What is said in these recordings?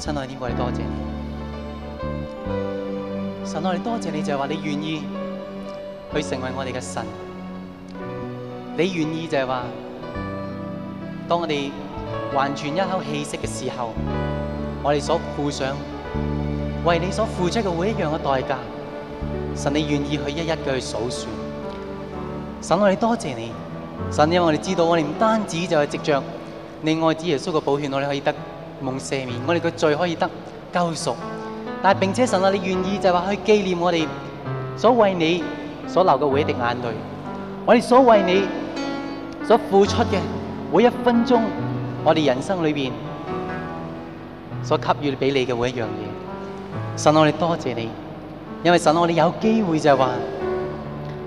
親愛的神啊，我哋多謝你。神啊，我哋多謝你，就係話你願意去成為我哋嘅神。你願意就係話，當我哋還存一口氣息嘅時候，我哋所付上為你所付出嘅每一樣嘅代價，神你願意去一一嘅去數算。神啊，我哋多謝你。神，因為我哋知道我哋唔單止就係藉着你愛子耶穌嘅寶血，我哋可以得。蒙赦免，我哋嘅罪可以得救贖。但係並且神啊，我哋願意就係話去紀念我哋所為你所流嘅每一滴眼淚，我哋所為你所付出嘅每一分鐘，我哋人生裏邊所給予俾你嘅每一樣嘢。神，我哋多謝你，因為神，我哋有機會就係話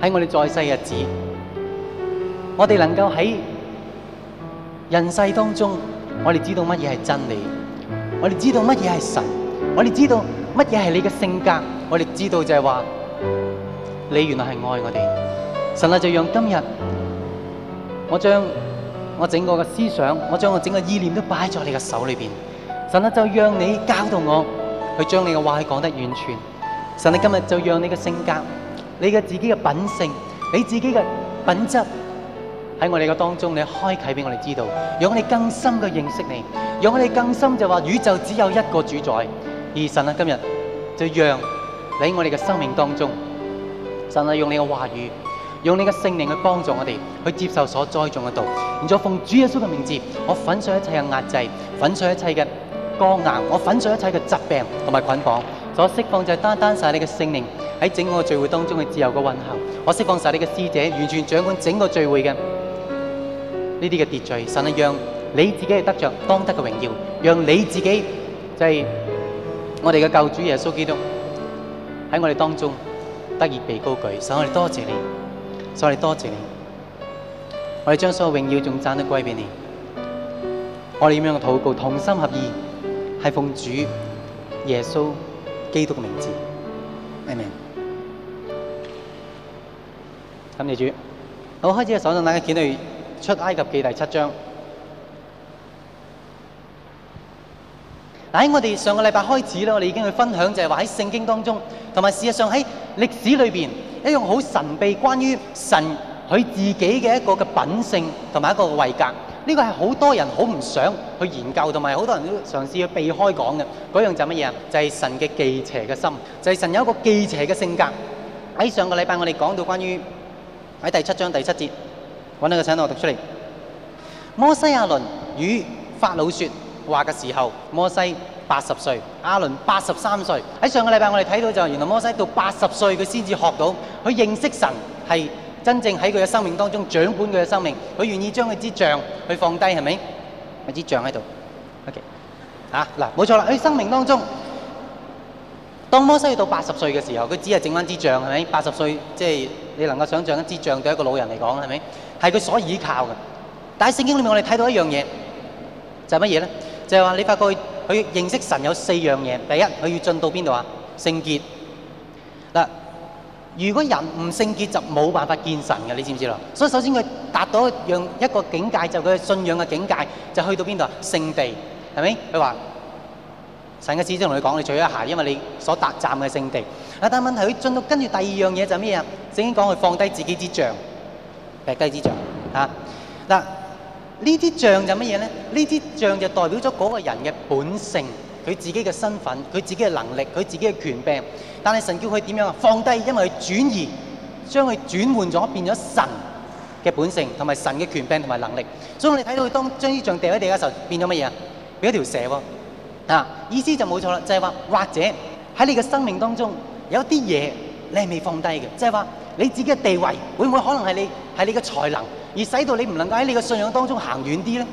喺我哋在世日子，我哋能夠喺人世當中。我哋知道乜嘢係真理，我哋知道乜嘢係神，我哋知道乜嘢係你嘅性格，我哋知道就係話你原來係愛我哋。神啊，就讓今日我將我整個嘅思想，我將我整個意念都擺在你嘅手裏邊。神啊，就讓你教導我去將你嘅話去講得完全。神啊，今日就讓你嘅性格、你嘅自己嘅品性、你自己嘅品質。喺我哋嘅當中，你開啟俾我哋知道，讓我哋更深嘅認識你，讓我哋更深就話宇宙只有一個主宰，而神啊，今日就讓你喺我哋嘅生命當中，神啊用你嘅話語，用你嘅聖靈去幫助我哋去接受所栽種嘅道，然之後奉主耶穌嘅名字，我粉碎一切嘅壓制，粉碎一切嘅剛硬，我粉碎一切嘅疾病同埋捆綁，所以我釋放就係單單晒你嘅聖靈喺整個聚會當中嘅自由嘅運行，我釋放晒你嘅使者，完全掌管整個聚會嘅。呢啲嘅秩序，神啊，讓你自己去得着當得嘅榮耀，讓你自己就係我哋嘅救主耶穌基督喺我哋當中得以被高舉。所以我哋多謝你，所以我哋多謝你，我哋將所有榮耀仲讚都歸俾你。我哋點樣嘅禱告，同心合意，係奉主耶穌基督嘅名字，阿門。感謝主，好開始嘅時候咧，大家記得，出埃及記第七章。嗱，喺我哋上個禮拜開始咧，我哋已經去分享就係話喺聖經當中，同埋事實上喺歷史裏邊，一樣好神秘關於神佢自己嘅一個嘅品性同埋一個位格。呢個係好多人好唔想去研究，同埋好多人都嘗試去避開講嘅嗰樣就係乜嘢啊？就係神嘅忌邪嘅心，就係神有一個忌邪嘅性格。喺上個禮拜我哋講到關於喺第七章第七節。搵呢個請我讀出嚟。摩西阿倫與法老說話嘅時候，摩西八十歲，阿倫八十三歲。喺上個禮拜我哋睇到就係，原來摩西到八十歲佢先至學到，佢認識神係真正喺佢嘅生命當中掌管佢嘅生命。佢願意將佢支杖去放低，係咪？咪支杖喺度。OK，吓嗱，冇錯啦。喺生命當中，當摩西到八十歲嘅時候，佢只係整翻支杖，係咪？八十歲即係你能夠想象一支杖對一個老人嚟講，係咪？係佢所依靠嘅，但係聖經裏面我哋睇到一樣嘢，就係乜嘢咧？就係話你發覺佢認識神有四樣嘢，第一佢要進到邊度啊？聖潔嗱，如果人唔聖潔就冇辦法見神嘅，你知唔知咯？所以首先佢達到一樣一個境界就佢信仰嘅境界就去到邊度啊？聖地係咪？佢話神嘅使者同佢講你取一下，因為你所達站嘅聖地。啊，但係問題佢進到跟住第二樣嘢就咩啊？聖經講佢放低自己之杖。白雞之杖啊！嗱，呢啲杖就乜嘢咧？呢啲杖就代表咗嗰個人嘅本性、佢自己嘅身份、佢自己嘅能力、佢自己嘅權柄。但係神叫佢點樣啊？放低，因為佢轉移，將佢轉換咗，變咗神嘅本性同埋神嘅權柄同埋能力。所以我哋睇到佢當將啲杖掉喺地嘅時候，變咗乜嘢啊？變咗條蛇喎！啊，意思就冇錯啦，就係話，或者喺你嘅生命當中，有啲嘢你係未放低嘅，就係話。你自己嘅地位會唔會可能係你，係你嘅才能，而使到你唔能夠喺你嘅信仰當中行遠啲呢？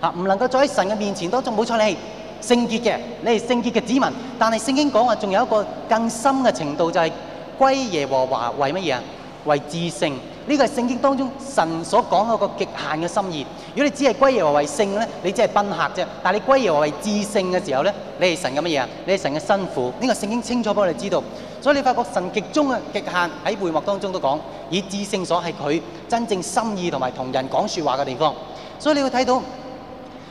嚇，唔能夠在神嘅面前當中，冇錯，你係聖潔嘅，你係聖潔嘅子民。但係聖經講話，仲有一個更深嘅程度，就係歸耶和華為乜嘢？為至聖。呢個係聖經當中神所講嗰個極限嘅心意。如果你只係歸耶和為聖咧，你只係賓客啫。但係你歸耶和為至聖嘅時候咧，你係神嘅乜嘢啊？你係神嘅新婦。呢、這個聖經清楚俾我哋知道。所以你發覺神極中嘅極限喺會幕當中都講，以至聖所係佢真正心意同埋同人講説話嘅地方。所以你會睇到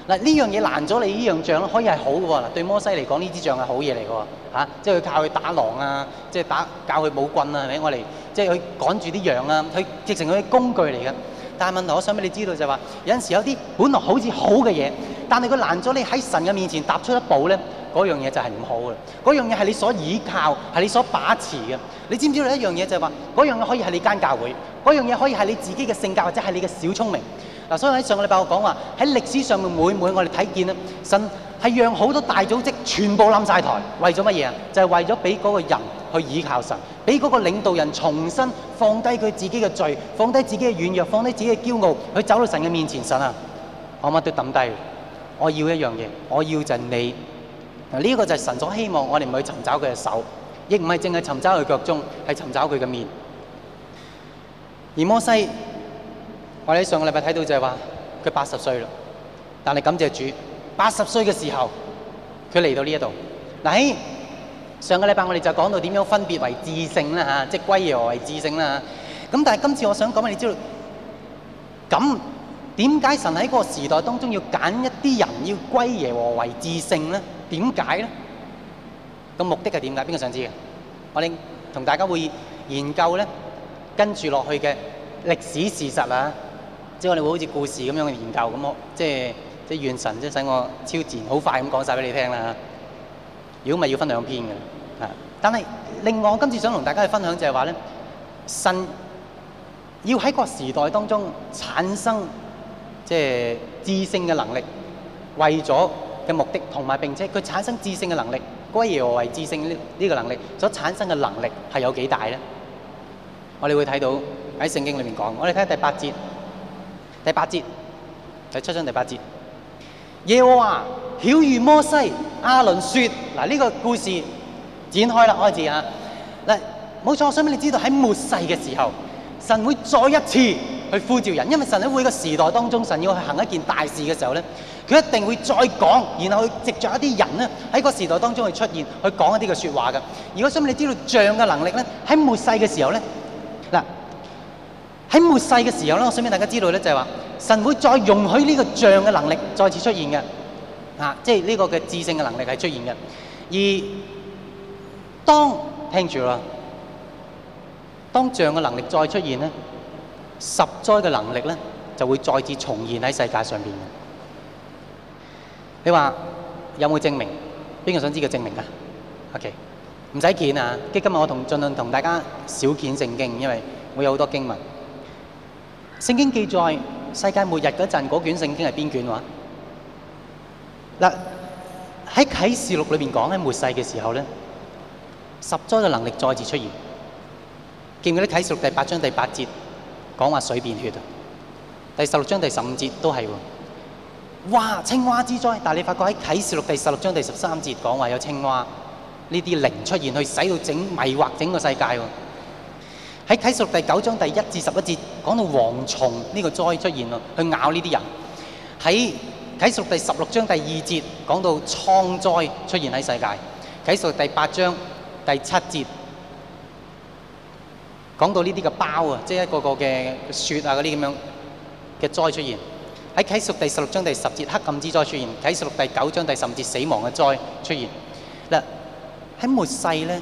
嗱呢樣嘢難咗你呢樣杖，像可以係好嘅喎。嗱，對摩西嚟講呢支杖係好嘢嚟喎，嚇、啊，即係佢靠佢打狼啊，即、就、係、是、打教佢武棍啊，係咪我哋？即係佢趕住啲羊啊！佢變成佢嘅工具嚟嘅，但係問題，我想俾你知道就係話，有陣時有啲本來好似好嘅嘢，但係佢攔咗你喺神嘅面前踏出一步咧，嗰樣嘢就係唔好嘅。嗰樣嘢係你所倚靠，係你所把持嘅。你知唔知道一樣嘢就係話，嗰樣嘢可以係你間教會，嗰樣嘢可以係你自己嘅性格，或者係你嘅小聰明嗱、嗯。所以喺上個禮拜我講話喺歷史上面每，每每我哋睇見咧神。係，讓好多大組織全部冧晒台，為咗乜嘢？就係為咗俾嗰個人去倚靠神，俾嗰個領導人重新放低佢自己嘅罪，放低自己嘅軟弱，放低自己嘅驕傲，去走到神嘅面前。神啊，我乜都抌低，我要一樣嘢，我要就是你。嗱，呢個就係神所希望我哋唔去尋找佢嘅手，亦唔係淨係尋找佢腳中，係尋找佢嘅面。而摩西，我哋上個禮拜睇到就係話佢八十歲啦，但係感謝主。八十歲嘅時候，佢嚟到呢一度。嗱、哎、喺上個禮拜我哋就講到點樣分別為智聖啦吓，即係歸耶和為智聖啦。咁、啊、但係今次我想講嘅，你知道咁點解神喺嗰個時代當中要揀一啲人要歸耶和為智聖咧？點解咧？個目的係點解？邊個想知嘅？我哋同大家會研究咧，跟住落去嘅歷史事實啊，即係我哋會好似故事咁樣研究咁即係。即怨神，即使我超自然，好快咁講曬俾你聽啦。如果咪要分兩篇嘅，啊！但係另外，我今次想同大家嘅分享就係話咧，神要喺個時代當中產生即智性嘅能力，為咗嘅目的同埋，並且佢產生智性嘅能力，歸耶和為智性呢呢個能力所產生嘅能力係有幾大咧？我哋會睇到喺聖經裏面講，我哋睇下第八節。第八節第七章第八節。耶和華曉諭摩西，亞倫說：嗱，呢個故事展開啦，開始啊，嗱，冇錯，想俾你知道喺末世嘅時候，神會再一次去呼召人，因為神喺每個時代當中，神要去行一件大事嘅時候咧，佢一定會再講，然後去藉著一啲人咧喺個時代當中去出現，去講一啲嘅說話嘅。如果想俾你知道杖嘅能力咧，喺末世嘅時候咧，嗱。喺末世嘅時候咧，我想俾大家知道咧，就係話神會再容許呢個象嘅能力再次出現嘅啊，即係呢個嘅智性嘅能力係出現嘅。而當聽住啦，當象嘅能力再出現咧，十災嘅能力咧就會再次重現喺世界上邊。你話有冇證明？邊個想知個證明啊？OK 唔使見啊！即係今日我同盡量同大家少見聖經，因為我有好多經文。聖經記載世界末日嗰陣，嗰卷聖經係邊卷話？嗱，喺啟示錄裏面講喺末世嘅時候咧，十災嘅能力再次出現。記唔記得啲啟示錄第八章第八節講話水變血啊？第十六章第十五節都係喎。哇，青蛙之災！但係你發覺喺啟示錄第十六章第十三節講話有青蛙呢啲靈出現，去使到整迷惑整個世界喎。喺啟示第九章第一至十一節講到蝗蟲呢個災出現咯，去咬呢啲人。喺啟示第十六章第二節講到瘡災出現喺世界。啟示第八章第七節講到呢啲嘅包啊，即係一個個嘅雪啊嗰啲咁樣嘅災出現。喺啟示第十六章第十節，黑暗之災出現。啟示第九章第十五節，死亡嘅災出現。嗱，喺末世呢。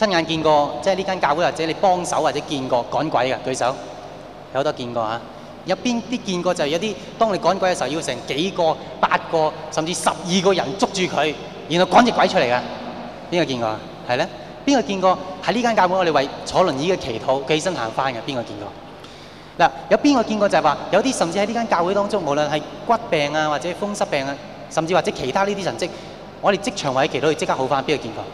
親眼見過，即係呢間教會或者你幫手或者見過趕鬼嘅，舉手有好多見過啊。有邊啲見過就係有啲，當你趕鬼嘅時候要成幾個、八個甚至十二個人捉住佢，然後趕隻鬼出嚟嘅。邊個見過啊？係咧？邊個見過？喺呢間教會我哋為坐輪椅嘅祈禱，起身行翻嘅，邊個見過？嗱，有邊個見過就係話有啲甚至喺呢間教會當中，無論係骨病啊或者風濕病啊，甚至或者其他呢啲神蹟，我哋即場為祈禱即刻好翻，邊個見過？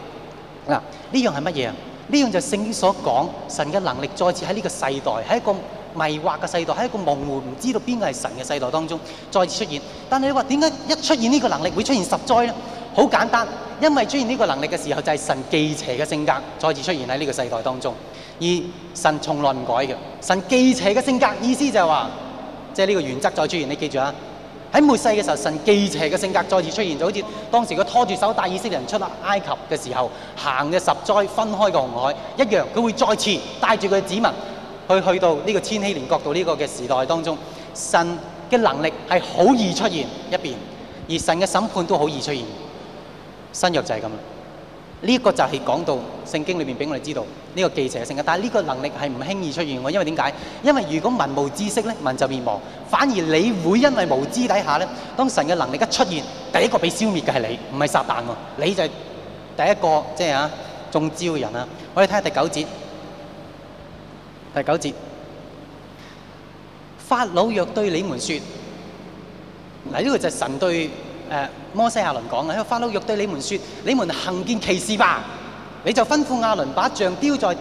嗱，呢樣係乜嘢啊？呢樣就聖經所講，神嘅能力再次喺呢個世代，喺一個迷惑嘅世代，喺一個模糊唔知道邊個係神嘅世代當中再次出現。但係你話點解一出現呢個能力會出現十災咧？好簡單，因為出現呢個能力嘅時候就係神忌邪嘅性格再次出現喺呢個世代當中。而神從來唔改嘅，神忌邪嘅性格意思就係話，即係呢個原則再出現。你記住啊！喺末世嘅時候，神記邪嘅性格再次出現，就好似當時佢拖住手帶以色列人出埃及嘅時候，行嘅十災，分開個紅海一樣，佢會再次帶住佢嘅子民去去到呢個千禧年國度呢個嘅時代當中，神嘅能力係好易出現一邊，而神嘅審判都好易出現，新約就係咁。呢個就係講到聖經裏面俾我哋知道呢個忌邪嘅性質，但係呢個能力係唔輕易出現喎，因為點解？因為如果民無知識咧，民就滅亡；反而你會因為無知底下咧，當神嘅能力一出現，第一個被消滅嘅係你，唔係撒但喎，你就係第一個即係啊中招嘅人啊！我哋睇下第九節，第九節，法老若對你們説，嗱呢個就係神對。誒摩西亞倫講啊，喺法老若對你們説，你們行見奇事吧，你就吩咐亞倫把杖丟在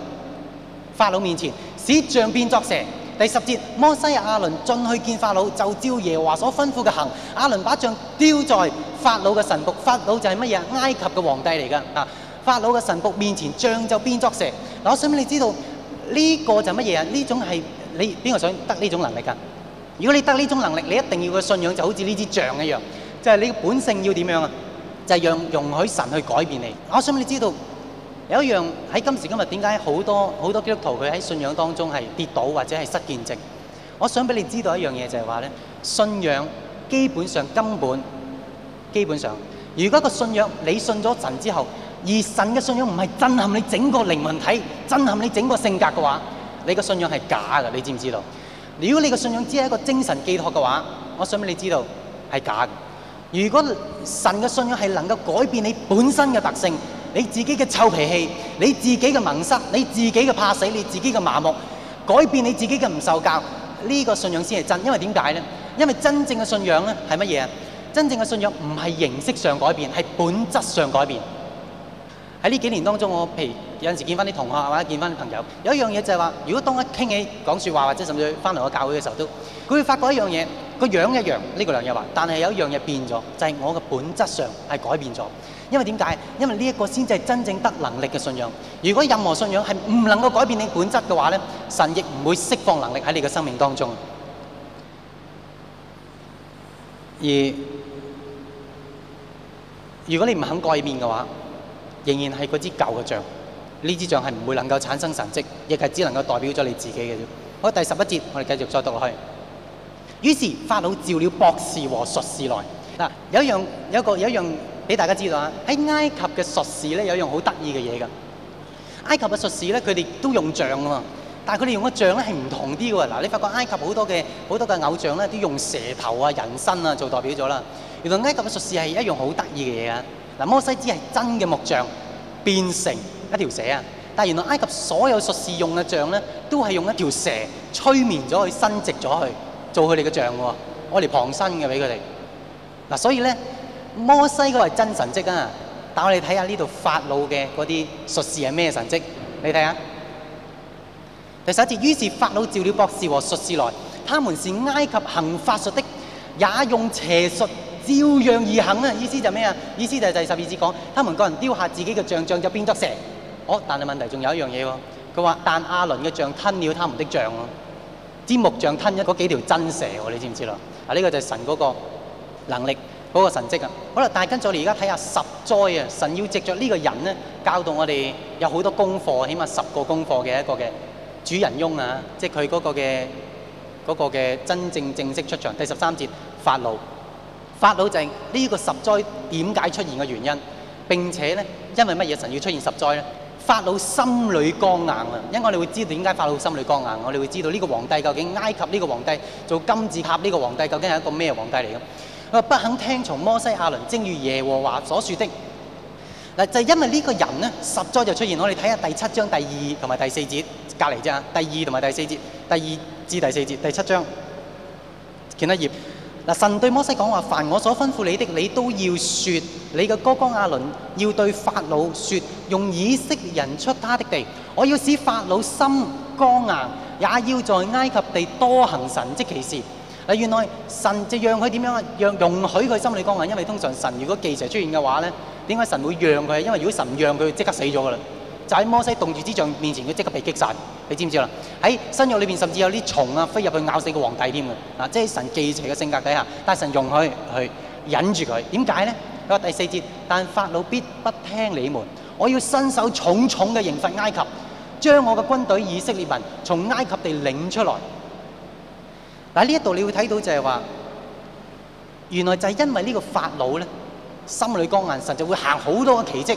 法老面前，使杖變作蛇。第十節，摩西亞倫進去見法老，就照耶和華所吩咐嘅行。亞倫把杖丟在法老嘅神僕，法老就係乜嘢？埃及嘅皇帝嚟㗎嗱。法老嘅神僕面前，杖就變作蛇。嗱，我想畀你知道呢個就乜嘢啊？呢種係你邊個想得呢種能力㗎？如果你得呢種能力，你一定要嘅信仰就好似呢支杖一樣。就係你嘅本性要點樣啊？就係讓容許神去改變你。我想俾你知道有一樣喺今時今日點解好多好多基督徒佢喺信仰當中係跌倒或者係失見證。我想俾你知道一樣嘢就係話咧，信仰基本上根本基本上，如果個信仰你信咗神之後，而神嘅信仰唔係震撼你整個靈魂體、震撼你整個性格嘅話，你嘅信仰係假嘅。你知唔知道？如果你嘅信仰只係一個精神寄託嘅話，我想俾你知道係假嘅。如果神嘅信仰係能夠改變你本身嘅特性，你自己嘅臭脾氣，你自己嘅盲塞，你自己嘅怕死，你自己嘅麻木，改變你自己嘅唔受教，呢、這個信仰先係真。因為點解呢？因為真正嘅信仰是係乜嘢？真正嘅信仰唔係形式上改變，係本質上改變。喺呢幾年當中，我譬如有時時見翻啲同學，或者見翻啲朋友，有一樣嘢就係、是、話，如果當我傾起講説話或者甚至係翻嚟我教會嘅時候，都會會發覺一樣嘢。個樣一樣，呢個梁日華，但係有一樣嘢變咗，就係我嘅本質上係改變咗。因為點解？因為呢一個先至係真正得能力嘅信仰。如果任何信仰係唔能夠改變你本質嘅話咧，神亦唔會釋放能力喺你嘅生命當中。而如果你唔肯改變嘅話，仍然係嗰支舊嘅杖，呢支杖係唔會能夠產生神蹟，亦係只能夠代表咗你自己嘅。好，第十一節我哋繼續再讀落去。於是法老召了博士和術士來，嗱，有一樣，有一個，有一樣俾大家知道啊。喺埃及嘅術士咧，有一樣好得意嘅嘢㗎。埃及嘅術士咧，佢哋都用象㗎嘛，但係佢哋用嘅象咧，係唔同啲㗎。嗱，你發覺埃及好多嘅、好多嘅偶像咧，都用蛇頭啊、人身啊做代表咗啦。原來埃及嘅術士係一樣好得意嘅嘢啊。嗱，摩西之係真嘅木象變成一條蛇啊，但係原來埃及所有術士用嘅象咧，都係用一條蛇催眠咗佢，伸直咗佢。做佢哋嘅像嘅，我嚟旁身嘅俾佢哋。嗱，所以咧，摩西嗰係真神蹟啊！但係我哋睇下呢度法老嘅嗰啲術士係咩神蹟？你睇下，第十一節，於是法老召了博士和術士來，他們是埃及行法術的，也用邪術照樣而行啊！意思就咩啊？意思就係第十二節講，他們個人丟下自己嘅像，像就變咗蛇。哦，但係問題仲有一樣嘢，佢話但亞倫嘅像吞了他們的像咯。支木杖吞咗嗰幾條真蛇喎，你知唔知啦？啊，呢、這個就係神嗰個能力，嗰、那個神跡啊！好啦，大家跟住我哋而家睇下十災啊！神要藉着呢個人咧，教導我哋有好多功課，起碼十個功課嘅一個嘅主人翁啊！即係佢嗰個嘅嗰個嘅真正正式出場。第十三節法老，法老就係呢個十災點解出現嘅原因。並且咧，因為乜嘢神要出現十災咧？法老心裏剛硬啦，因為我哋會知道點解法老心裏剛硬，我哋會知道呢個皇帝究竟，埃及呢個皇帝做金字塔呢個皇帝究竟係一個咩皇帝嚟嘅？佢話不肯聽從摩西亞倫，正如耶和華所説的。嗱就係、是、因為呢個人呢，實在就出現。我哋睇下第七章第二同埋第四節隔離啫。第二同埋第四節，第二至第四節，第七章，見一頁。嗱，神對摩西講話：凡我所吩咐你的，你都要説。你嘅哥哥亞倫要對法老説：用以色列人出他的地。我要使法老心剛硬，也要在埃及地多行神蹟奇事。嗱，原來神就讓佢點樣啊？讓容許佢心裏剛硬，因為通常神如果記仇出現嘅話咧，點解神會讓佢啊？因為如果神唔讓佢，即刻死咗噶啦。就喺摩西動住之像面前，佢即刻被擊殺。你知唔知啦？喺身肉裏面甚至有啲蟲啊，飛入去咬死個皇帝添嘅。啊，即係神忌邪嘅性格底下，但神容許去忍住佢。點解咧？佢話第四節，但法老必不聽你們，我要伸手重重嘅刑罰埃及，將我嘅軍隊以色列民從埃及地領出來。嗱，呢一度你會睇到就係話，原來就係因為呢個法老咧，心裏剛硬，神就會行好多嘅奇蹟。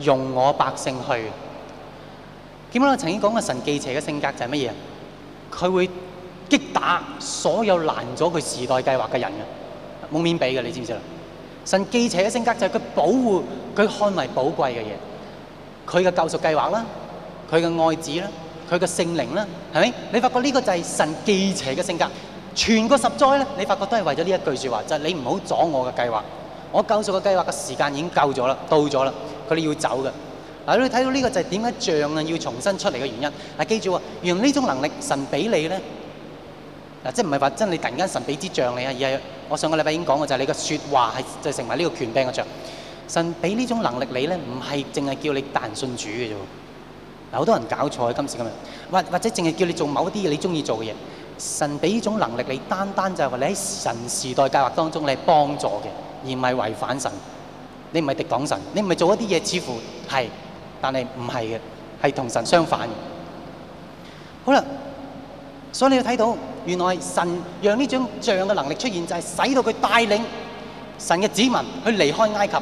容我百姓去，點解我曾經講過神記邪嘅性格就係乜嘢？佢會擊打所有攔咗佢時代計劃嘅人嘅，冇面俾嘅，你知唔知啊？神記邪嘅性格就係佢保護佢看為寶貴嘅嘢，佢嘅救贖計劃啦，佢嘅愛子啦，佢嘅聖靈啦，係咪？你發覺呢個就係神記邪嘅性格。全個十災咧，你發覺都係為咗呢一句説話，就係、是、你唔好阻我嘅計劃，我救贖嘅計劃嘅時間已經夠咗啦，到咗啦。佢哋要走嘅，嗱，你睇到呢個就係點解杖啊要重新出嚟嘅原因。嗱，記住喎，原來呢種能力神俾你咧，嗱，即係唔係話真係你突然間神俾支杖你啊？而係我上個禮拜已經講過就係、是、你嘅説話係就係成為呢個權柄嘅杖。神俾呢種能力你咧，唔係淨係叫你單信主嘅啫。嗱，好多人搞錯今時今日，或或者淨係叫你做某啲你中意做嘅嘢。神俾呢種能力你，單單就係話你喺神時代計劃當中你係幫助嘅，而唔係違反神。你唔係敵擋神，你唔係做一啲嘢，似乎係，但係唔係嘅，係同神相反嘅。好啦，所以你要睇到，原來神讓呢張杖嘅能力出現，就係使到佢帶領神嘅子民去離開埃及。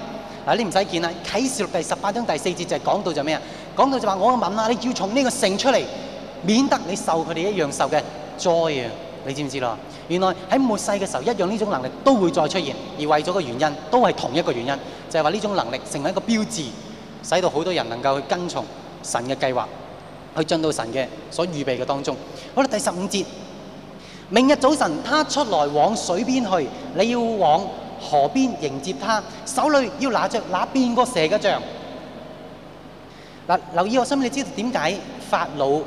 嗱，你唔使見啦，啟示錄第十八章第四節就係講到就咩啊？講到就話我問啊，你要從呢個城出嚟，免得你受佢哋一樣受嘅災啊！你知唔知咯？原來喺末世嘅時候，一樣呢種能力都會再出現，而為咗個原因都係同一個原因，就係話呢種能力成為一個標誌，使到好多人能夠去跟從神嘅計劃，去進到神嘅所預備嘅當中。好啦，第十五節，明日早晨，他出來往水邊去，你要往河邊迎接他，手裏要拿着那變過蛇嘅杖。嗱，留意我心，你知道點解法老？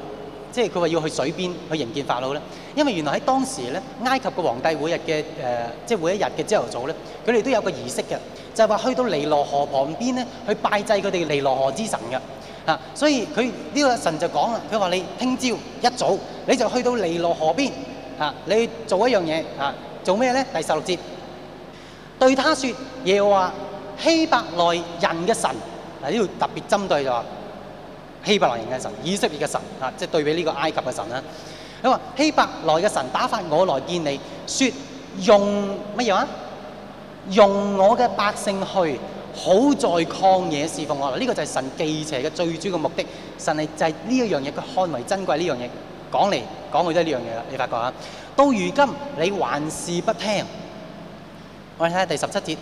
即係佢話要去水邊去迎見法老咧，因為原來喺當時咧，埃及嘅皇帝每日嘅誒、呃，即係每一日嘅朝頭早咧，佢哋都有個儀式嘅，就係、是、話去到尼羅河旁邊咧，去拜祭佢哋尼羅河之神嘅嚇、啊。所以佢呢、這個神就講啦，佢話你聽朝一早你就去到尼羅河邊嚇、啊，你做一樣嘢嚇，做咩咧？第十六節對他説，耶和華希伯來人嘅神，喺呢度特別針對就話。希伯來人嘅神，以色列嘅神，啊，即係對比呢個埃及嘅神啦。佢話希伯來嘅神打發我來見你，說用乜嘢話？容我嘅百姓去，好在曠野侍奉我。呢、這個就係神記邪嘅最主要目的。神係就係呢一樣嘢，佢看為珍貴呢樣嘢。講嚟講去都係呢樣嘢啦。你發覺啊，到如今你還是不聽。我哋睇下第十七節，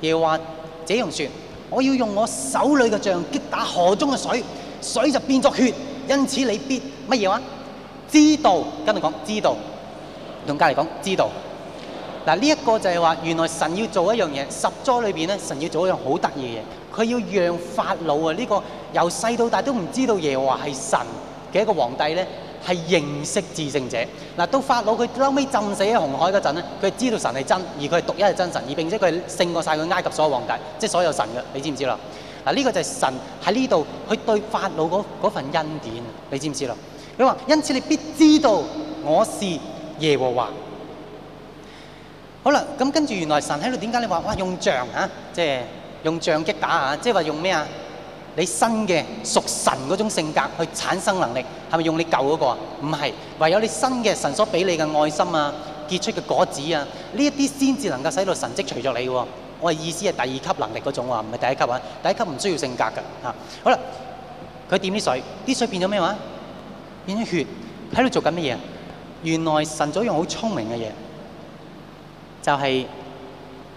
耶和華這樣説：我要用我手裏嘅杖擊打河中嘅水。水就變咗血，因此你必乜嘢話？知道，跟住講知道。用隔籬講知道。嗱，呢一個就係話，原來神要做一樣嘢。十災裏邊咧，神要做一樣好得意嘅嘢。佢要讓法老啊，呢個由細到大都唔知道耶和華係神嘅一個皇帝咧，係認識至聖者。嗱、啊，到法老佢嬲尾浸死喺紅海嗰陣咧，佢知道神係真，而佢係獨一係真神，而並且佢係勝過晒佢埃及所有皇帝，即係所有神嘅，你知唔知啦？嗱呢個就係神喺呢度去對法老嗰份恩典，你知唔知啦？佢話：因此你必知道我是耶和華。好啦，咁跟住原來神喺度點解你話哇用杖，啊，即係用杖擊打啊，即係話用咩啊？你新嘅屬神嗰種性格去產生能力，係咪用你舊嗰、嗰個啊？唔係，唯有你新嘅神所俾你嘅愛心啊，結出嘅果子啊，呢一啲先至能夠使到神跡隨著你㗎。我嘅意思係第二級能力嗰種喎，唔係第一級啊！第一級唔需要性格噶嚇。好啦，佢點啲水，啲水變咗咩話？變咗血，喺度做緊乜嘢？原來神做樣好聰明嘅嘢，就係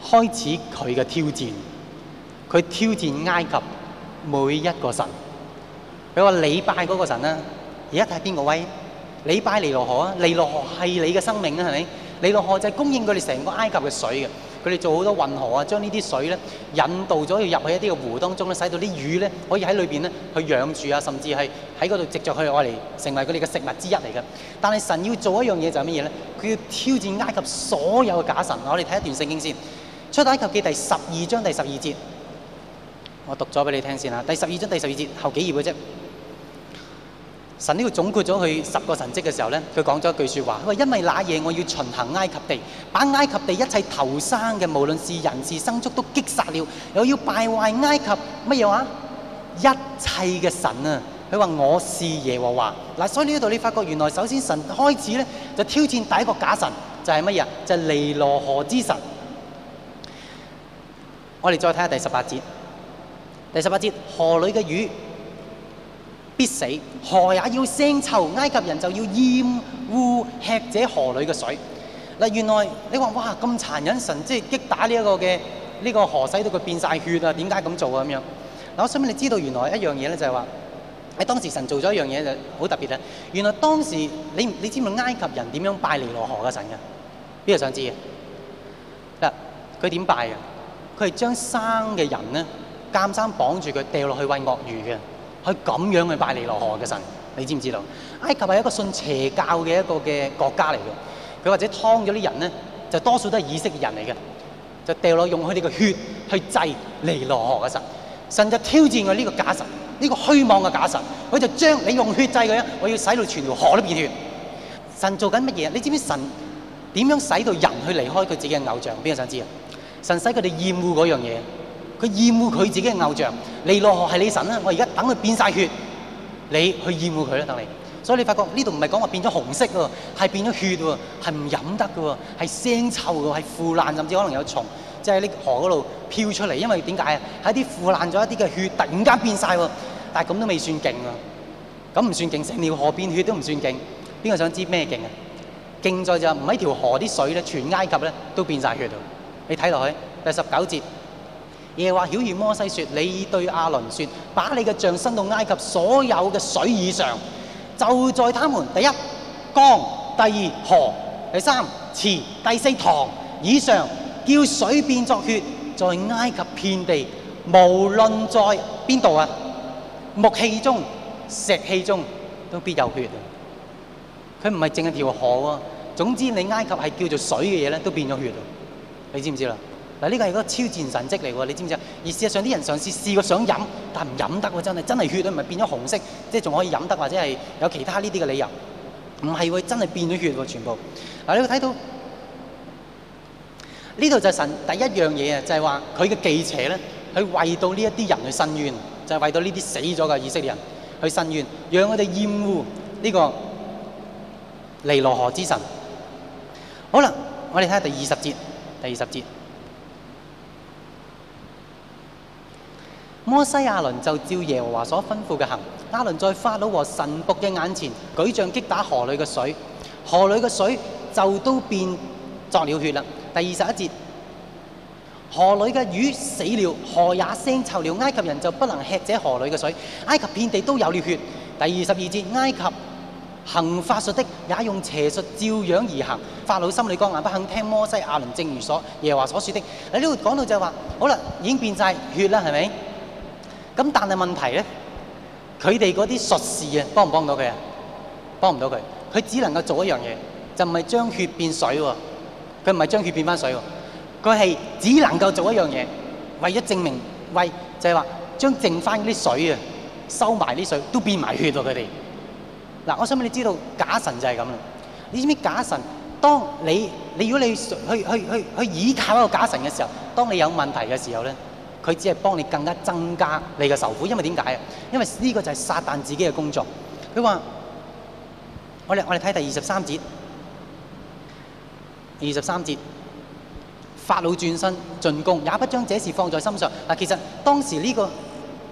開始佢嘅挑戰。佢挑戰埃及每一個神。佢話你拜嗰個神咧，而家睇下邊個威？你拜尼羅河啊，尼羅河係你嘅生命啦，係咪？尼羅河就係供應佢哋成個埃及嘅水嘅。佢哋做好多運河啊，將呢啲水咧引導咗要入去一啲嘅湖當中咧，使到啲魚咧可以喺裏邊咧去養住啊，甚至係喺嗰度直著去愛嚟成為佢哋嘅食物之一嚟嘅。但係神要做一樣嘢就係乜嘢咧？佢要挑戰埃及所有嘅假神。我哋睇一段聖經先，《出埃及記》第十二章第十二節，我讀咗俾你聽先啦。第十二章第十二節後幾頁嘅啫。神呢個總括咗佢十個神蹟嘅時候咧，佢講咗一句説話，佢話因為那夜，我要巡行埃及地，把埃及地一切頭生嘅，無論是人是牲畜都擊殺了，又要敗壞埃及乜嘢話？一切嘅神啊，佢話我是耶和華。嗱，所以呢度你發覺原來首先神開始咧就挑戰第一個假神就係乜嘢？就係就係、尼羅河之神。我哋再睇下第十八節，第十八節，河裏嘅魚必死，河也要腥臭。埃及人就要厭惡吃者河裏嘅水。嗱，原來你話哇咁殘忍，神即係擊打呢、這、一個嘅呢、這個河洗得變了，使到佢變晒血啊？點解咁做啊？咁樣。嗱，我想問你知道原來一樣嘢咧，就係話喺當時神做咗一樣嘢就好特別啊！原來當時你你知唔知埃及人點樣拜尼羅河嘅神㗎？邊個想知嘅？嗱，佢點拜啊？佢係將生嘅人咧，監生綁住佢掉落去餵鱷魚嘅。去咁樣去拜尼羅河嘅神，你知唔知道？埃及係一個信邪教嘅一個嘅國家嚟嘅，佢或者劏咗啲人咧，就多數都係以色列人嚟嘅，就掉落用佢哋嘅血去祭尼羅河嘅神，神就挑戰佢呢個假神，呢、這個虛妄嘅假神，佢就將你用血祭佢啊！我要使到全條河都變血。神做緊乜嘢？你知唔知道神點樣使到人去離開佢自己嘅偶像？邊個想知啊？神使佢哋厭惡嗰樣嘢。佢厭惡佢自己嘅偶像，尼羅河係你神啦！我而家等佢變晒血，你去厭惡佢啦，等你。所以你發覺呢度唔係講話變咗紅色喎，係變咗血喎，係唔飲得嘅喎，係腥臭嘅，係腐爛甚至可能有蟲，即係呢河嗰度漂出嚟。因為點解啊？係啲腐爛咗一啲嘅血，突然間變晒喎。但係咁都未算勁啊。咁唔算勁。成條河變血都唔算勁，邊個想知咩勁啊？勁在就唔係一條河啲水咧，全埃及咧都變晒血。啊。你睇落去第十九節。耶和華，曉諭摩西說，你對亞倫說，把你嘅杖伸到埃及所有嘅水以上，就在他們第一江、第二河、第三池、第四塘以上，叫水變作血，在埃及遍地，無論在邊度啊，木器中、石器中都必有血啊！佢唔係淨係條河喎，總之你埃及係叫做水嘅嘢咧，都變咗血，你知唔知道？嗱，呢個係嗰個超自然神跡嚟喎，你知唔知啊？而事實上啲人嘗試試過想飲，但唔飲得喎，真係真係血都唔係變咗紅色，即係仲可以飲得或者係有其他呢啲嘅理由，唔係會真係變咗血喎全部。嗱，你會睇到呢度就神第一樣嘢啊，就係話佢嘅忌邪咧，佢為到呢一啲人去申冤，就係、是、為到呢啲死咗嘅以色列人去申冤，讓我哋厭惡呢、這個尼羅河之神。好啦，我哋睇下第二十節，第二十節。摩西亞倫就照耶和華所吩咐嘅行，亞倫在法老和神卜嘅眼前舉杖擊打河裏嘅水，河裏嘅水就都變作了血了。第二十一節，河裏嘅魚死了，河也腥臭了，埃及人就不能吃這河裏嘅水，埃及遍地都有了血。第二十二節，埃及行法術的也用邪術照樣而行，法老心裏光硬，不肯聽摩西亞倫，正如所耶和華所説的。你呢度講到就話好啦，已經變曬血了是係咪？咁但係問題咧，佢哋嗰啲術士啊，幫唔幫到佢啊？幫唔到佢，佢只能夠做一樣嘢，就唔係將血變水喎。佢唔係將血變返水喎，佢係只能夠做一樣嘢，為咗證明，為就係話將剩返啲水啊，收埋啲水都變埋血咯。佢哋嗱，我想俾你知道，假神就係咁啦。你知唔知道假神？當你你如果你去去去去，去倚靠一個假神嘅時候，當你有問題嘅時候咧？佢只係幫你更加增加你嘅受苦，因為點解啊？因為呢個就係撒但自己嘅工作。佢話：我哋我哋睇第二十三節。二十三節，法老轉身進宮，也不將這事放在心上。嗱，其實當時呢個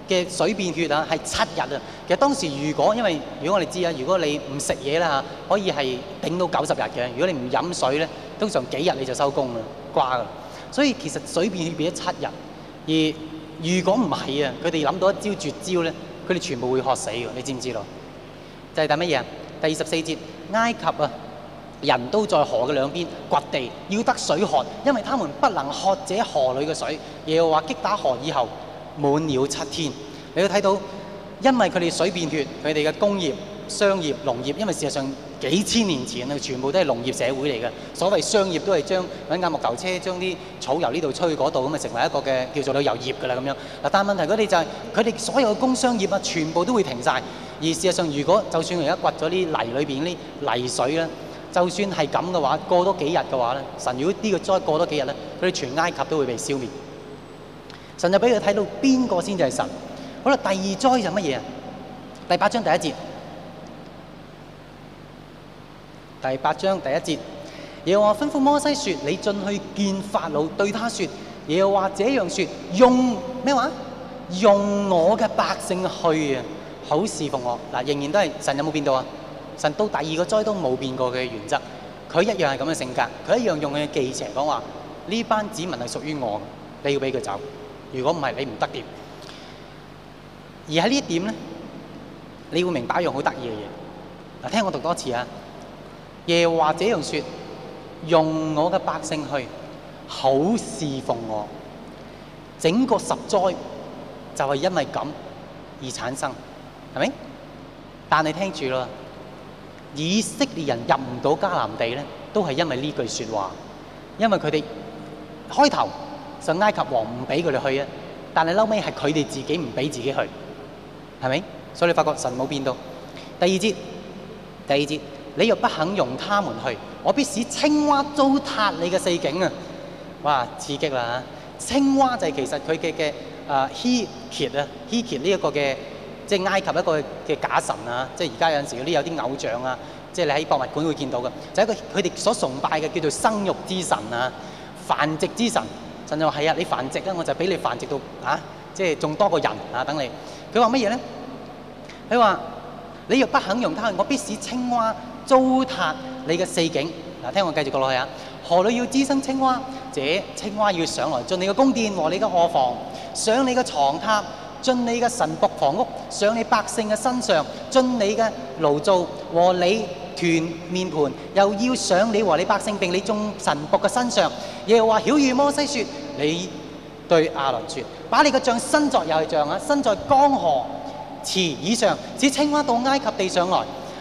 嘅水變血啊，係七日啊。其實當時如果因為如果我哋知啊，如果你唔食嘢啦吓，可以係頂到九十日嘅。如果你唔飲水咧，通常幾日你就收工啦，瓜啦。所以其實水變血變咗七日。而如果唔係啊，佢哋諗到一招絕招呢，佢哋全部會渴死嘅，你知唔知道？就係第乜嘢？第二十四節，埃及啊，人都在河嘅兩邊掘地，要得水喝，因為他們不能喝這河裏嘅水，又要話擊打河以後滿了七天。你都睇到，因為佢哋水變血，佢哋嘅工業、商業、農業，因為事實上。幾千年前全部都係農業社會嚟嘅。所謂商業都係將揾架木頭車，將啲草由呢度吹嗰度，咁啊成為一個嘅叫做旅遊業嘅啦咁樣。嗱，但係問題佢哋就係佢哋所有嘅工商業啊，全部都會停晒。而事實上，如果就算而家掘咗啲泥裏面啲泥水咧，就算係咁嘅話，過多幾日嘅話咧，神如果呢個災過多幾日咧，佢哋全埃及都會被消滅。神就俾佢睇到邊個先至係神。好啦，第二災就係乜嘢啊？第八章第一節。第八章第一節，又話吩咐摩西説：你進去見法老，對他説，又話這樣説，用咩話？用我嘅百姓去啊，好侍奉我。嗱，仍然都係神有冇變到啊？神到第二個災都冇變過佢嘅原則，佢一樣係咁嘅性格，佢一樣用佢嘅技巧講話：呢班子民係屬於我，你要俾佢走。如果唔係，你唔得掂。而喺呢一點咧，你會明白一樣好得意嘅嘢。嗱，聽我讀多次啊！耶華這樣說用我嘅百姓去，好侍奉我。整個十災就係因為咁而產生，係咪？但你聽住咯，以色列人入唔到迦南地咧，都係因為呢句說話，因為佢哋開頭就埃及王唔俾佢哋去啊，但係嬲尾係佢哋自己唔俾自己去，係咪？所以你發覺神冇變到。第二節，第二節。你若不肯容他們去，我必使青蛙糟蹋你嘅四境啊！哇，刺激啦、啊！青蛙就係其實佢嘅嘅誒希臘啊，希臘呢一個嘅即係埃及一個嘅假神啊，即係而家有陣時嗰啲有啲偶像啊，即係你喺博物館會見到嘅，就是，一個佢哋所崇拜嘅叫做生育之神啊、繁殖之神。甚至話係啊，你繁殖啊，我就俾你繁殖到啊，即係仲多個人啊，等你。佢話乜嘢咧？佢話，你若不肯容他去，我必使青蛙糟蹋你嘅四境，嗱，聽我繼續講落去啊！河裏要滋生青蛙。這青蛙要上來進你嘅宮殿和你嘅臥房，上你嘅床榻，進你嘅神僕房屋，上你百姓嘅身上，進你嘅爐灶和你團麵盤，又要上你和你百姓並你眾神僕嘅身上。耶和華曉喻摩西說：「你對亞倫說，把你嘅杖伸作右杖啊，伸在江河池以上，使青蛙到埃及地上來。」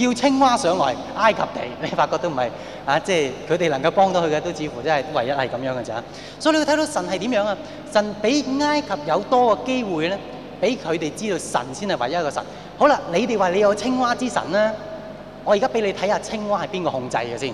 叫青蛙上來埃及地，你發覺都唔係啊！即係佢哋能夠幫到佢嘅，都似乎真係唯一係咁樣嘅咋。所以你會睇到神係點樣啊？神俾埃及有多個機會咧，俾佢哋知道神先係唯一一個神。好啦，你哋話你有青蛙之神啦，我而家俾你睇下青蛙係邊個控制嘅先。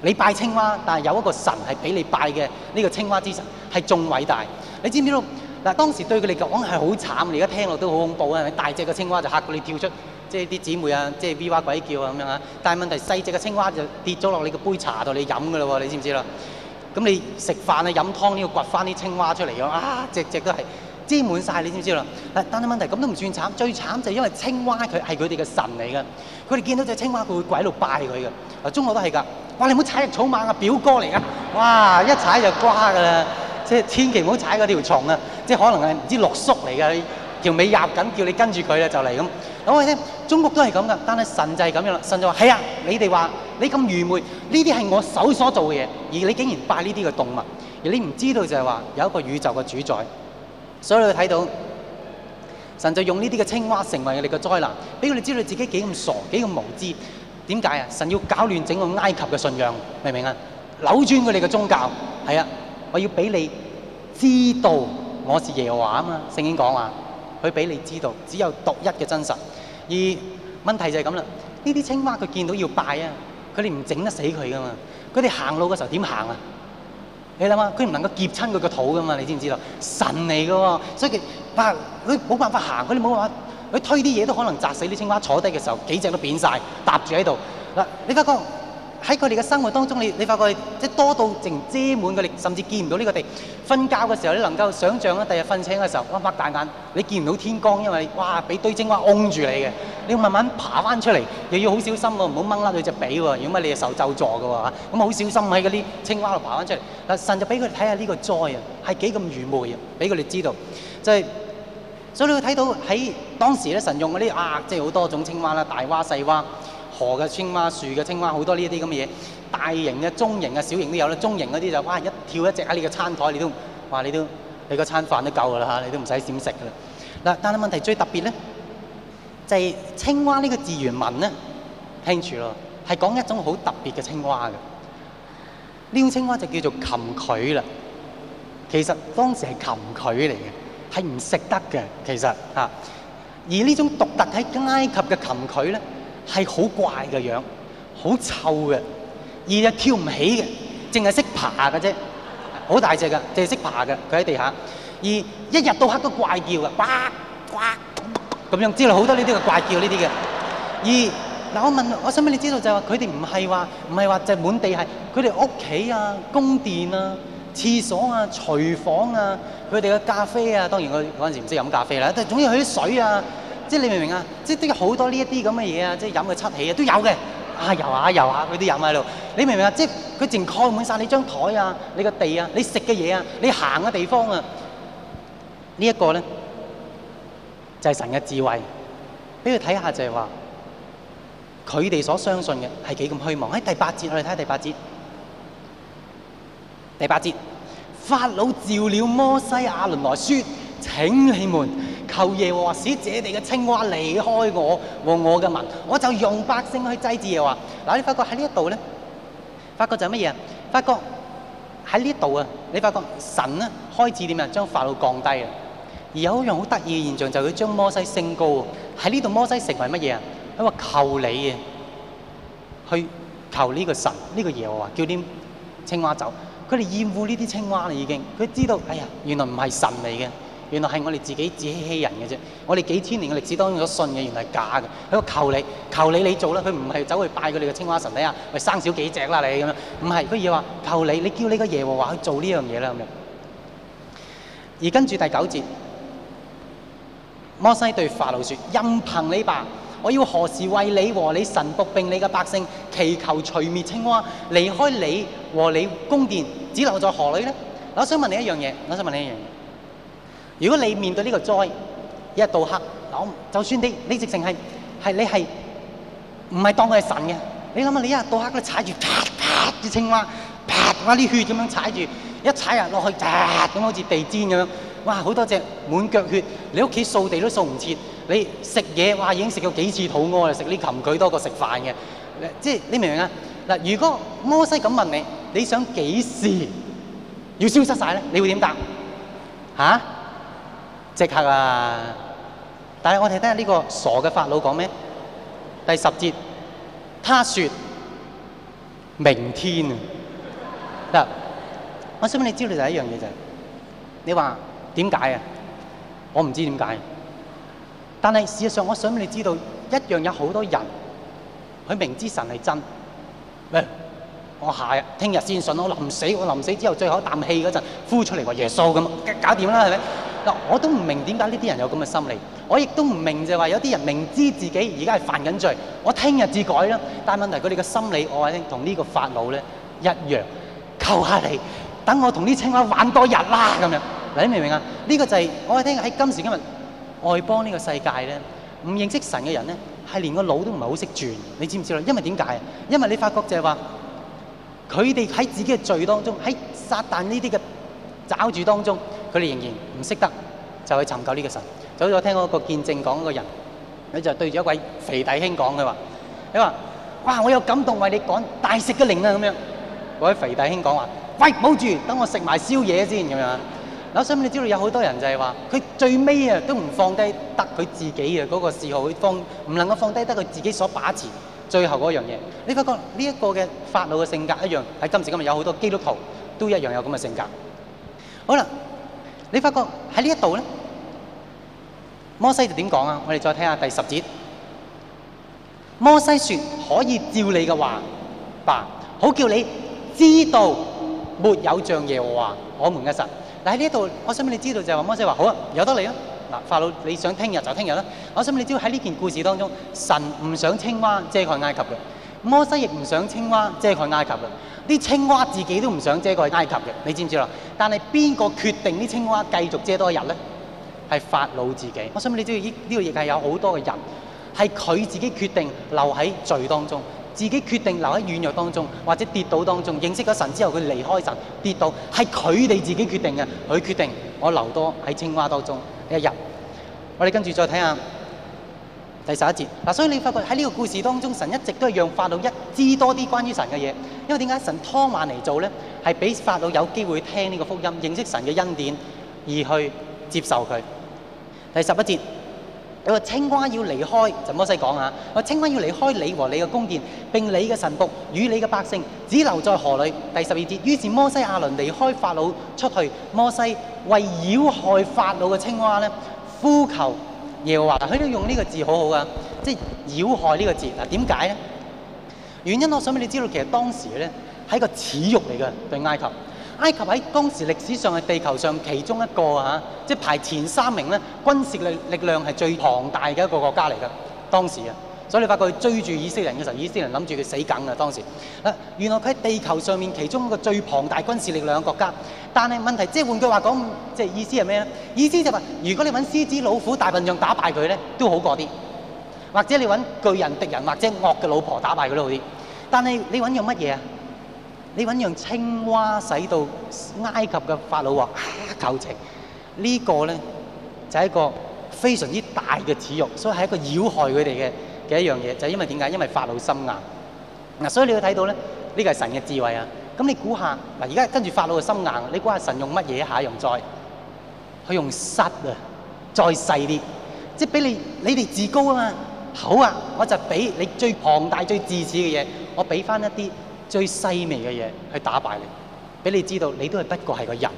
你拜青蛙，但係有一個神係俾你拜嘅，呢個青蛙之神係仲偉大。你知唔知道嗱？當時對佢哋講係好慘，你而家聽落都好恐怖啊！大隻嘅青蛙就嚇到你跳出。即係啲姊妹啊，即係哇鬼叫啊咁樣嚇，但係問題細隻嘅青蛙就跌咗落你個杯茶度，你飲㗎喇喎，你知唔知啦？咁你食飯啊飲湯呢，要掘翻啲青蛙出嚟嘅，啊隻隻都係擠滿晒，你知唔知啦？但係問題咁都唔算慘，最慘就係因為青蛙佢係佢哋嘅神嚟嘅，佢哋見到隻青蛙佢會跪喺度拜佢嘅。啊，中學都係㗎，哇！你唔好踩入草蜢啊，表哥嚟㗎，哇！一踩就瓜㗎啦，即係千祈唔好踩嗰條蟲啊，即係可能係唔知六叔嚟㗎。條尾入緊，叫你跟住佢咧就嚟咁。咁我哋咧，中國都係咁噶，但係神就係咁樣啦。神就話：係啊，你哋話你咁愚昧，呢啲係我手所做嘅嘢，而你竟然拜呢啲嘅動物，而你唔知道就係話有一個宇宙嘅主宰。所以你睇到神就用呢啲嘅青蛙成為你嘅災難，俾佢哋知道自己幾咁傻，幾咁無知。點解啊？神要搞亂整個埃及嘅信仰，明唔明啊？扭轉佢哋嘅宗教，係啊，我要俾你知道我是耶和華啊嘛！聖經講話、啊。佢俾你知道，只有獨一嘅真實。而問題就係咁啦，呢啲青蛙佢見到要拜啊，佢哋唔整得死佢噶嘛。佢哋行路嘅時候點行啊？你諗下，佢唔能夠劫親佢個肚噶嘛？你知唔知道？神嚟噶喎，所以佢哇，佢冇辦法行，佢哋冇辦法，佢推啲嘢都可能砸死啲青蛙。坐低嘅時候，幾隻都扁晒，搭住喺度。嗱，你家剛。喺佢哋嘅生活當中，你你發覺即係多到成遮滿佢哋，甚至見唔到呢個地。瞓覺嘅時候，你能夠想像啦。第日瞓醒嘅時候，哇！擘大眼，你見唔到天光，因為哇，俾堆青蛙擁住你嘅。你要慢慢爬翻出嚟，又要好小心喎，唔好掹甩佢隻鼻喎，如果唔係你係受咒詛嘅喎。咁、啊、好小心喺嗰啲青蛙度爬翻出嚟。嗱，神就俾佢哋睇下呢個災啊，係幾咁愚昧啊！俾佢哋知道，就係、是、所以你會睇到喺當時咧，神用嗰啲啊，即係好多種青蛙啦，大蛙細蛙。河嘅青蛙、樹嘅青蛙好多呢一啲咁嘅嘢，大型嘅、中型嘅、小型嘅都有啦。中型嗰啲就是，哇一跳一隻喺你嘅餐台，你都話你都你個餐飯都夠噶啦嚇，你都唔使點食噶啦。嗱，但係問題最特別咧，就係、是、青蛙呢個字原文咧，聽住咯，係講一種好特別嘅青蛙嘅。呢種青蛙就叫做琴鈦啦。其實當時係琴鈦嚟嘅，係唔食得嘅。其實嚇、啊，而呢種獨特喺埃及嘅琴鈦咧。係好怪嘅樣，好臭嘅，而係跳唔起嘅，淨係識爬嘅啫。好大隻嘅，淨係識爬嘅，佢喺地下。而一日到黑都怪叫嘅，呱呱咁樣，知道好多呢啲嘅怪叫呢啲嘅。而嗱，我問我想畀你知道就係話佢哋唔係話唔係話就滿地係佢哋，屋企啊、宮殿啊、廁所啊、廚房啊、佢哋嘅咖啡啊，當然我嗰陣時唔識飲咖啡啦，但係總要佢啲水啊。即係你明唔明啊？即係都有好多呢一啲咁嘅嘢啊！即係飲佢七喜啊，都有嘅。啊，遊下遊下，佢都飲喺度。你明唔明啊？即係佢淨蓋滿晒你張台啊，你個地啊，你食嘅嘢啊，你行嘅地方啊。呢一個咧就係神嘅智慧。俾佢睇下就係話，佢哋所相信嘅係幾咁虛妄。喺第八節，我哋睇下第八節。第八節，法老召了摩西亞倫來説：請你們。求耶和華使這地嘅青蛙離開我和我嘅民，我就用百姓去祭祀耶和華。嗱，你發覺喺呢一度咧，發覺就乜嘢？發覺喺呢一度啊，你發覺神咧開始點啊？將法度降低啊！而有一樣好得意嘅現象，就要將摩西升高。喺呢度摩西成為乜嘢啊？佢話求你啊，去求呢個神呢個耶和華，叫啲青蛙走。佢哋厭惡呢啲青蛙啦，已經佢知道，哎呀，原來唔係神嚟嘅。原來係我哋自己自欺欺人嘅啫。我哋幾千年嘅歷史當中所信嘅，原來係假嘅。佢話求你，求你你做啦。佢唔係走去拜佢哋嘅青蛙神，喂，了你下咪生少幾隻啦，你咁樣。唔係，佢而話求你，你叫你個耶和華去做呢樣嘢啦咁樣。而跟住第九節，摩西對法老説：任憑你吧，我要何時為你和你臣僕並你嘅百姓祈求除滅青蛙，離開你和你宮殿，只留在河裏呢？我想問你一樣嘢，我想問你一樣。如果你面對呢個災一日到黑，嗱，我就算你你直情係係你係唔係當佢係神嘅？你諗下，你，想想你一日到黑佢踩住啪啪啲青蛙，啪哇啲血咁樣踩住，一踩入落去，啪咁好似地氈咁樣，哇好多隻滿腳血，你屋企掃地都掃唔切，你食嘢哇已經食過幾次肚屙啦，食呢蠄蚷多過食飯嘅，即係你明唔明啊？嗱，如果摩西咁問你，你想幾時要消失晒咧？你會點答？嚇、啊？即刻啊！但係我哋睇下呢個傻嘅法老講咩？第十節，他說：明天啊，得。我想俾你知道就係一樣嘢就係，你話點解啊？我唔知點解。但係事實上，我想俾你知道一樣，有好多人，佢明知神係真，喂，我下日聽日先信，我臨死，我臨死之後最後一啖氣嗰陣呼出嚟話耶穌咁，搞掂啦，係咪？嗱，我都唔明點解呢啲人有咁嘅心理，我亦都唔明就係話有啲人明知自己而家係犯緊罪，我聽日至改啦。但問題佢哋嘅心理，我話聽同呢個法老咧一樣，求下你等我同啲青蛙玩多日啦咁樣。嗱，你明唔明啊？呢個就係我話聽喺今時今日外邦呢個世界咧，唔認識神嘅人咧係連個腦都唔係好識轉。你知唔知道？因為點解啊？因為你發覺就係話佢哋喺自己嘅罪當中，喺撒但呢啲嘅。抓住當中，佢哋仍然唔識得，就去尋求呢個神。就好似我聽嗰個見證講嗰個人，佢就對住一位肥弟兄講：佢話，你話，哇！我有感動為你趕大食嘅靈啊！咁樣，嗰位肥弟兄講話：喂，冇住，等我食埋宵夜先咁樣。嗱，所以你知道有好多人就係話，佢最尾啊都唔放低得佢自己嘅嗰個嗜好，放唔能夠放低得佢自己所把持最後嗰樣嘢。你發覺呢一個嘅法老嘅性格一樣喺今時今日有好多基督徒都一樣有咁嘅性格。好啦，你發覺喺呢一度咧，摩西就點講啊？我哋再睇下第十節，摩西說可以照你嘅話吧，好叫你知道沒有像耶和華我們嘅神。但喺呢一度，我想俾你知道就係話摩西話好啊，由得你啊，嗱法老你想聽日就聽日啦。我想俾你知道，喺呢件故事當中，神唔想青蛙遮蓋埃及嘅，摩西亦唔想青蛙遮蓋埃及嘅。啲青蛙自己都唔想遮過去埃及嘅，你知唔知咯？但係邊個決定啲青蛙繼續遮多一日呢？係法老自己。我想問你知唔知呢？呢個世界有好多嘅人係佢自己決定留喺罪當中，自己決定留喺軟弱當中，或者跌倒當中。認識咗神之後，佢離開神跌倒，係佢哋自己決定嘅。佢決定我留多喺青蛙當中一日。我哋跟住再睇下。第十一節，所以你發覺喺呢個故事當中，神一直都係讓法老一知多啲關於神嘅嘢，因為點解神拖慢來做呢？係俾法老有機會聽呢個福音，認識神嘅恩典，而去接受佢。第十一節，有個青蛙要離開，就摩西講啊，青蛙要離開你和你嘅宮殿，並你嘅臣僕，與你嘅百姓，只留在河裏。第十二節，於是摩西亞倫離開法老出去，摩西為擾害法老嘅青蛙呢，呼求。耶華，佢都用呢個字很好好噶，即係擾害呢個字。嗱，點解咧？原因我想俾你知道，其實當時咧係一個恥辱嚟噶，對埃及。埃及喺當時歷史上係地球上其中一個嚇，即係排前三名咧軍事力力量係最龐大嘅一個國家嚟噶，當時啊。所以你發覺佢追住以色列人嘅時候，以色列人諗住佢死梗啊！當時嗱，原來佢喺地球上面其中一個最龐大軍事力量嘅國家，但係問題即係換句話講，即係意思係咩咧？意思就係、話、如果你揾獅子、老虎、大笨象打敗佢咧，都好過啲；或者你揾巨人、敵人或者惡嘅老婆打敗佢都好啲。但係你揾樣乜嘢啊？你揾樣青蛙使到埃及嘅法老話、啊、求情？這個、呢個咧就係、是、一個非常之大嘅恥辱，所以係一個擾害佢哋嘅。嘅一樣嘢，就係、是、因為點解？因為法老心硬，嗱，所以你可睇到咧，呢、這個係神嘅智慧啊！咁你估下，嗱，而家跟住法老嘅心硬，你估下神用乜嘢？下用再，佢用塞啊，再細啲，即係俾你，你哋自高啊嘛！好啊，我就俾你最龐大、最自恃嘅嘢，我俾翻一啲最細微嘅嘢去打敗你，俾你知道你都係不過係個人，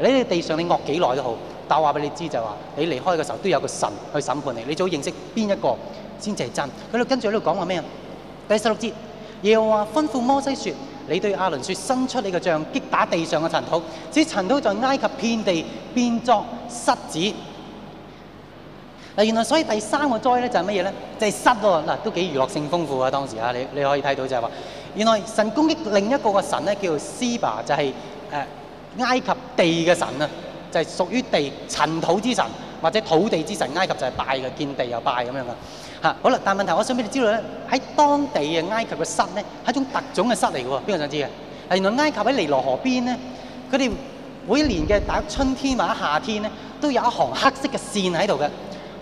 你喺地上你惡幾耐都好，但係我話俾你知就話、是，你離開嘅時候都有個神去審判你，你早認識邊一個？先至係真。佢喺跟住喺度講話咩啊？第十六節，耶和華吩咐摩西說：你對亞倫說，伸出你嘅杖，擊打地上嘅塵土，使塵土在埃及遍地變作虱子。嗱，原來所以第三個災咧就係乜嘢咧？就係虱喎。嗱，都幾娛樂性豐富啊！當時啊，你你可以睇到就係、是、話原來神攻擊另一個個神咧，叫做斯巴，就係誒埃及地嘅神啊，就係屬於地塵土之神或者土地之神。埃及就係拜嘅，見地就拜咁樣嘅。好啦，但問題我想俾你知道咧，喺當地嘅埃及嘅蝨咧係一種特種嘅蝨嚟嘅喎，邊個想知嘅？原來埃及喺尼羅河邊咧，佢哋每年嘅打春天或者夏天咧，都有一行黑色嘅線喺度嘅，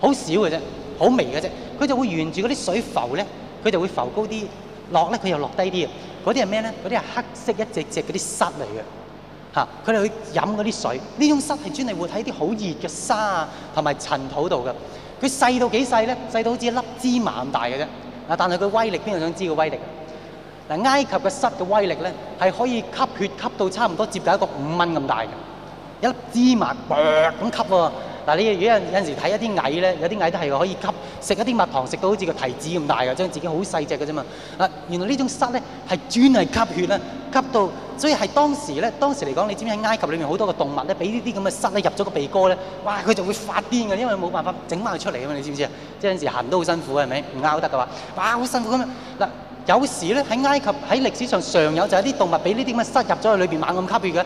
好少嘅啫，好微嘅啫，佢就會沿住嗰啲水浮咧，佢就會浮高啲，落咧佢又落低啲，嗰啲係咩咧？嗰啲係黑色一隻隻嗰啲蝨嚟嘅，嚇，佢哋去飲嗰啲水，呢種蝨係專嚟活喺啲好熱嘅沙啊同埋塵土度嘅。佢細到幾細呢？細到好似粒芝麻咁大嘅啫。但係佢威力，邊個想知道佢嘅威力？埃及嘅塞嘅威力呢，係可以吸血吸到差唔多接近一個五蚊咁大嘅。一粒芝麻噉吸喎，嗱，你如果有有陣時睇一啲蟻咧，有啲蟻都係可以吸食一啲蜜糖，食到好似個提子咁大嘅，將自己好細隻嘅啫嘛。嗱，原來呢種虱咧係專係吸血啦，吸到，所以係當時咧，當時嚟講，你知唔知喺埃及裏面好多個動物咧，俾呢啲咁嘅虱咧入咗個鼻哥咧，哇！佢就會發癲嘅，因為冇辦法整翻佢出嚟啊嘛，你知唔知啊？即係有陣時行都好辛苦啊，係咪，唔拗得嘅話，哇！好辛苦咁啊！嗱，有時咧喺埃及喺歷史上常有，就係啲動物俾呢啲咁嘅虱入咗去裏邊猛咁吸血嘅。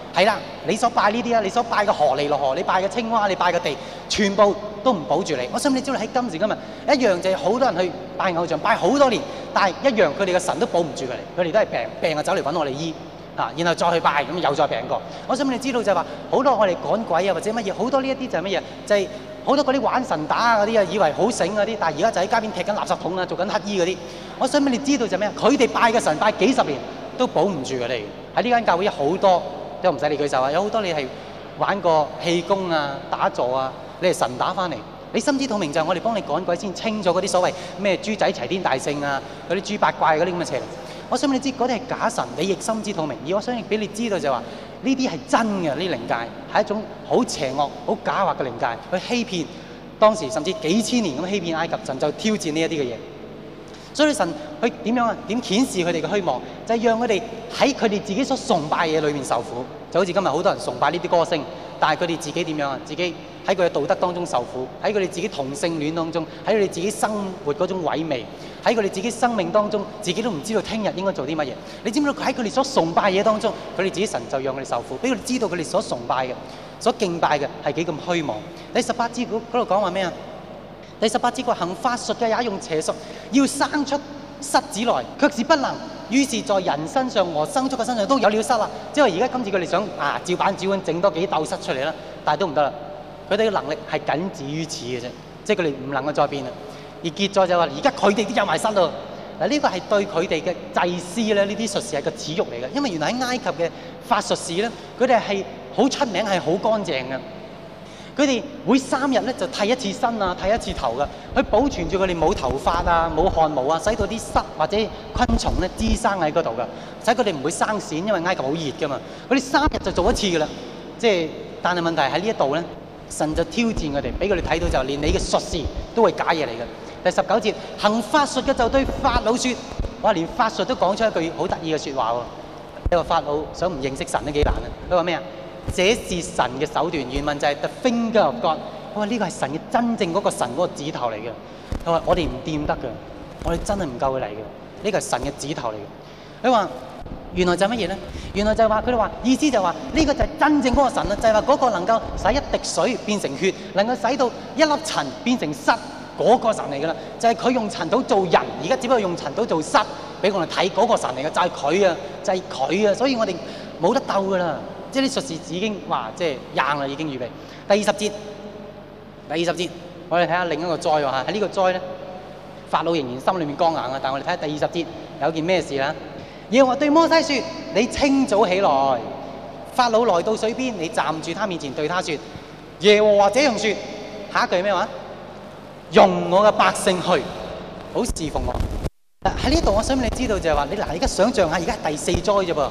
係啦，你所拜呢啲啊，你所拜嘅尼羅河，你拜嘅青蛙，你拜嘅地，全部都唔保住你。我想問你，知道喺今時今日一樣就係好多人去拜偶像，拜好多年，但係一樣佢哋嘅神都保唔住佢哋，佢哋都係病，病就走嚟揾我哋醫，然後再去拜，咁又再病過。我想問你知道就係話好多我哋趕鬼啊或者乜嘢好多呢啲就係乜嘢？就係好多嗰啲玩神打嗰啲啊，以為好醒嗰啲，但係而家就喺街邊踢緊垃圾桶啊，做緊乞兒嗰啲。我想問你知道就係咩啊？佢哋拜嘅神拜幾十年都保唔住佢哋。喺呢間教會有好多。都唔使你舉手啊！有好多你係玩個氣功啊、打坐啊，你係神打翻嚟。你心知肚明就係我哋幫你趕鬼，先清咗嗰啲所謂咩豬仔齊天大聖啊，嗰啲豬八怪嗰啲咁嘅邪靈。我想俾你知嗰啲係假神，你亦心知肚明。而我想俾你知道就係話呢啲係真嘅呢啲靈界，係一種好邪惡、好假惡嘅靈界，佢欺騙當時甚至幾千年咁欺騙埃及神，就挑戰呢啲嘅嘢。所以神佢點樣啊？點顯示佢哋嘅虛妄，就係、是、讓佢哋喺佢哋自己所崇拜嘅嘢裏面受苦。就好似今日好多人崇拜呢啲歌星，但係佢哋自己點樣啊？自己喺佢嘅道德當中受苦，喺佢哋自己同性戀當中，喺佢哋自己生活嗰種萎靡，喺佢哋自己生命當中，自己都唔知道聽日應該做啲乜嘢。你知唔知道喺佢哋所崇拜嘅嘢當中，佢哋自己神就讓佢哋受苦，俾佢哋知道佢哋所崇拜嘅、所敬拜嘅係幾咁虛妄。第十八節嗰度講話咩？第十八節，個行法術嘅也用邪術，要生出虱子來，卻是不能。於是，在人身上和牲畜嘅身上都有了虱啦。即係話而家今次佢哋想啊照板煮碗整多幾竇虱出嚟啦，但係都唔得啦。佢哋嘅能力係僅止於此嘅啫，即係佢哋唔能夠再變啦。而結在就話，而家佢哋都有埋虱咯。嗱，呢個係對佢哋嘅祭司咧，呢啲術士係個恥辱嚟嘅，因為原來喺埃及嘅法術士咧，佢哋係好出名，係好乾淨嘅。佢哋每三日咧就剃一次身啊，剃一次頭噶，佢保存住佢哋冇頭髮啊，冇汗毛啊，使到啲虱或者昆蟲咧滋生喺嗰度噶，使佢哋唔會生癬，因為埃及好熱噶嘛。佢哋三日就做一次噶啦，即係，但係問題喺呢一度咧，神就挑戰佢哋，俾佢哋睇到就連你嘅術士都係假嘢嚟嘅。第十九節，行法術嘅就對法老說：嘩，連法術都講出一句好得意嘅說話喎，一個法老想唔認識神都幾難啊！佢話咩啊？這是神嘅手段，原文就係 the finger of God 佢話呢、這個係神嘅真正嗰個神嗰個指頭嚟嘅。佢話我哋唔掂得嘅，我哋真係唔夠佢嚟嘅。呢個係神嘅指頭嚟嘅。佢話原來就係乜嘢咧？原來就係話佢哋話意思就係話呢個就係真正嗰個神啊！就係話嗰個能夠使一滴水變成血，能夠使到一粒塵變成虱，嗰、那個神嚟噶啦。就係、是、佢用塵土做人，而家只不過用塵土做虱俾我哋睇，嗰個神嚟嘅就係佢啊，就係佢啊，所以我哋冇得鬥噶啦。即係啲術士已經話即係硬啦，已經預備。第二十節，第二十節，我哋睇下另一個災喎嚇。喺呢個災咧，法老仍然心裏面僵硬啊。但係我哋睇下第二十節有件咩事啦。耶和華對摩西説：你清早起來，法老來到水邊，你站住他面前對他説：耶和華這樣説，下一句係咩話？用我嘅百姓去，好侍奉我。喺呢度我想俾你知道就係話你嗱，而家想象下而家係第四災啫噃。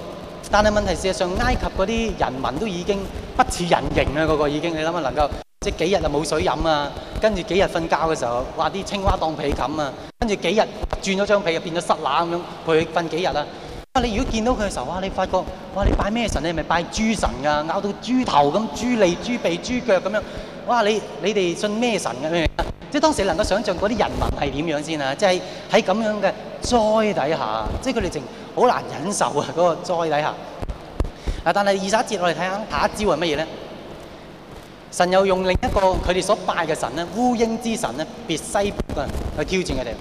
但係問題是，事實上埃及嗰啲人民都已經不似人形啊！嗰個已經，你諗下能夠即係幾日就冇水飲啊？跟住幾日瞓覺嘅時候，哇！啲青蛙當被冚啊！跟住幾日轉咗張被又變咗蝨乸咁樣陪佢瞓幾日啊！哇！你如果見到佢嘅時候，哇！你發覺哇！你拜咩神你？你係咪拜豬神㗎，咬到豬頭咁、豬脷、豬鼻、豬腳咁樣。哇！你你哋信咩神㗎？即時當時你能夠想像嗰啲人民係點樣先啦？即係喺的樣嘅災底下，即係佢哋好難忍受啊！嗰、那個災底下。但係二十一節我哋睇下下一招係乜嘢呢？神又用另一個佢哋所拜嘅神咧，烏之神咧，別西布啊，去挑戰佢哋。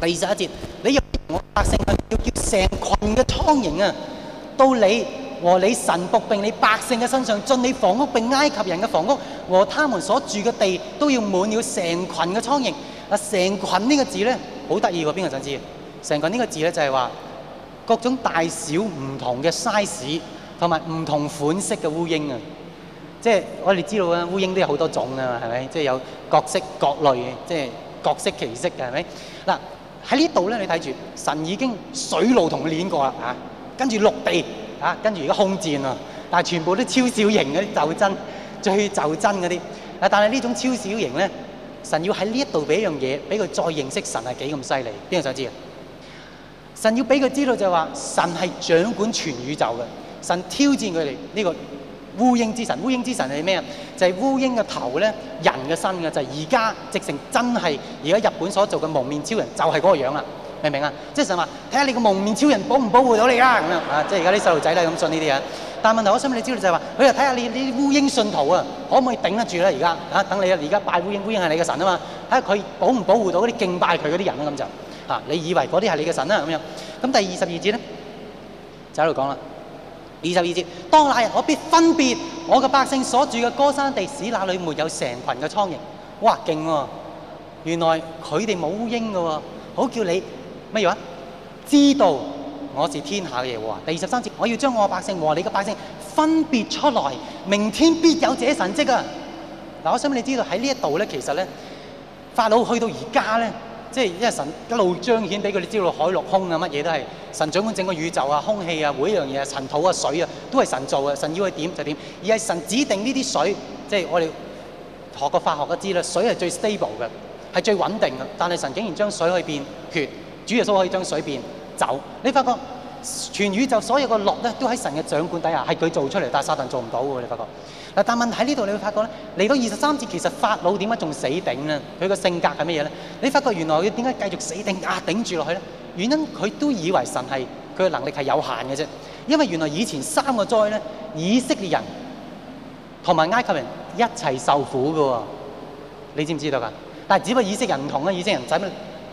第二十一節，你用我百姓要叫成群嘅蒼蠅啊，到你。和你神服並你百姓嘅身上，進你房屋並埃及人嘅房屋和他們所住嘅地，都要滿了成群嘅蒼蠅。嗱，成群呢個字咧，好得意喎！邊個想知？成群呢個字咧，就係話各種大小唔同嘅 size 同埋唔同款式嘅烏蠅啊！即係我哋知道啦，烏蠅都有好多種啊，係咪？即係有各式各類，即係各色其式，係咪？嗱，喺呢度咧，你睇住，神已經水路同佢碾過啦啊！跟住陸地。啊，跟住而家空戰啊，但係全部都超小型嗰啲就真，最就真嗰啲。啊，但係呢種超小型咧，神要喺呢一度俾一樣嘢，俾佢再認識神係幾咁犀利？邊個想知啊？神要俾佢知道就係話，神係掌管全宇宙嘅。神挑戰佢哋呢個烏蠅之神。烏蠅之神係咩啊？就係、是、烏蠅嘅頭咧，人嘅身嘅，就係而家直成真係而家日本所做嘅蒙面超人，就係、是、嗰個樣啦。明唔明啊？即係神話，睇下你個蒙面超人保唔保護到你啦、啊？咁樣啊，即係而家啲細路仔都係咁信呢啲嘢。但係問題我想問你，知道就係、是、話，佢又睇下你啲烏蠅信徒啊，可唔可以頂得住咧、啊？而家啊，等你啊，而家拜烏蠅，烏蠅係你嘅神啊嘛？睇下佢保唔保護到嗰啲敬拜佢嗰啲人啊。咁就啊，你以為嗰啲係你嘅神啊？咁樣咁第二十二節咧，就喺度講啦。二十二節，當那日，我必分別我嘅百姓所住嘅歌珊地，使那裏沒有成群嘅蒼蠅。哇，勁喎、啊！原來佢哋冇烏蠅嘅喎，好叫你。乜嘢啊？知道我是天下嘅耶和華。第二十三節，我要將我的百姓和你嘅百姓分別出來。明天必有這神蹟啊！嗱，我想俾你知道喺呢一度咧，其實咧，法老去到而家咧，即係因為神一路彰顯俾佢哋知道海、陸、空啊，乜嘢都係神掌管整個宇宙啊、空氣啊、每一樣嘢啊、塵土啊、水啊，都係神做嘅，神要佢點就點。而係神指定呢啲水，即係我哋學過化學都知啦，水係最 stable 嘅，係最穩定嘅。但係神竟然將水去變血。主耶穌可以將水變酒。你發覺全宇宙所有個落咧，都喺神嘅掌管底下，係佢做出嚟，但係撒但做唔到嘅喎。你發覺嗱，但問題喺呢度，你會發覺咧，嚟到二十三節，其實法老點解仲死頂咧？佢個性格係乜嘢咧？你發覺原來佢點解繼續死頂啊？頂住落去咧，原因佢都以為神係佢嘅能力係有限嘅啫。因為原來以前三個災咧，以色列人同埋埃及人一齊受苦嘅喎，你知唔知道噶？但係只不過以色列人唔同啦，以色列人使乜？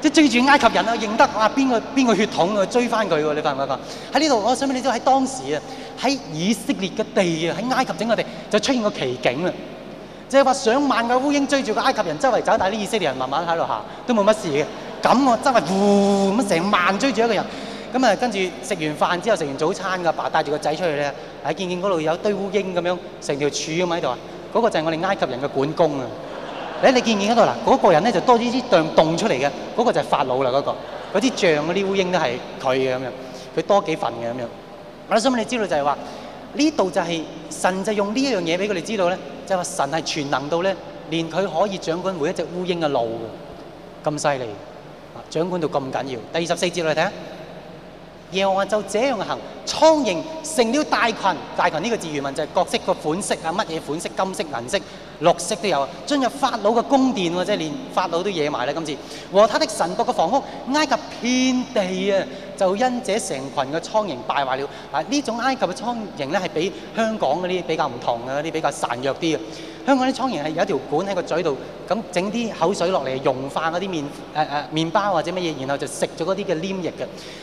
即追住埃及人啊，認得啊邊個邊個血統啊，追翻佢喎！你發唔發覺？喺呢度，我想俾你知道，喺當時啊，喺以色列嘅地啊，喺埃及整個地就出現個奇景啦，即係話上萬個烏蠅追住個埃及人周圍走，但係啲以色列人慢慢喺度行，都冇乜事嘅。咁啊，我周圍呼咁成萬追住一個人，咁啊跟住食完飯之後食完早餐，爸帶着個爸帶住個仔出去咧，喺見見嗰度有堆烏蠅咁樣，成條柱咁喺度啊，嗰、那個就係我哋埃及人嘅管工啊！你你見唔見嗰度嗱？嗰、那個人咧就多啲啲釘洞出嚟嘅，嗰、那個就係法老啦嗰、那個。嗰啲像嗰啲烏蠅都係佢嘅咁樣，佢多幾份嘅咁樣。我想問你知道就係話呢度就係、是、神就用呢一樣嘢俾佢哋知道咧，就係、是、話神係全能到咧，連佢可以掌管每一隻烏蠅嘅路，咁犀利啊！掌管到咁緊要。第二十四節嚟睇下，耶和華就這樣行，蒼蠅成了大群。大群呢個字原文就係各式個款式啊，乜嘢款式？金色銀色。綠色都有，進入法老嘅宮殿喎，即係連法老都惹埋啦今次。和他的神國嘅房屋，埃及遍地啊，就因這成群嘅蒼蠅敗壞了。啊，呢種埃及嘅蒼蠅咧係比香港嗰啲比較唔同嘅，啲比較孱弱啲嘅。香港啲蒼蠅係有一條管喺個嘴度，咁整啲口水落嚟溶化嗰啲麵、呃、麵包或者乜嘢，然後就食咗嗰啲嘅黏液。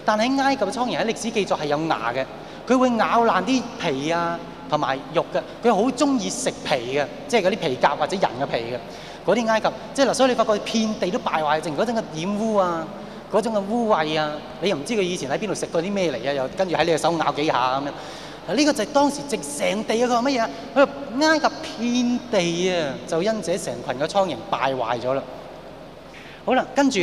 但係埃及嘅蒼蠅喺歷史記載係有牙嘅，佢會咬爛啲皮啊。同埋肉嘅，佢好中意食皮嘅，即係嗰啲皮甲或者人嘅皮嘅，嗰啲埃及，即係嗱，所以你發覺遍地都敗壞，淨嗰種嘅染污啊，嗰種嘅污穢啊，你又唔知佢以前喺邊度食過啲咩嚟啊，又跟住喺你嘅手咬幾下咁樣，啊呢個就係當時直成地啊，佢話乜嘢啊？佢埃及遍地啊，就因這成群嘅蒼蠅敗壞咗啦。好啦，跟住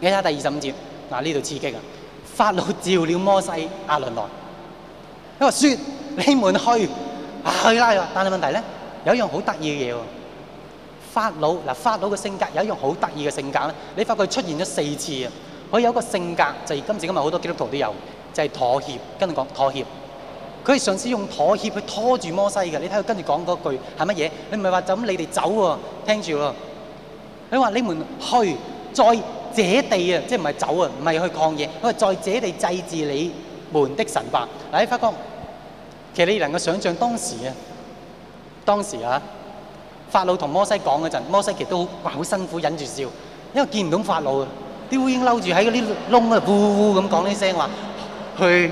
睇下第二十五節，嗱呢度刺激啦，法老召了摩西亞倫來，佢話説。你們去去啦，但係問題咧，有一樣好得意嘅嘢喎。法老嗱，法老嘅性格有一樣好得意嘅性格咧，你發覺出現咗四次啊！佢有個性格就係今時今日好多基督徒都有，就係、是、妥協跟住講妥協。佢係嘗試用妥協去拖住摩西嘅。你睇佢跟住講嗰句係乜嘢？你唔係話就咁你哋走喎，聽住喎。佢話你們去在這地啊，即係唔係走啊？唔係去曠野。佢話在這地祭祀你們的神吧。嗱，你發覺？其實你能夠想象當時啊，當時啊，法老同摩西講嗰陣，摩西其實都哇好辛苦忍住笑，因為見唔到法老啊，啲烏蠅嬲住喺嗰啲窿啊，呼呼呼咁講啲聲話，去，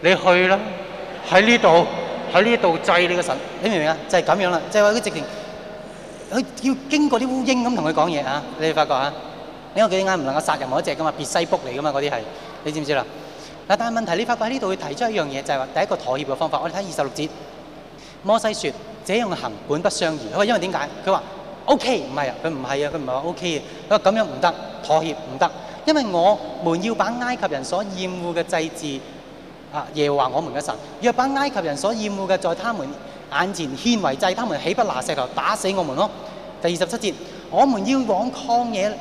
你去啦，喺呢度喺呢度祭你個神，你明唔明啊？就係咁樣啦，就係話佢直情，佢要經過啲烏蠅咁同佢講嘢啊！你哋發覺啊，因為佢啱唔能夠殺任何一隻噶嘛，別西卜嚟噶嘛，嗰啲係，你知唔知啦？但係問題，你發覺喺呢度會提出一樣嘢，就係話第一個妥協嘅方法。我哋睇二十六節，摩西説：這樣行本不相宜。因為點解？佢話 O.K. 唔係啊，佢唔係啊，佢唔係話 O.K. 佢話咁樣唔得，妥協唔得，因為我們要把埃及人所厭惡嘅祭祀啊，耶和華我們嘅神，若把埃及人所厭惡嘅在他們眼前獻為祭，他們豈不拿石頭打死我們咯？第二十七節，我們要往曠野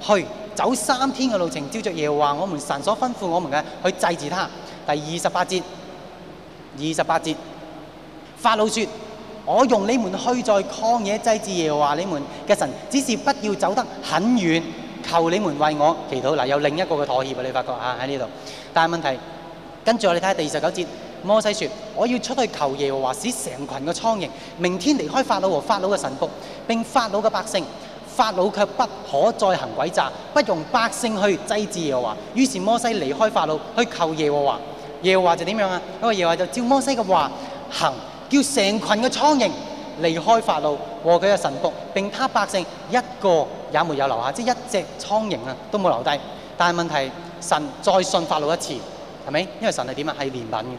去。走三天嘅路程，照着耶和華我們神所吩咐我們的去祭祀他。第二十八節，二十八節，法老說：我用你們去在曠野祭祀耶和華你們嘅神，只是不要走得很遠。求你們為我祈禱。嗱，有另一個嘅妥協，你發覺啊，喺呢度。但問題，跟住我哋睇下第二十九節，摩西說：我要出去求耶和華，使成群嘅蒼蠅明天離開法老和法老嘅臣僕，並法老嘅百姓。法老卻不可再行詭詐，不容百姓去祭祀耶和華。於是摩西離開法老去求耶和華，耶和華就點樣啊？因為耶和華就照摩西嘅話行，叫成群嘅蒼蠅離開法老和佢嘅臣僕，並他百姓，一個也沒有留下，即係一隻蒼蠅啊都冇留低。但係問題，神再信法老一次係咪？因為神係點啊？係憐憫嘅，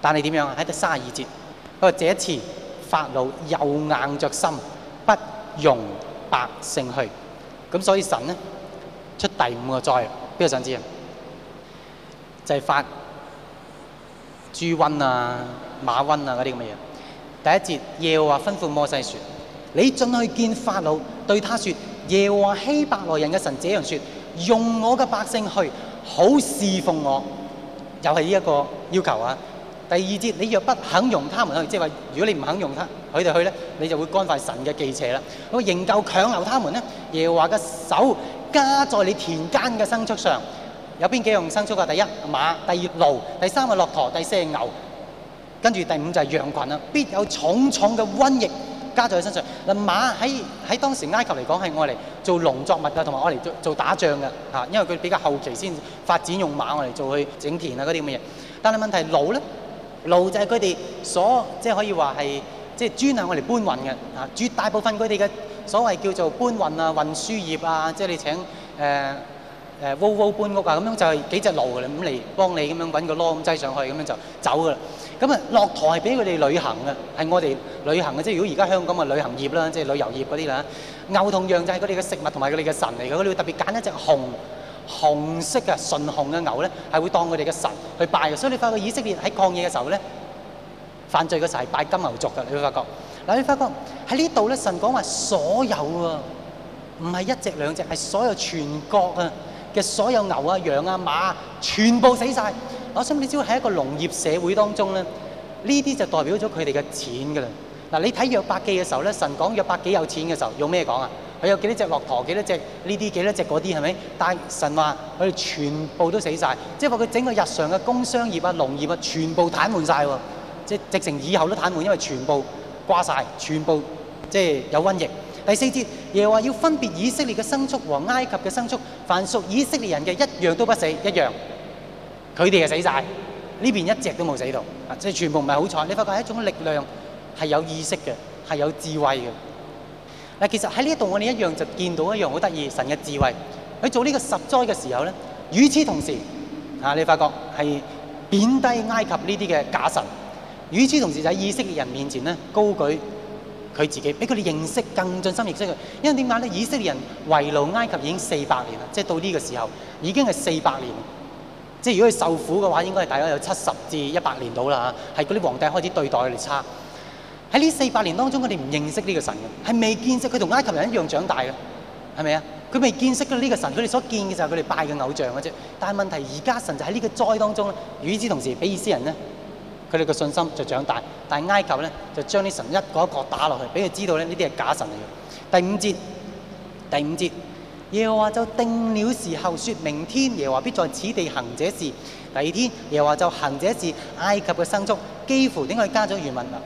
但係點樣啊，喺第卅二節佢話：這一次法老又硬着心，不容。百姓去，咁所以神咧出第五個災，邊個想知啊？就係、是、發豬瘟啊、馬瘟啊嗰啲咁嘅嘢。第一節耶和華吩咐摩西說：你進去見法老，對他說：耶和華希伯來人嘅神這樣說，用我嘅百姓去，好侍奉我，又係呢一個要求啊。第二節，你若不肯用他們去，即係話，如果你唔肯用他，佢哋去咧，你就會干犯神嘅忌邪啦。我仍舊強留他們咧，耶和華嘅手加在你田間嘅牲畜上，有邊幾樣牲畜啊？第一馬，第二驢，第三係駱駝，第四係牛，跟住第五就係羊群，啊！必有重重嘅瘟疫加在佢身上。嗱，馬喺喺當時埃及嚟講係愛嚟做農作物啊，同埋愛嚟做做打仗嘅嚇，因為佢比較後期先發展用馬愛嚟做去整田啊嗰啲咁嘅嘢。但係問題驢咧？驢就係佢哋所即係、就是、可以話係即係專係我哋搬運嘅嚇、啊，絕大部分佢哋嘅所謂叫做搬運啊、運輸業啊，即、就、係、是、你請誒誒 Volvo 搬屋啊，咁樣就係幾隻驢嚟咁嚟幫你咁樣揾個籮咁擠上去，咁樣就走㗎喇。咁啊，駱駝係俾佢哋旅行嘅，係我哋旅行嘅，即、就、係、是、如果而家香港嘅旅行業啦，即、就、係、是、旅遊業嗰啲啦。牛同羊就係佢哋嘅食物同埋佢哋嘅神嚟嘅，佢哋會特別揀一隻紅。紅色嘅純紅嘅牛咧，係會當佢哋嘅神去拜嘅，所以你發覺以色列喺曠野嘅時候咧，犯罪嘅時候係拜金牛犢嘅。你會發覺，嗱你發覺喺呢度咧，神講話所有啊，唔係一隻兩隻，係所有全國啊嘅所有牛啊、羊啊、馬啊全部死晒。我想你只要喺一個農業社會當中咧，呢啲就代表咗佢哋嘅錢嘅啦。嗱你睇約伯記嘅時候咧，神講約伯幾有錢嘅時候，用咩講啊？佢有幾多隻駱駝？幾多隻呢啲？幾多隻嗰啲係咪？但神話佢哋全部都死晒，即係話佢整個日常嘅工商業啊、農業啊，全部癱瘓晒喎。即係直情以後都癱瘓，因為全部掛晒，全部即係有瘟疫。第四節，耶和華要分別以色列嘅牲畜和埃及嘅牲畜，凡屬以色列人嘅一樣都不死，一樣佢哋就死晒。呢邊一隻都冇死到，即係全部唔係好彩。你發覺係一種力量係有意識嘅，係有智慧嘅。嗱，其實喺呢一度我哋一樣就見到一樣好得意，神嘅智慧喺做呢個十災嘅時候咧，與此同時，嚇你發覺係貶低埃及呢啲嘅假神，與此同時就喺以色列人面前咧高舉佢自己，俾佢哋認識更進深認識佢。因為點解咧？以色列人圍路埃及已經四百年啦，即係到呢個時候已經係四百年，即係如果佢受苦嘅話，應該係大約有七十至一百年到啦嚇，係嗰啲皇帝開始對待佢哋差。喺呢四百年當中，佢哋唔認識呢個神嘅，係未見識佢同埃及人一樣長大嘅，係咪啊？佢未見識到呢個神，佢哋所見嘅就係佢哋拜嘅偶像嘅啫。但係問題而家神就喺呢個災當中咧。與此同時，以色列人咧，佢哋嘅信心就長大。但係埃及咧就將啲神一個一個打落去，俾佢知道咧呢啲係假神嚟嘅。第五節，第五節，耶和華就定了時候，説明天，耶和華必在此地行這事。第二天，耶和華就行這事。埃及嘅牲畜幾乎點可以加咗原文啦？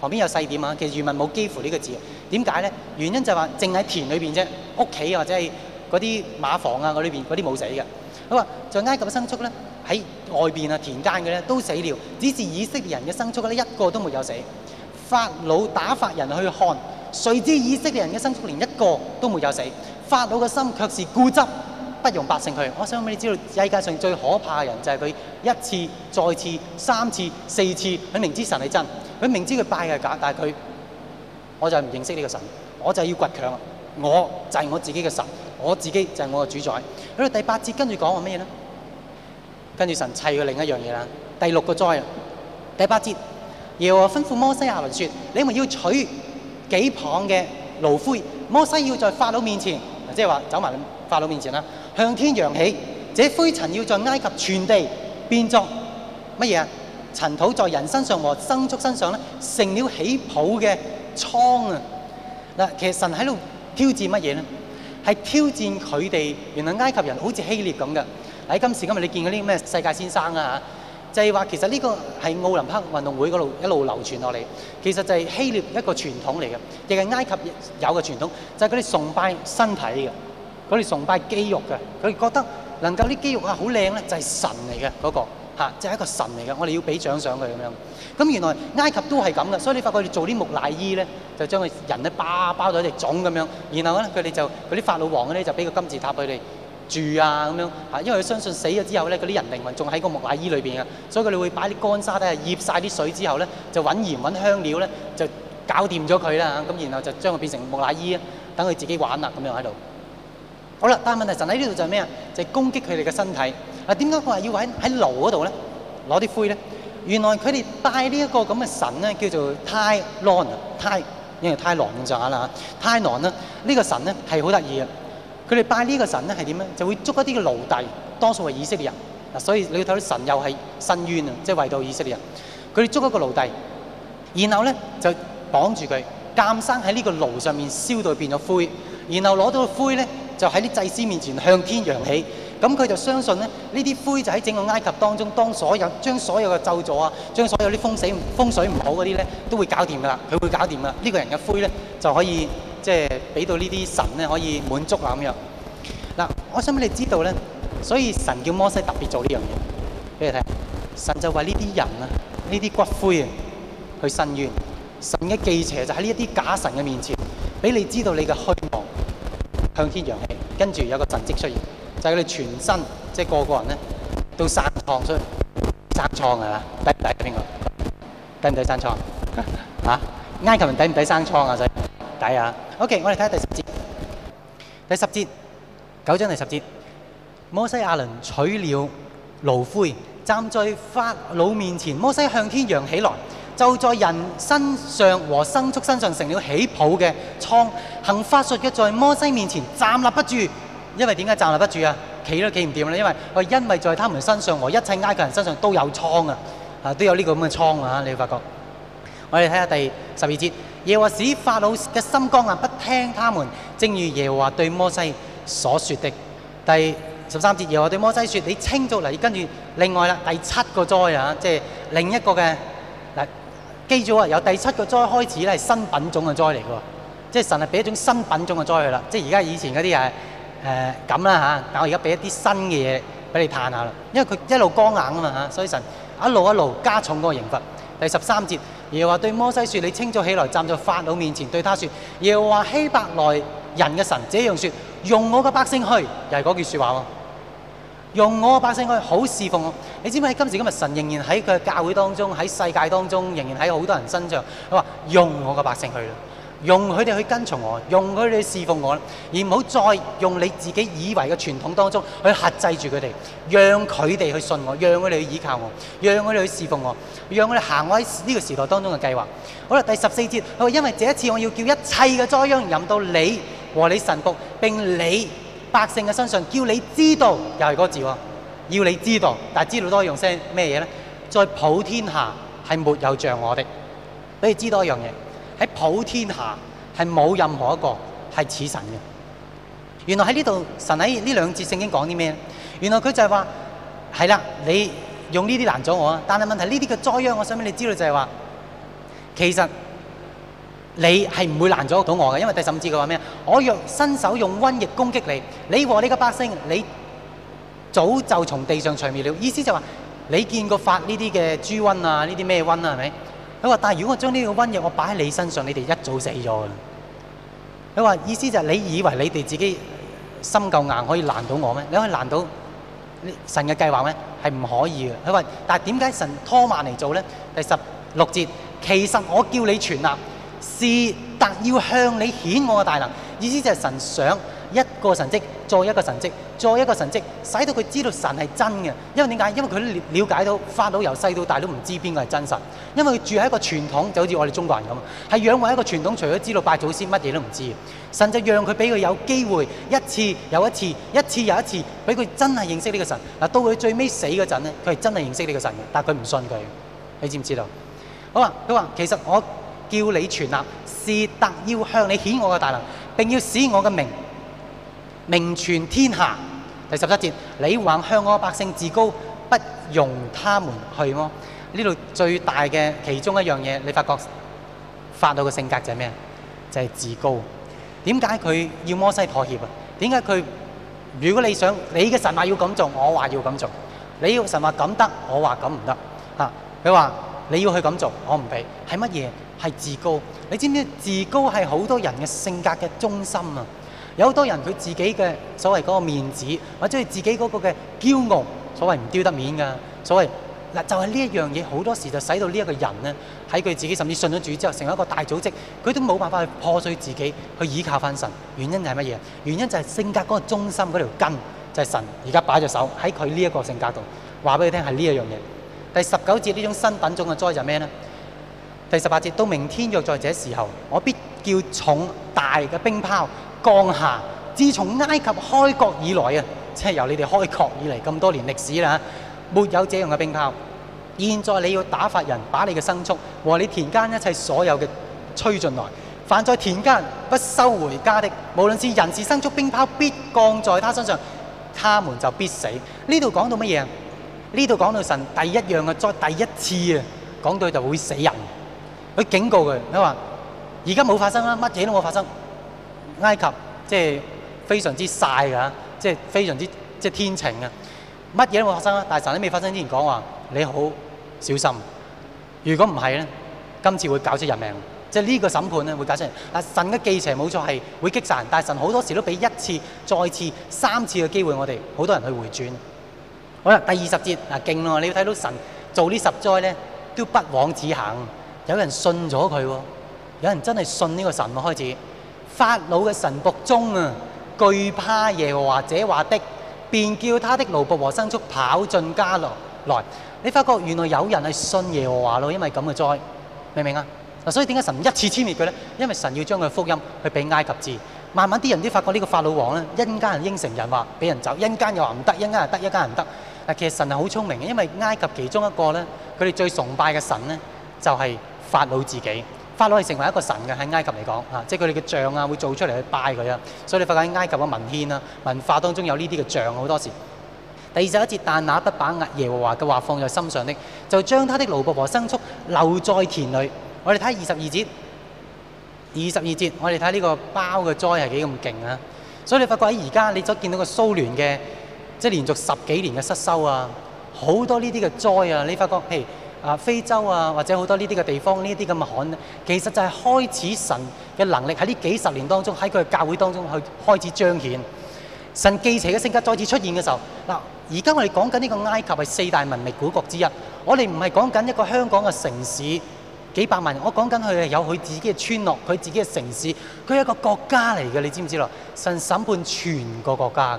旁邊有細點啊，其實原文冇幾乎呢個字，點解呢？原因就話淨喺田裏邊啫，屋企或者係嗰啲馬房啊嗰裏邊啲冇死嘅。咁啊，在埃及牲畜呢，喺外邊啊田間嘅呢，都死了，只是以色列人嘅牲畜呢，一個都沒有死。法老打發人去看，誰知以色列人嘅牲畜連一個都沒有死。法老嘅心卻是固執，不容百姓去。我想俾你知道，世界上最可怕嘅人就係佢一次、再次、三次、四次，佢明知神係真。佢明知佢拜嘅係假，但係佢，我就唔認識呢個神，我就要倔強。我就係我自己嘅神，我自己就係我嘅主宰。佢第八節跟住講話咩呢？跟住神砌嘅另一樣嘢喇，第六個災，第八節，八節，耶和華吩咐摩西亞倫説：你們要取幾旁嘅爐灰，摩西要在法老面前，即係話走埋法老面前啦，向天揚起，這灰塵要在埃及全地變作乜嘢啊？塵土在人身上和牲畜身上咧，成了起泡嘅瘡啊！嗱，其實神喺度挑戰乜嘢咧？係挑戰佢哋，原來埃及人好似希臘咁嘅。喺今時今日你見嗰啲咩世界先生啊，就係話其實呢個係奧林匹克運動會嗰度一路流傳落嚟，其實就係希臘一個傳統嚟嘅，亦係埃及有嘅傳統，就係嗰啲崇拜身體嘅，嗰啲崇拜肌肉嘅，佢哋覺得能夠啲肌肉啊好靚咧，就係神嚟嘅嗰個。即係一個神嚟嘅，我哋要俾獎賞佢咁樣。咁原來埃及都係咁嘅，所以你發覺佢哋做啲木乃伊咧，就將佢人咧包包咗一隻粽咁樣。然後咧，佢哋就佢啲法老王咧，就俾個金字塔佢哋住啊咁樣。啊，因為佢相信死咗之後咧，嗰啲人靈魂仲喺個木乃伊裏邊啊，所以佢哋會擺啲乾沙底啊，醃晒啲水之後咧，就揾鹽揾香料咧，就搞掂咗佢啦嚇。咁然後就將佢變成木乃伊，等佢自己玩啦咁樣喺度。好啦，但係問題神喺呢度就係咩啊？就係、是、攻擊佢哋嘅身體。嗱，點解佢話要喺喺爐嗰度咧，攞啲灰咧？原來佢哋拜這這呢一個咁嘅神咧，叫做泰狼，泰，因為泰狼咋啦？泰狼咧，呢、這個神咧係好得意嘅。佢哋拜呢個神咧係點咧？就會捉一啲嘅奴隸，多數係以色列人嗱，所以你睇到神又係伸冤啊，即、就、係、是、為到以色列人。佢哋捉一個奴隸，然後咧就綁住佢，監生喺呢個爐上面燒到變咗灰，然後攞到個灰咧就喺啲祭司面前向天揚起。咁佢就相信咧，呢啲灰就喺整個埃及當中，當所有將所有嘅咒詛啊，將所有啲風,風水風水唔好嗰啲咧，都會搞掂噶啦。佢會搞掂啦。呢個人嘅灰咧就可以即係俾到呢啲神咧可以滿足嗱咁樣嗱。我想俾你知道咧，所以神叫摩西特別做呢樣嘢俾你睇。神就為呢啲人啊，呢啲骨灰啊去伸冤。神嘅忌邪就喺呢一啲假神嘅面前，俾你知道你嘅虛妄，向天揚起，跟住有個神跡出現。就係佢哋全身，即係個個人咧，都生瘡出嚟，所以生瘡係嘛？抵唔抵邊個？抵唔抵生瘡？嚇！埃及人抵唔抵生瘡啊？真係抵啊！OK，我哋睇下第十節。第十節，九章第十節。摩西亞倫取了爐灰，站在法老面前，摩西向天揚起來，就在人身上和牲畜身上成了起泡嘅瘡，行法術嘅在摩西面前站立不住。因為點解站立不住啊？企都企唔掂啦！因為佢因為在他們身上和一切埃及人身上都有瘡啊，啊都有呢個咁嘅瘡啊！你會發覺，我哋睇下第十二節，耶和華法老嘅心剛硬，不聽他們，正如耶和華對摩西所説的。第十三節，耶和華對摩西説：你清咗嚟，跟住另外啦，第七個災啊，即係另一個嘅嗱，記住喎，由第七個災開始咧係新品種嘅災嚟嘅喎，即係神係俾一種新品種嘅災去啦，即係而家以前嗰啲係。誒咁啦嚇，但我而家俾一啲新嘅嘢俾你嘆下啦，因為佢一路剛硬啊嘛嚇，所以神一路一路加重嗰個刑罰。第十三節，耶和華對摩西説：你清早起來站在法老面前，對他說，耶和華希伯來人嘅神這樣說：用我嘅百姓去，又係嗰句說話喎。用我嘅百姓去好侍奉我。你知唔知今時今日，神仍然喺佢嘅教會當中，喺世界當中，仍然喺好多人身上，佢話用我嘅百姓去啦。用佢哋去跟從我，用佢哋去侍奉我，而唔好再用你自己以為嘅傳統當中去克制住佢哋，讓佢哋去信我，讓佢哋去依靠我，讓佢哋去侍奉我，讓佢哋行我喺呢個時代當中嘅計劃。好啦，第十四節，佢話，因為這一次我要叫一切嘅災殃臨到你和你神服，並你百姓嘅身上，叫你知道又係嗰個字，要你知道，但係知道多樣聲咩嘢咧？在普天下係沒有像我的，俾你知道一樣嘢。喺普天下係冇任何一個係似神嘅。原來喺呢度，神喺呢兩節聖經講啲咩？原來佢就係話：係啦，你用呢啲難咗我，但係問題呢啲嘅災殃，我想畀你知道就係話，其實你係唔會難阻到我嘅，因為第十五節佢話咩？我若伸手用瘟疫攻擊你，你和呢個百姓，你早就從地上除滅了。意思就話，你見過發呢啲嘅豬瘟啊，呢啲咩瘟啊，係咪？佢話：但係如果我將呢個瘟疫我擺喺你身上，你哋一早死咗啦。佢話意思就係你以為你哋自己心夠硬可以攔到我咩？你可以攔到神嘅計劃咩？係唔可以嘅。佢話：但係點解神拖慢嚟做咧？第十六節其實我叫你存立，是特要向你顯我嘅大能。意思就係神想。一個神蹟，再一個神蹟，再一個神蹟，使到佢知道神係真嘅。因為點解？因為佢了解到，法老由細到大都唔知邊個係真神。因為佢住喺一個傳統，就好似我哋中國人咁，係養為一個傳統，除咗知道拜祖先，乜嘢都唔知嘅。甚至讓佢俾佢有機會一次又一次，一次又一次，俾佢真係認識呢個神。嗱，到佢最尾死嗰陣呢，佢係真係認識呢個神嘅，但係佢唔信佢。你知唔知道？好啊，佢話其實我叫你存立，是特要向你顯我嘅大能，並要使我嘅名。名傳天下，第十七節，你還向我百姓自高，不容他們去麼？呢度最大嘅其中一樣嘢，你發覺法老嘅性格就係咩？就係自高。點解佢要摩西妥協啊？點解佢如果你想你嘅神話要咁做，我話要咁做；你要神話咁得，我話咁唔得。嚇佢話你要去咁做，我唔俾。係乜嘢？係自高。你知唔知道自高係好多人嘅性格嘅中心啊？有好多人佢自己嘅所謂嗰個面子，或者佢自己嗰個嘅驕傲，所謂唔丟得面噶。所謂嗱，就係呢一樣嘢，好多時就使到呢一個人咧，喺佢自己甚至信咗主之後，成為一個大組織，佢都冇辦法去破碎自己，去倚靠翻神。原因係乜嘢？原因就係性格嗰個中心嗰條根就係神。而家擺隻手喺佢呢一個性格度，話俾佢聽係呢一樣嘢。第十九節，呢種新品種嘅災就咩咧？第十八節到，明天若在這時候，我必叫重大嘅冰雹。降下，自從埃及開國以來啊，即係由你哋開國以嚟咁多年歷史啦，沒有這樣嘅冰雹。現在你要打發人把你嘅牲畜和你田間一切所有嘅催進來，凡在田間不收回家的，無論是人是牲畜，冰雹必降在他身上，他們就必死。呢度講到乜嘢？呢度講到神第一樣嘅，再第一次啊，講到就會死人。佢警告佢，佢話：而家冇發生啊，乜嘢都冇發生。埃及即係非常之曬㗎，即係非常之即係天晴啊！乜嘢都冇發生啊，大神喺未發生之前講話：你好小心！如果唔係咧，今次會搞出人命。即係呢個審判咧會搞出人。但神嘅記仇冇錯係會擊散人，但係神好多時都俾一次、再次、三次嘅機會我們，我哋好多人去回轉。好啦，第二十節嗱勁喎，你要睇到神做呢十災咧，都不枉此行。有人信咗佢喎，有人真係信呢個神嘅開始。法老嘅神僕中啊，懼怕耶和華者話的，便叫他的奴僕和牲畜跑進家來。你發覺原來有人係信耶和華咯，因為咁嘅災，明唔明啊？嗱，所以點解神唔一次殲滅佢咧？因為神要將佢福音去俾埃及字，慢慢啲人都發覺呢個法老王咧，一間係應承人話俾人走，一間又話唔得，一間又得，一間唔得。嗱，其實神係好聰明嘅，因為埃及其中一個咧，佢哋最崇拜嘅神咧就係法老自己。法老係成為一個神嘅喺埃及嚟講，啊，即係佢哋嘅像啊，會做出嚟去拜佢啊。所以你發覺喺埃及嘅文獻啊、文化當中有呢啲嘅像好多時。第二十一節，但那不把耶和華嘅話放在心上的，就將他的奴僕和牲畜留在田裏。我哋睇二十二節，二十二節，我哋睇呢個雹嘅災係幾咁勁啊！所以你發覺喺而家你所見到嘅蘇聯嘅，即係連續十幾年嘅失收啊，好多呢啲嘅災啊，你發覺，誒。啊，非洲啊，或者好多呢啲嘅地方，呢啲咁嘅旱，其實就係開始神嘅能力喺呢幾十年當中，喺佢教會當中去開始彰顯。神忌邪嘅性格再次出現嘅時候，嗱，而家我哋講緊呢個埃及係四大文明古國之一。我哋唔係講緊一個香港嘅城市幾百萬人，我講緊佢係有佢自己嘅村落、佢自己嘅城市，佢係一個國家嚟嘅，你知唔知咯？神審判全個國家。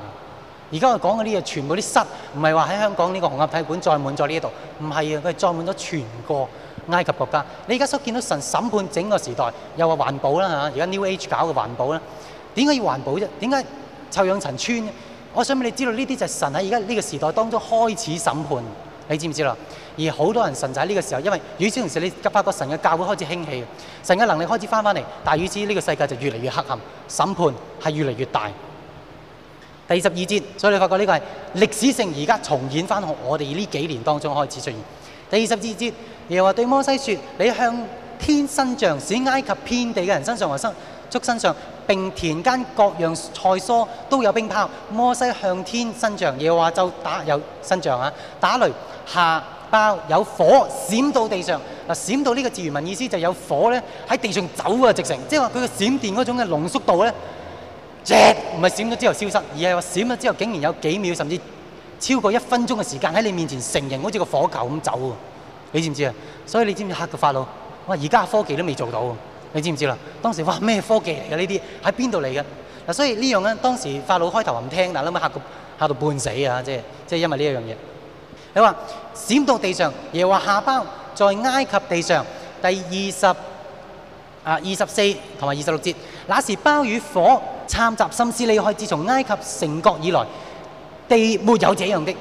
而家我講嗰啲嘢，全部啲塞，唔係話喺香港呢個紅磡體育館載滿在呢度，唔係啊，佢係載滿咗全個埃及國家。你而家所見到神審判整個時代，又話環保啦嚇，而家 New Age 搞嘅環保啦，點解要環保啫？點解臭氧層穿呢？我想俾你知道，呢啲就係神喺而家呢個時代當中開始審判，你知唔知道？而好多人神就喺呢個時候，因為與此同時，你發覺神嘅教會開始興起，神嘅能力開始翻返嚟，但係與此呢個世界就越嚟越黑暗，審判係越嚟越大。第十二節，所以你發覺呢個係歷史性，而家重演返，我哋呢幾年當中開始出現。第二十二節，又話對摩西説：你向天伸杖，使埃及遍地嘅人身上和牲畜身上，並田間各樣菜蔬都有冰雹。摩西向天伸杖，又話就打有伸杖啊，打雷下雹，有火閃到地上。嗱，閃到呢個字原文意思就係有火咧喺地上走啊，直情，即係話佢嘅閃電嗰種嘅濃縮度咧。只唔係閃咗之後消失，而係話閃咗之後竟然有幾秒，甚至超過一分鐘嘅時間喺你面前成形，好似個火球咁走喎。你知唔知啊？所以你知唔知嚇個法老？哇！而家科技都未做到喎。你知唔知啦？當時哇咩科技嚟嘅呢啲喺邊度嚟嘅嗱？所以呢樣咧，當時法老開頭唔聽，嗱，諗下，嚇到到半死啊！即係即係因為呢一樣嘢。你話閃到地上，又話下雹在埃及地上第二十啊二十四同埋二十六節，那時雹與火。參雜心思，離開自從埃及成國以來，地沒有這樣的，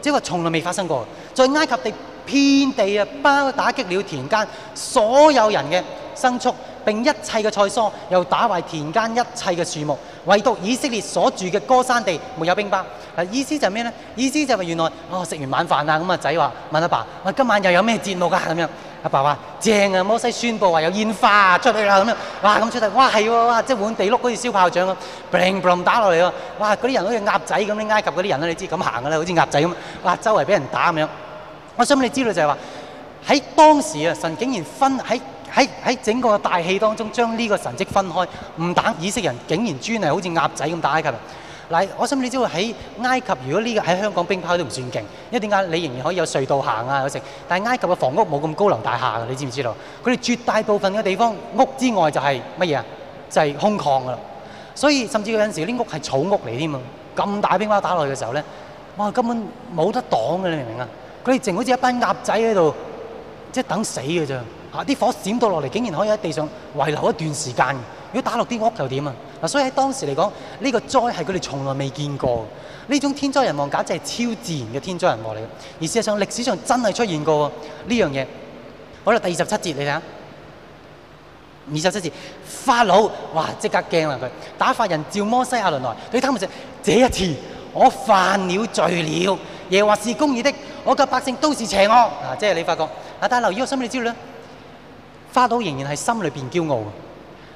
即係話從來未發生過。在埃及地遍地啊，雹打擊了田間所有人嘅牲畜，並一切嘅菜蔬，又打壞田間一切嘅樹木，唯獨以色列所住嘅歌山地沒有冰雹。係意思就係咩呢？意思就係原來哦，食完晚飯啊，咁啊仔話問阿爸，爸，我今晚又有咩節目㗎？咁樣。阿爸話：正啊！摩西宣佈話有煙花、啊、出去啦咁樣，哇咁出嚟，哇係喎、啊，哇即係滿地碌好似燒炮仗咁，bang bang 打落嚟咯，哇嗰啲人好似鴨仔咁，埃及嗰啲人咧你知咁行噶啦，好似鴨仔咁，哇周圍俾人打咁樣。我想俾你知道就係話喺當時啊，神竟然分喺喺喺整個大戲當中將呢個神蹟分開，唔打以色列人，竟然專係好似鴨仔咁打埃及。嗱，我想你知道喺埃及如果呢個喺香港冰雹都唔算勁，因為點解你仍然可以有隧道行啊嗰食。但係埃及嘅房屋冇咁高樓大廈㗎，你知唔知道？佢哋絕大部分嘅地方屋之外就係乜嘢啊？就係、是、空曠㗎啦。所以甚至有陣時啲屋係草屋嚟添嘛。咁大冰雹打落去嘅時候咧，哇，根本冇得擋嘅，你明唔明、就是、啊？佢哋淨好似一班鴨仔喺度，即係等死㗎咋嚇！啲火閃到落嚟，竟然可以喺地上遺留一段時間。如果打落啲屋又點啊？所以喺當時嚟講，呢、這個災係佢哋從來未見過的。呢種天災人亡簡直係超自然嘅天災人亡嚟嘅。而事實上，歷史上真係出現過呢樣嘢。好啦，第二十七節你睇下，二十七節，法老，哇！即刻驚啊，佢打發人召摩西亞倫來對他們說：這一次我犯了罪了。耶和華是公義的，我嘅百姓都是邪惡。啊，即係你發覺，但係留意，我心裏知道啦，法老仍然係心裏面驕傲。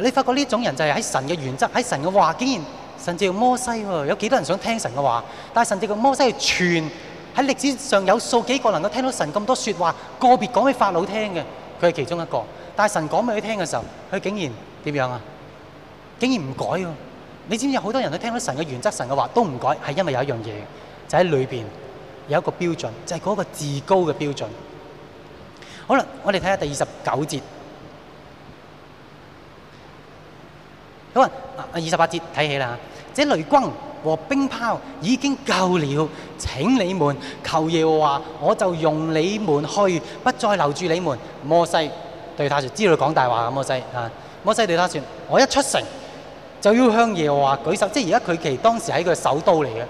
你發覺呢種人就係喺神嘅原則，喺神嘅話，竟然甚至摩西喎，有幾多人想聽神嘅話？但係神藉摩西傳喺歷史上有數幾個能夠聽到神咁多說話，個別講俾法老聽嘅，佢係其中一個。但係神講俾佢聽嘅時候，佢竟然點樣啊？竟然唔改喎、啊！你知唔知道有好多人都聽到神嘅原則、神嘅話都唔改，係因為有一樣嘢，就喺、是、裏面，有一個標準，就係、是、嗰個至高嘅標準。好啦，我哋睇下第二十九節。咁啊！二十八節睇起啦，這雷轟和冰雹已經夠了。請你們求耶和華，我就用你們去，不再留住你們。摩西對他說：知道講大話摩西啊！摩西對他說：我一出城就要向耶和華舉手，即係而家佢其實當時喺個首都嚟嘅。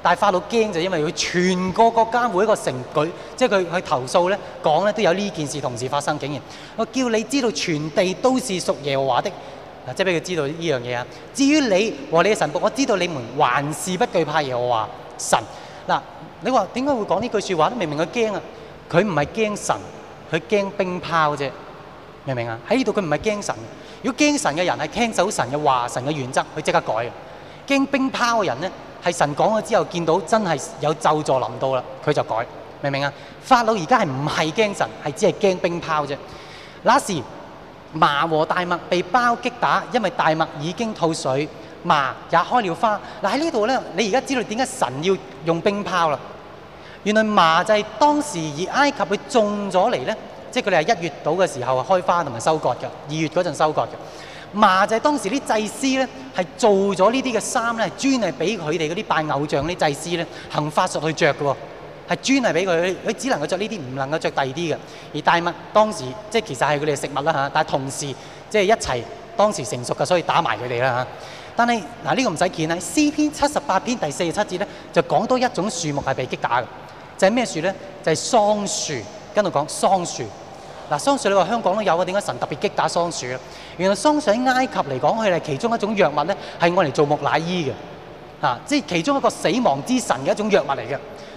但係法老驚就係因為佢全個國家每一個城舉，即係佢去投訴咧，講咧都有呢件事同時發生，竟然我叫你知道全地都是屬耶和華的。即係俾佢知道呢樣嘢啊！至於你和你嘅神僕，我知道你們還是不懼怕耶和華神。嗱，你話點解會講呢句説話？明唔明佢驚啊？佢唔係驚神，佢驚冰雹啫，明唔明啊？喺呢度佢唔係驚神。如果驚神嘅人係聽守神嘅話、神嘅原則，佢即刻改嘅。驚冰雹嘅人咧，係神講咗之後，見到真係有咒詛臨到啦，佢就改，明唔明啊？法老而家係唔係驚神？係只係驚冰雹啫。那時麻和大麥被雹擊打，因為大麥已經吐穗，麻也開了花。嗱，喺呢度咧，你而家知道點解神要用冰雹啦？原來麻就係當時以埃及佢種咗嚟咧，即係佢哋係一月到嘅時候啊，開花同埋收割嘅，二月嗰陣收割嘅。麻就係當時啲祭司咧，係做咗呢啲嘅衫咧，專係俾佢哋嗰啲拜偶像啲祭司咧行法術去着嘅喎。係專係俾佢，佢只能夠着呢啲，唔能夠着第二啲嘅。而大麥當時即係其實係佢哋嘅食物啦嚇，但係同時即係一齊當時成熟嘅，所以打埋佢哋啦嚇。但係嗱呢個唔使見啦。詩篇七十八篇第四十七節咧，就講多一種樹木係被擊打嘅，就係、是、咩樹咧？就係、是、桑樹。跟住講桑樹。嗱、啊、桑樹你話香港都有啊？點解神特別擊打桑樹咧？原來桑樹喺埃及嚟講，佢係其中一種藥物咧，係用嚟做木乃伊嘅嚇、啊，即係其中一個死亡之神嘅一種藥物嚟嘅。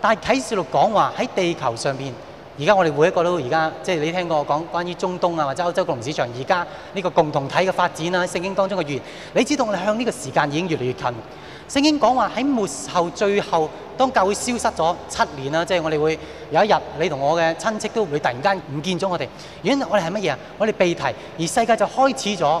但係啟示錄講話喺地球上邊，而家我哋每一個都而家，即係你聽過我講關於中東啊，或者歐洲各個市場，而家呢個共同體嘅發展啊，聖經當中嘅預言，你知道我哋向呢個時間已經越嚟越近。聖經講話喺末後最後，當教會消失咗七年啦，即係我哋會有一日，你同我嘅親戚都會突然間唔見咗我哋。原因我哋係乜嘢啊？我哋被提，而世界就開始咗。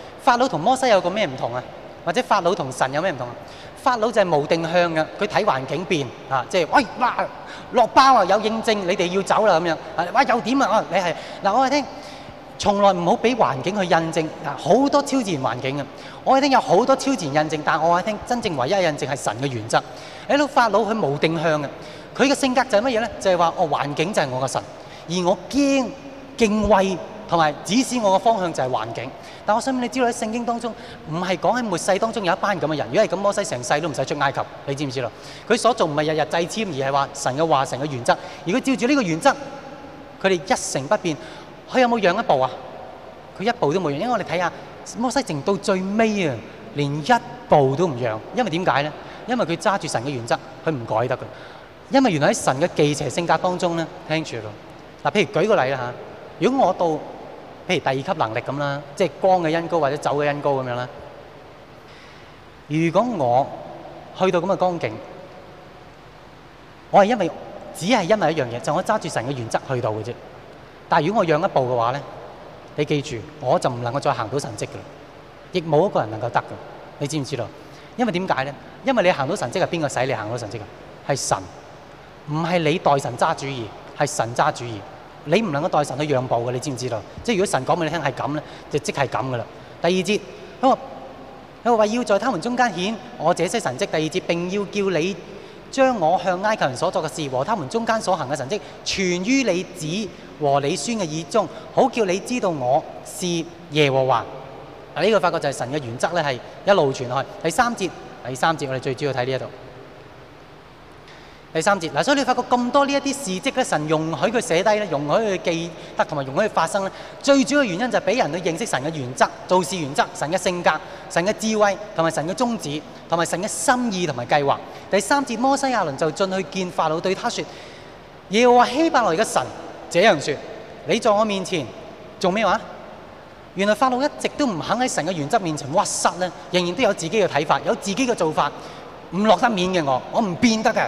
法老同摩西有個咩唔同啊？或者法老同神有咩唔同啊？法老就係無定向嘅，佢睇環境變，啊，即係喂、哎，落包啊！有印證，你哋要走啦咁樣。啊、又點啊？你係嗱、啊，我話聽，從來唔好俾環境去印證。好、啊、多超自然環境嘅我話聽有好多超自然印證，但我話聽真正唯一的印證係神嘅原則。你、啊、老法老佢無定向嘅，佢嘅性格就係乜嘢呢？就係、是、話我環境就係我嘅神，而我驚敬畏同埋指示我嘅方向就係環境。但我想你知道喺聖經當中，唔係講喺末世當中有一班咁嘅人，如果係咁，摩西成世都唔使出埃及，你知唔知咯？佢所做唔係日日祭籤，而係話神嘅話、神嘅原則。如果照住呢個原則，佢哋一成不變，佢有冇讓一步啊？佢一步都冇讓，因為我哋睇下摩西，直到最尾啊，連一步都唔讓，因為點解咧？因為佢揸住神嘅原則，佢唔改得噶。因為原來喺神嘅忌邪性格當中咧，聽住咯。嗱，譬如舉個例啦嚇，如果我到譬如第二級能力咁啦，即係光嘅恩膏或者走嘅恩膏咁樣啦。如果我去到咁嘅光景，我係因為只係因為一樣嘢，就是、我揸住神嘅原則去到嘅啫。但係如果我讓一步嘅話咧，你記住我就唔能夠再行到神蹟嘅，亦冇一個人能夠得嘅。你知唔知道？因為點解咧？因為你行到神蹟係邊個使你行到神蹟嘅？係神，唔係你代神揸主意，係神揸主意。你唔能夠代神去讓步嘅，你知唔知道？即係如果神講俾你聽係咁咧，就即係咁噶啦。第二節，佢話佢話要在他們中間顯我這些神跡。第二節，並要叫你將我向埃及人所作嘅事和他們中間所行嘅神跡傳於你子和你孫嘅耳中，好叫你知道我是耶和華。嗱，呢個發覺就係神嘅原則咧，係一路傳開。第三節，第三節我哋最主要睇呢一度。第三節，嗱，所以你發覺咁多呢一啲事蹟咧，神容許佢寫低咧，容許佢記得同埋容許佢發生咧。最主要嘅原因就係俾人去認識神嘅原則、做事原則、神嘅性格、神嘅智慧同埋神嘅宗旨同埋神嘅心意同埋計劃。第三節，摩西亞倫就進去見法老，對他説：，耶和華希伯來嘅神這樣説：，你在我面前做咩話？原來法老一直都唔肯喺神嘅原則面前屈膝咧，仍然都有自己嘅睇法，有自己嘅做法，唔落得面嘅我，我唔變得嘅。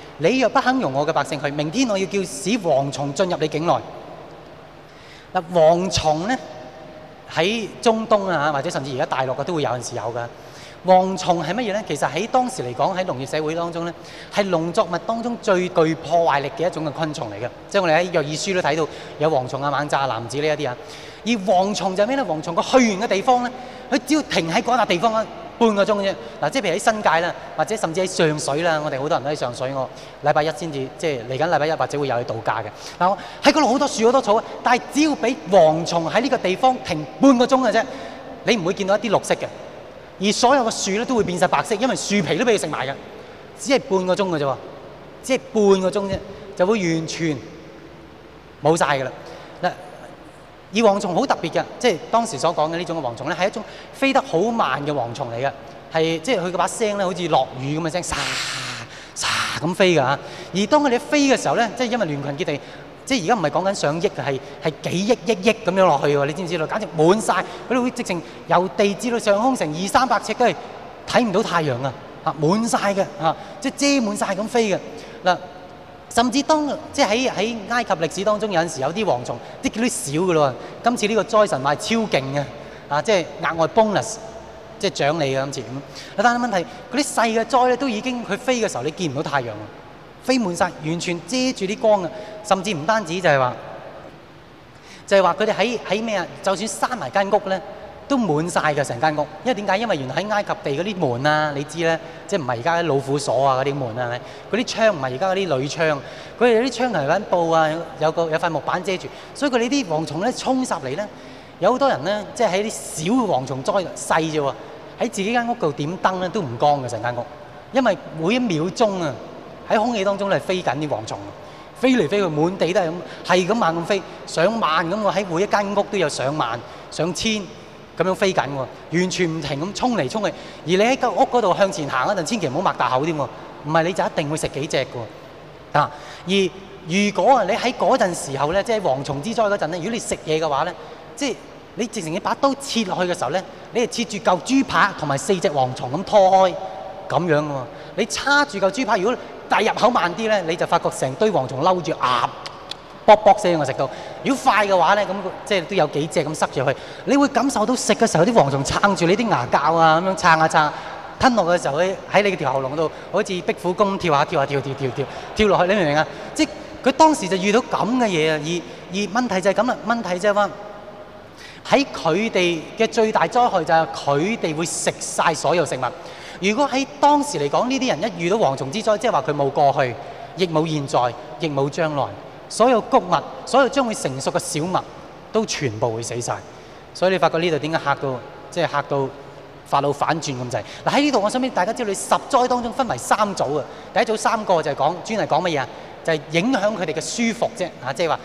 你若不肯容我嘅百姓去，明天我要叫使蝗蟲進入你境內。嗱，蝗蟲咧，喺中東啊，或者甚至而家大陸嘅都會有陣時候有噶。蝗蟲係乜嘢咧？其實喺當時嚟講，喺農業社會當中咧，係農作物當中最具破壞力嘅一種嘅昆蟲嚟嘅。即係我哋喺約珥書都睇到有蝗蟲啊、螞蚱啊、蝻子呢一啲啊。而蝗蟲就係咩咧？蝗蟲佢去完嘅地方咧，佢只要停喺嗰笪地方咧，半個鐘啫，嗱，即係譬如喺新界啦，或者甚至喺上水啦，我哋好多人都喺上水。我禮拜一先至，即係嚟緊禮拜一，或者會有去度假嘅。嗱，喺嗰度好多樹好多草，但係只要俾蝗蟲喺呢個地方停半個鐘嘅啫，你唔會見到一啲綠色嘅，而所有嘅樹咧都會變晒白色，因為樹皮都俾佢食埋嘅。只係半個鐘嘅啫，只係半個鐘啫，就會完全冇晒㗎啦。而蝗蟲好特別嘅，即係當時所講嘅呢種嘅蝗蟲咧，係一種飛得好慢嘅蝗蟲嚟嘅，係即係佢個把聲咧，好似落雨咁嘅聲，沙沙咁飛㗎嚇。而當佢哋飛嘅時候咧，即係因為聯群結隊，即係而家唔係講緊上億嘅，係係幾億、億億咁樣落去喎。你知唔知道，簡直滿晒，佢哋會直情由地至到上空，成二三百尺都係睇唔到太陽啊！嚇，滿晒嘅嚇，即係遮滿晒咁飛嘅嗱。甚至當即係喺喺埃及歷史當中，有陣時有啲蝗蟲，啲幾啲少嘅咯。今次呢個災神話係超勁嘅，啊，即係額外 bonus，即係獎你嘅今次咁。但係問題，嗰啲細嘅災咧都已經佢飛嘅時候，你見唔到太陽啊，飛滿晒，完全遮住啲光啊。甚至唔單止就係話，就係話佢哋喺喺咩啊？就算閂埋間屋咧。都滿晒㗎成間屋，因為點解？因為原來喺埃及地嗰啲門啊，你知咧，即係唔係而家啲老虎鎖啊嗰啲門啊，係咪？嗰啲窗唔係而家嗰啲鋁窗，佢哋有啲窗係揾布啊，有個有塊木板遮住，所以佢哋啲蝗蟲咧衝襲嚟咧，有好多人咧，即係喺啲小嘅蝗蟲災細啫喎，喺自己間屋度點燈咧都唔光㗎成間屋，因為每一秒鐘啊喺空氣當中咧飛緊啲蝗蟲，飛嚟飛去滿地都係咁係咁猛咁飛上萬咁喎，喺每一間屋都有上萬上千。咁樣飛緊完全唔停咁衝嚟衝去。而你喺間屋嗰度向前行嗰陣，千祈唔好擘大口添喎，唔係你就一定會食幾隻噶。嗱、啊，而如果啊你喺嗰陣時候咧，即係蝗蟲之災嗰陣咧，如果你食嘢嘅話咧，即係你直情一把刀切落去嘅時候咧，你係切住嚿豬排同埋四隻蝗蟲咁拖開咁樣噶喎。你叉住嚿豬排，如果大入口慢啲咧，你就發覺成堆蝗蟲嬲住。啊！卜卜聲，我食到。如果快嘅話咧，咁即係都有幾隻咁塞住去。你會感受到食嘅時候，啲蝗蟲撐住你啲牙膠啊，咁樣撐下撐。吞落嘅時候咧，喺喺你條喉嚨嗰度，好似壁虎公跳下跳下跳跳跳跳跳落去。你明唔明啊？即係佢當時就遇到咁嘅嘢啊！而而問題就係咁啊！問題即係話，喺佢哋嘅最大災害就係佢哋會食晒所有食物。如果喺當時嚟講，呢啲人一遇到蝗蟲之災，即係話佢冇過去，亦冇現在，亦冇將來。所有穀物，所有將會成熟嘅小麥，都全部會死晒。所以你發覺呢度點解嚇到，即、就、係、是、嚇到法老反轉咁滯。嗱喺呢度，我想畀大家知道你十災當中分為三組啊。第一組三個就係講專係講乜嘢啊？就係影響佢哋嘅舒服啫。是啊，即係話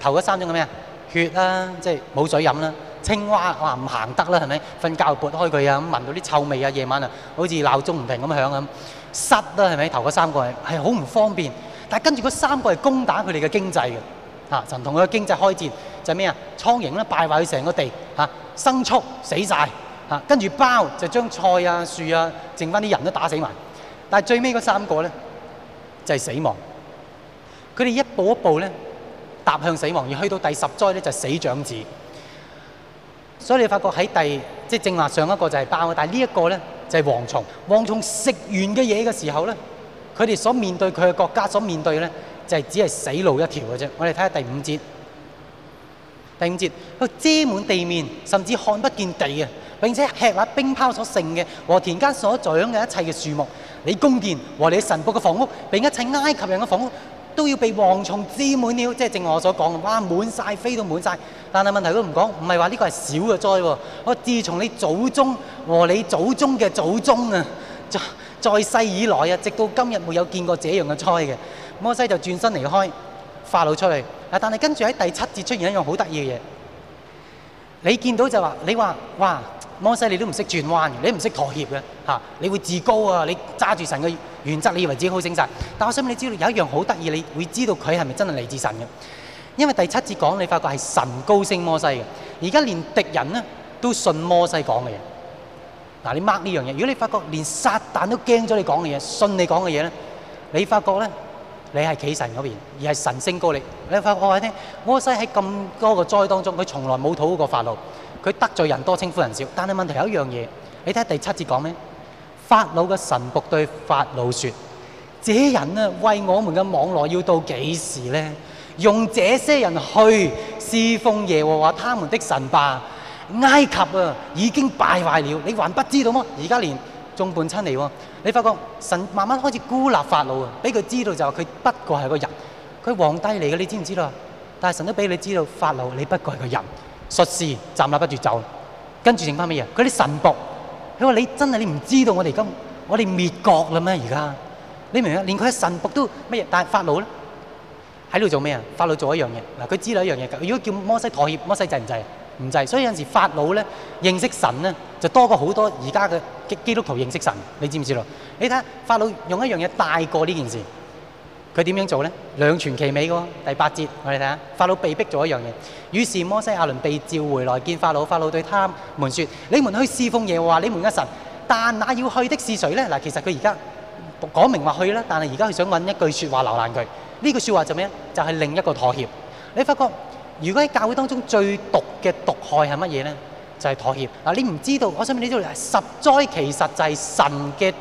頭嗰三種係咩啊？血啦，即係冇水飲啦。青蛙哇、啊、唔行得啦，係咪？瞓覺又撥開佢啊，咁聞到啲臭味啊，夜晚啊，好似鬧鐘唔停咁響咁、啊。虱啦、啊，係咪？頭嗰三個係係好唔方便。但係跟住嗰三個係攻打佢哋嘅經濟嘅，嚇，神同佢嘅經濟開戰，就係咩啊？蒼蠅咧，敗壞佢成個地嚇、啊，牲畜死晒。嚇、啊，跟住包就將菜啊、樹啊，剩翻啲人都打死埋。但係最尾嗰三個咧，就係、是、死亡。佢哋一步一步咧，踏向死亡，而去到第十災咧就係、死長子。所以你發覺喺第即係正話上一個就係包啊，但係呢一個咧就係蝗蟲。蝗蟲食完嘅嘢嘅時候咧。佢哋所面對，佢嘅國家所面對咧，就係、是、只係死路一條嘅啫。我哋睇下第五節，第五節佢遮滿地面，甚至看不見地啊！並且吃下冰雹所剩嘅和田間所長嘅一切嘅樹木，你宮殿和你的神僕嘅房屋，並一切埃及人嘅房屋，都要被蝗蟲遮滿了。即係正如我所講，哇，滿晒，飛到滿晒。但係問題都唔講，唔係話呢個係小嘅災喎。我自從你祖宗和你祖宗嘅祖宗啊，在世以來啊，直到今日沒有見過這樣嘅災的。摩西就轉身離開，法老出去。啊，但係跟住喺第七節出現一樣好得意嘅嘢。你見到就話，你話哇，摩西你都唔識轉彎，你不唔識妥協嘅、啊、你會自高啊，你揸住神嘅原則，你以為自己好聖神。但我想你知道有一樣好得意，你會知道佢係咪真係嚟自神嘅？因為第七節講你發覺係神高升摩西嘅。而家連敵人呢都信摩西講嘅嘢。嗱，你掹呢樣嘢，如果你發覺連撒但都驚咗你講嘅嘢，信你講嘅嘢咧，你發覺咧，你係企神嗰邊，而係神升高你。你發我話你聽，摩西喺咁多個災當中，佢從來冇討過法老，佢得罪人多稱呼人少。但係問題有一樣嘢，你睇下第七節講咩？法老嘅臣僕對法老説，這人啊，為我們嘅網羅要到幾時咧？用這些人去侍奉耶和華他們的神吧。埃及啊，已經敗壞了，你還不知道嗎？而家連眾叛親離喎，你發覺神慢慢開始孤立法老啊，俾佢知道就話佢不過係個人，佢皇帝嚟嘅，你知唔知道啊？但係神都俾你知道，法老你不過係個人，術士站立不住走。跟住剩翻乜嘢？佢啲神僕，佢話你真係你唔知道我哋今我哋滅國啦咩？而家你明唔明啊？連佢嘅神僕都乜嘢，但係法老咧喺度做咩啊？法老做一樣嘢嗱，佢知道一樣嘢，如果叫摩西妥協，摩西制唔制？唔制，所以有陣時法老咧認識神咧，就多過好多而家嘅基督徒認識神。你知唔知道？你睇下法老用一樣嘢大過呢件事，佢點樣做咧？兩全其美嘅喎。第八節，我哋睇下法老被逼做一樣嘢。於是摩西亞倫被召回來見法老，法老對他們説：你們去侍奉耶和華你們嘅神，但那要去的是誰咧？嗱，其實佢而家講明話去啦，但係而家佢想揾一句説話留難佢。呢句説話就咩咧？就係另一個妥協。你發覺？如果喺教會當中最毒嘅毒害係乜嘢咧？就係妥協。嗱，你唔知道？我想問你啲人，十災其實就係神嘅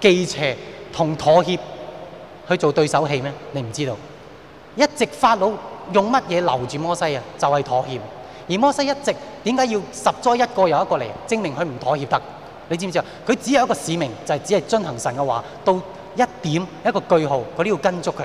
忌邪同妥協去做對手戲咩？你唔知道？一直法老用乜嘢留住摩西啊？就係妥協。而摩西一直點解要十災一個又一個嚟？證明佢唔妥協得。你知唔知啊？佢只有一個使命，就係只係遵行神嘅話，到一點一個句號，佢都要跟足佢。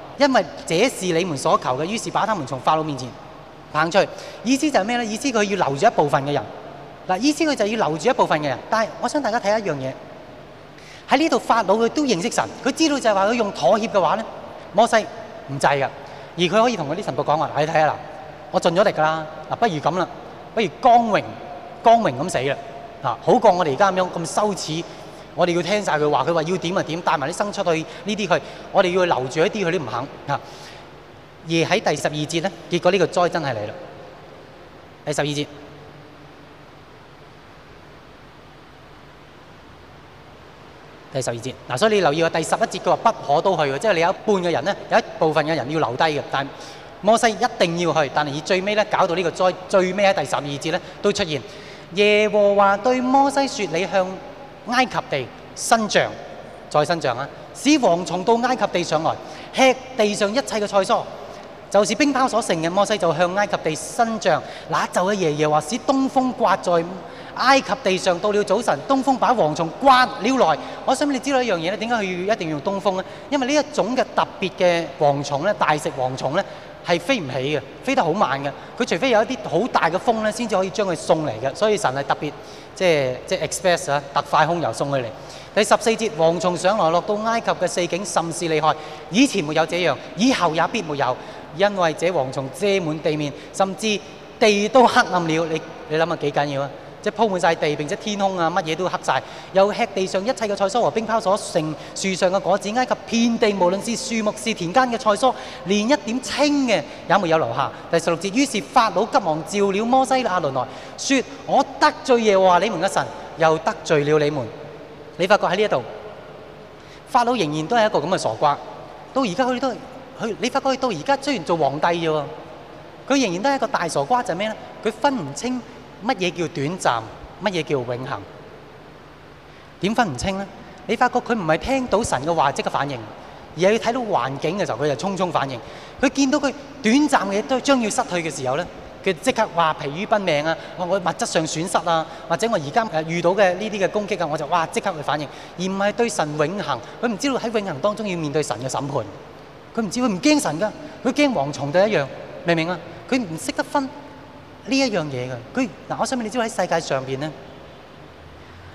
因為這是你們所求嘅，於是把他們從法老面前掹出去。意思就係咩呢？意思佢要留住一部分嘅人。意思佢就要留住一部分嘅人。但係，我想大家睇一樣嘢喺呢度，法老佢都認識神，佢知道就係話佢用妥協嘅話呢，摩西唔制噶。而佢可以同嗰啲神父講話：，你睇下啦，我盡咗力噶啦。嗱，不如咁啦，不如光榮光榮咁死啦，好過我哋而家咁樣咁羞恥。我哋要聽曬佢話，佢話要點就點，帶埋啲生出去呢啲去。我哋要去留住一啲佢都唔肯。啊，而喺第十二節咧，結果呢個災真係嚟啦。第十二節，第十二節。嗱，所以你要留意啊，第十一節佢話不可都去，即係你有一半嘅人咧，有一部分嘅人要留低嘅。但摩西一定要去，但係以最尾咧搞到呢個災，最尾喺第十二節咧都出現。耶和華對摩西說：你向埃及地伸杖，再伸杖啊！使蝗蟲到埃及地上來吃地上一切嘅菜蔬，就是冰雹所剩嘅。摩西就向埃及地伸杖，嗱，就係爺爺話：使東風刮在埃及地上。到了早晨，東風把蝗蟲刮了來。我想你知道一樣嘢咧，點解佢要一定要用東風咧？因為呢一種嘅特別嘅蝗蟲咧，大食蝗蟲咧。係飛唔起嘅，飛得好慢嘅。佢除非有一啲好大嘅風呢，先至可以將佢送嚟嘅。所以神係特別，即係即係 Express 啊，特快空郵送佢嚟。第十四節，蝗蟲上來落到埃及嘅四境，甚是厲害。以前沒有這樣，以後也必沒有，因為這蝗蟲遮滿地面，甚至地都黑暗了。你你諗下幾緊要啊？即係鋪滿晒地，並且天空啊，乜嘢都黑晒。又吃地上一切嘅菜蔬和冰雹所剩樹上嘅果子，埃及遍地無論是樹木是田間嘅菜蔬，連一點青嘅也沒有留下。第十六節，於是法老急忙召了摩西亞倫來，說：我得罪耶和華你們嘅神，又得罪了你們。你發覺喺呢一度，法老仍然都係一個咁嘅傻瓜。到而家佢都佢，你發覺佢到而家雖然做皇帝啫喎，佢仍然都係一個大傻瓜，就係咩咧？佢分唔清。乜嘢叫短暫？乜嘢叫永恆？點分唔清呢？你發覺佢唔係聽到神嘅話即刻反應，而係要睇到環境嘅時候佢就匆匆反應。佢見到佢短暫嘅嘢都將要失去嘅時候咧，佢即刻話疲於奔命啊！我我物質上損失啊，或者我而家誒遇到嘅呢啲嘅攻擊啊，我就哇即刻去反應，而唔係對神永恆。佢唔知道喺永恆當中要面對神嘅審判。佢唔知佢唔驚神㗎，佢驚蝗蟲就一樣，明唔明啊？佢唔識得分。呢一樣嘢嘅佢嗱，我想問你，知道喺世界上邊咧，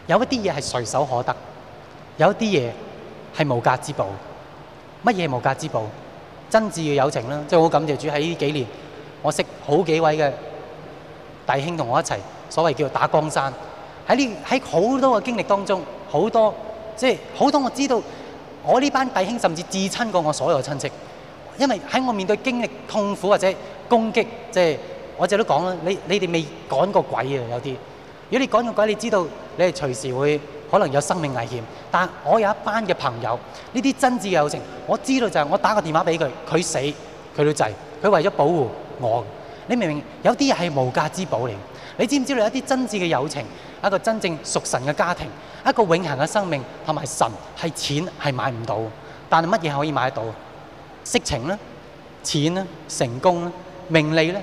有一啲嘢係隨手可得，有一啲嘢係無價之寶。乜嘢無價之寶？真摯嘅友情啦，即係好感謝主喺呢幾年，我識好幾位嘅弟兄同我一齊，所謂叫做打江山。喺呢喺好多嘅經歷當中，好多即係好多我知道我呢班弟兄甚至至親過我所有親戚，因為喺我面對經歷痛苦或者攻擊，即係。我隻都講啦，你你哋未趕過鬼啊！有啲如果你趕過鬼，你知道你係隨時會可能有生命危險。但我有一班嘅朋友，呢啲真摯嘅友情，我知道就係我打個電話俾佢，佢死佢都滯，佢為咗保護我。你明唔明？有啲嘢係無價之寶嚟。你知唔知道有一啲真摯嘅友情，一個真正屬神嘅家庭，一個永恆嘅生命，同埋神係錢係買唔到。但係乜嘢可以買得到？色情啦，錢啦，成功啦，名利咧？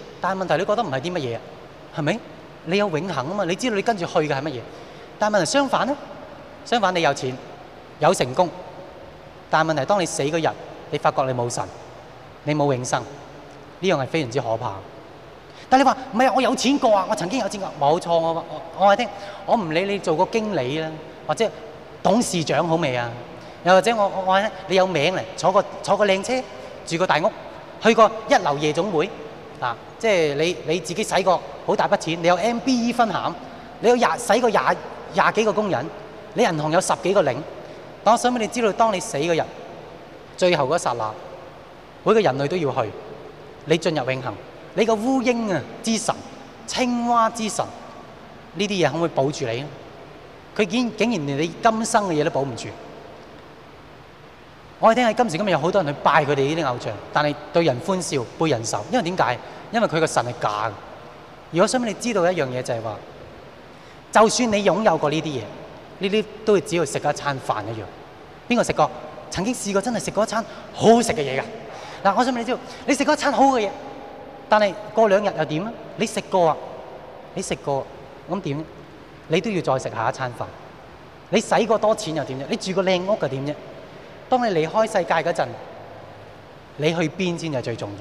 但係問題，你覺得唔係啲乜嘢？係咪你有永恆啊嘛？你知道你跟住去嘅係乜嘢？但係問題相反咧，相反你有錢有成功，但係問題當你死嗰日，你發覺你冇神，你冇永生呢樣係非常之可怕。但係你話唔係我有錢過啊，我曾經有錢過冇錯。我我我話聽，我唔理你做個經理啦，或者董事長好未啊？又或者我我話咧，你有名咧，坐個坐個靚車，住個大屋，去個一流夜總會啊！即係你你自己使過好大筆錢，你有 M B E 分餡，你有廿使過廿廿幾個工人，你銀行有十幾個零。但我想俾你知道，當你死嘅人，最後嗰一剎那，每個人類都要去，你進入永恆。你個烏蠅啊之神、青蛙之神，呢啲嘢可唔可以保住你？佢竟竟然連你今生嘅嘢都保唔住。我哋聽下今時今日有好多人去拜佢哋呢啲偶像，但係對人歡笑背人愁。因為點解？因為佢個神係假嘅。如果想俾你知道一樣嘢就係、是、話，就算你擁有過呢啲嘢，呢啲都會只要食一餐飯一樣。邊個食過？曾經試過真係食過一餐好好食嘅嘢噶？嗱，Okay. 我想俾你知道，你食過一餐好嘅嘢，但係過兩日又點啊？你食過啊？你食過，咁點？你都要再食下一餐飯。你使過多錢又點啫？你住個靚屋又點啫？當你離開世界嗰陣，你去邊先係最重要。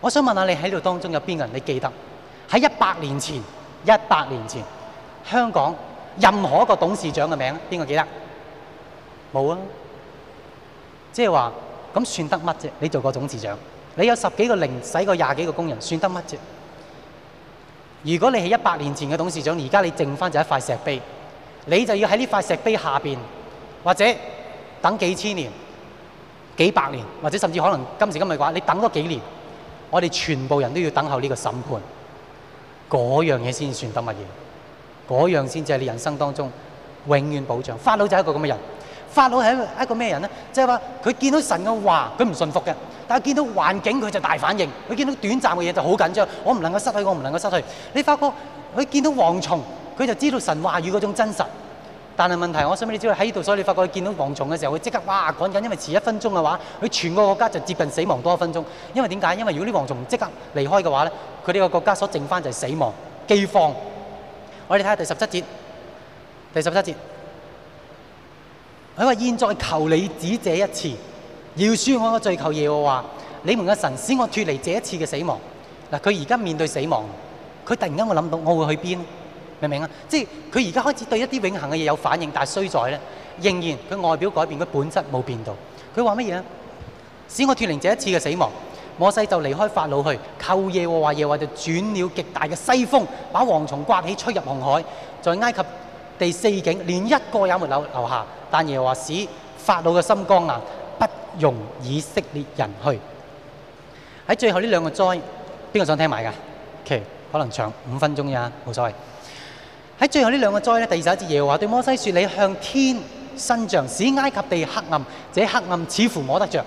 我想問下你喺度當中有邊個人你記得？喺一百年前，一百年前香港任何一個董事長嘅名，邊個記得？冇啊！即係話咁算得乜啫？你做過董事長，你有十幾個零，使過廿幾個工人，算得乜啫？如果你係一百年前嘅董事長，而家你剩翻就一塊石碑，你就要喺呢塊石碑下邊或者。等幾千年、幾百年，或者甚至可能今時今日嘅話，你等多幾年，我哋全部人都要等候呢個審判。嗰樣嘢先算得乜嘢？嗰樣先至係你人生當中永遠保障。法老就係一個咁嘅人，法老係一個咩人咧？即係話佢見到神嘅話，佢唔信服嘅，但係見到環境佢就大反應，佢見到短暫嘅嘢就好緊張。我唔能夠失去，我唔能夠失去。你發覺佢見到蝗蟲，佢就知道神話語嗰種真實。但係問題，我想俾你知喺呢度，所以你發覺佢見到蝗蟲嘅時候，佢即刻哇趕緊，因為遲一分鐘嘅話，佢全個國家就接近死亡多一分鐘。因為點解？因為如果啲蝗蟲唔即刻離開嘅話咧，佢呢個國家所剩翻就係死亡饑荒。我哋睇下第十七節，第十七節，佢話，現在求你指這一次，饒恕我嘅罪，求耶和華，你們嘅神使我脫離這一次嘅死亡。嗱，佢而家面對死亡，佢突然間會諗到，我會去邊？明唔明啊？即係佢而家開始對一啲永恆嘅嘢有反應，但係衰在咧，仍然佢外表改變，佢本質冇變到。佢話乜嘢啊？使我脫離這一次嘅死亡，摩西就離開法老去求耶和華，耶和華就轉了極大嘅西風，把蝗蟲刮起吹入紅海，在埃及地四境連一個也沒留留下。但耶和華使法老嘅心剛硬，不容以色列人去。喺最後呢兩個災，邊個想聽埋㗎？其可能長五分鐘呀，冇所謂。喺最後呢兩個災咧，第二十一節，耶和華對摩西説：你向天伸杖，使埃及地黑暗。這黑暗似乎摸得着。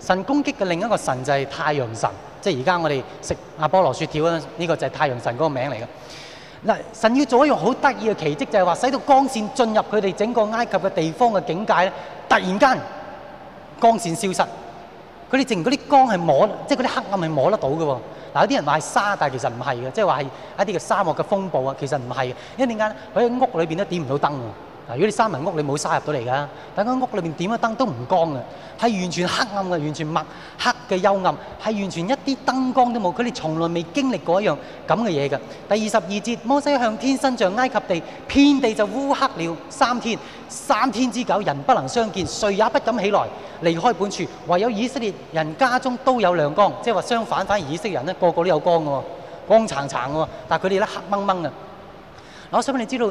神攻擊嘅另一個神就係太陽神，即係而家我哋食阿波羅雪條啦，呢、這個就係太陽神嗰個名嚟嘅。神要做一樣好得意嘅奇蹟，就係、是、話使到光線進入佢哋整個埃及嘅地方嘅境界，突然間光線消失。佢哋淨嗰啲光係摸，即係嗰啲黑暗係摸得到嘅喎。嗱，有啲人話係沙，但係其實唔係嘅，即係話係一啲嘅沙漠嘅風暴啊，其實唔係嘅，因為點解咧？佢喺屋裏面都點唔到燈啊。如果你三文屋裡，你冇沙入到嚟噶。但間屋裏面點嘅燈都唔光嘅，係完全黑暗嘅，完全墨黑嘅幽暗，係完全一啲燈光都冇。佢哋從來未經歷過一樣咁嘅嘢嘅。第二十二節，摩西向天伸杖，埃及地，遍地就烏黑了三天，三天之久，人不能相見，誰也不敢起來，離開本處。唯有以色列人家中都有亮光，即係話相反，反而以色列人呢，個個都有光嘅，光燦燦嘅，但係佢哋咧黑掹掹嘅。我想畀你知道？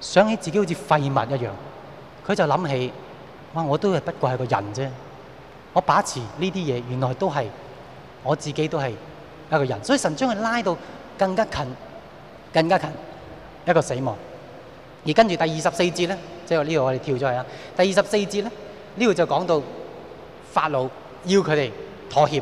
想起自己好似廢物一樣，佢就諗起，哇！我都係不過係個人啫，我把持呢啲嘢，原來都係我自己都係一個人，所以神將佢拉到更加近，更加近一個死亡。而跟住第二十四節咧，即係呢度我哋跳咗去啦。第二十四節咧，呢度就講到法老要佢哋妥協。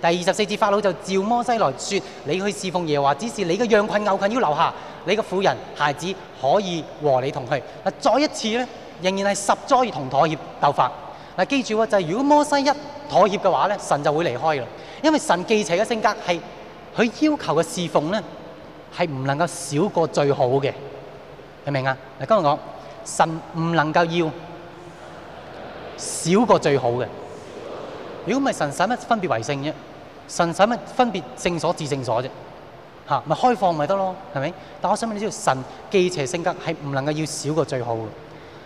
第二十四節法老就召摩西來說：你去侍奉耶和華，只是你嘅羊群、牛群要留下。你個婦人孩子可以和你同去。嗱，再一次咧，仍然係十災同妥協鬥法。嗱，記住喎，就係、是、如果摩西一妥協嘅話咧，神就會離開啦。因為神記仇嘅性格係佢要求嘅侍奉咧係唔能夠少過最好嘅，明唔明啊？嗱，今日講神唔能夠要少過最好嘅。如果唔係神使乜分別為聖啫？神使乜分別聖所至聖所啫？嚇，咪開放咪得咯，係咪？但我想俾你知道神記邪性格係唔能夠要少過最好嘅，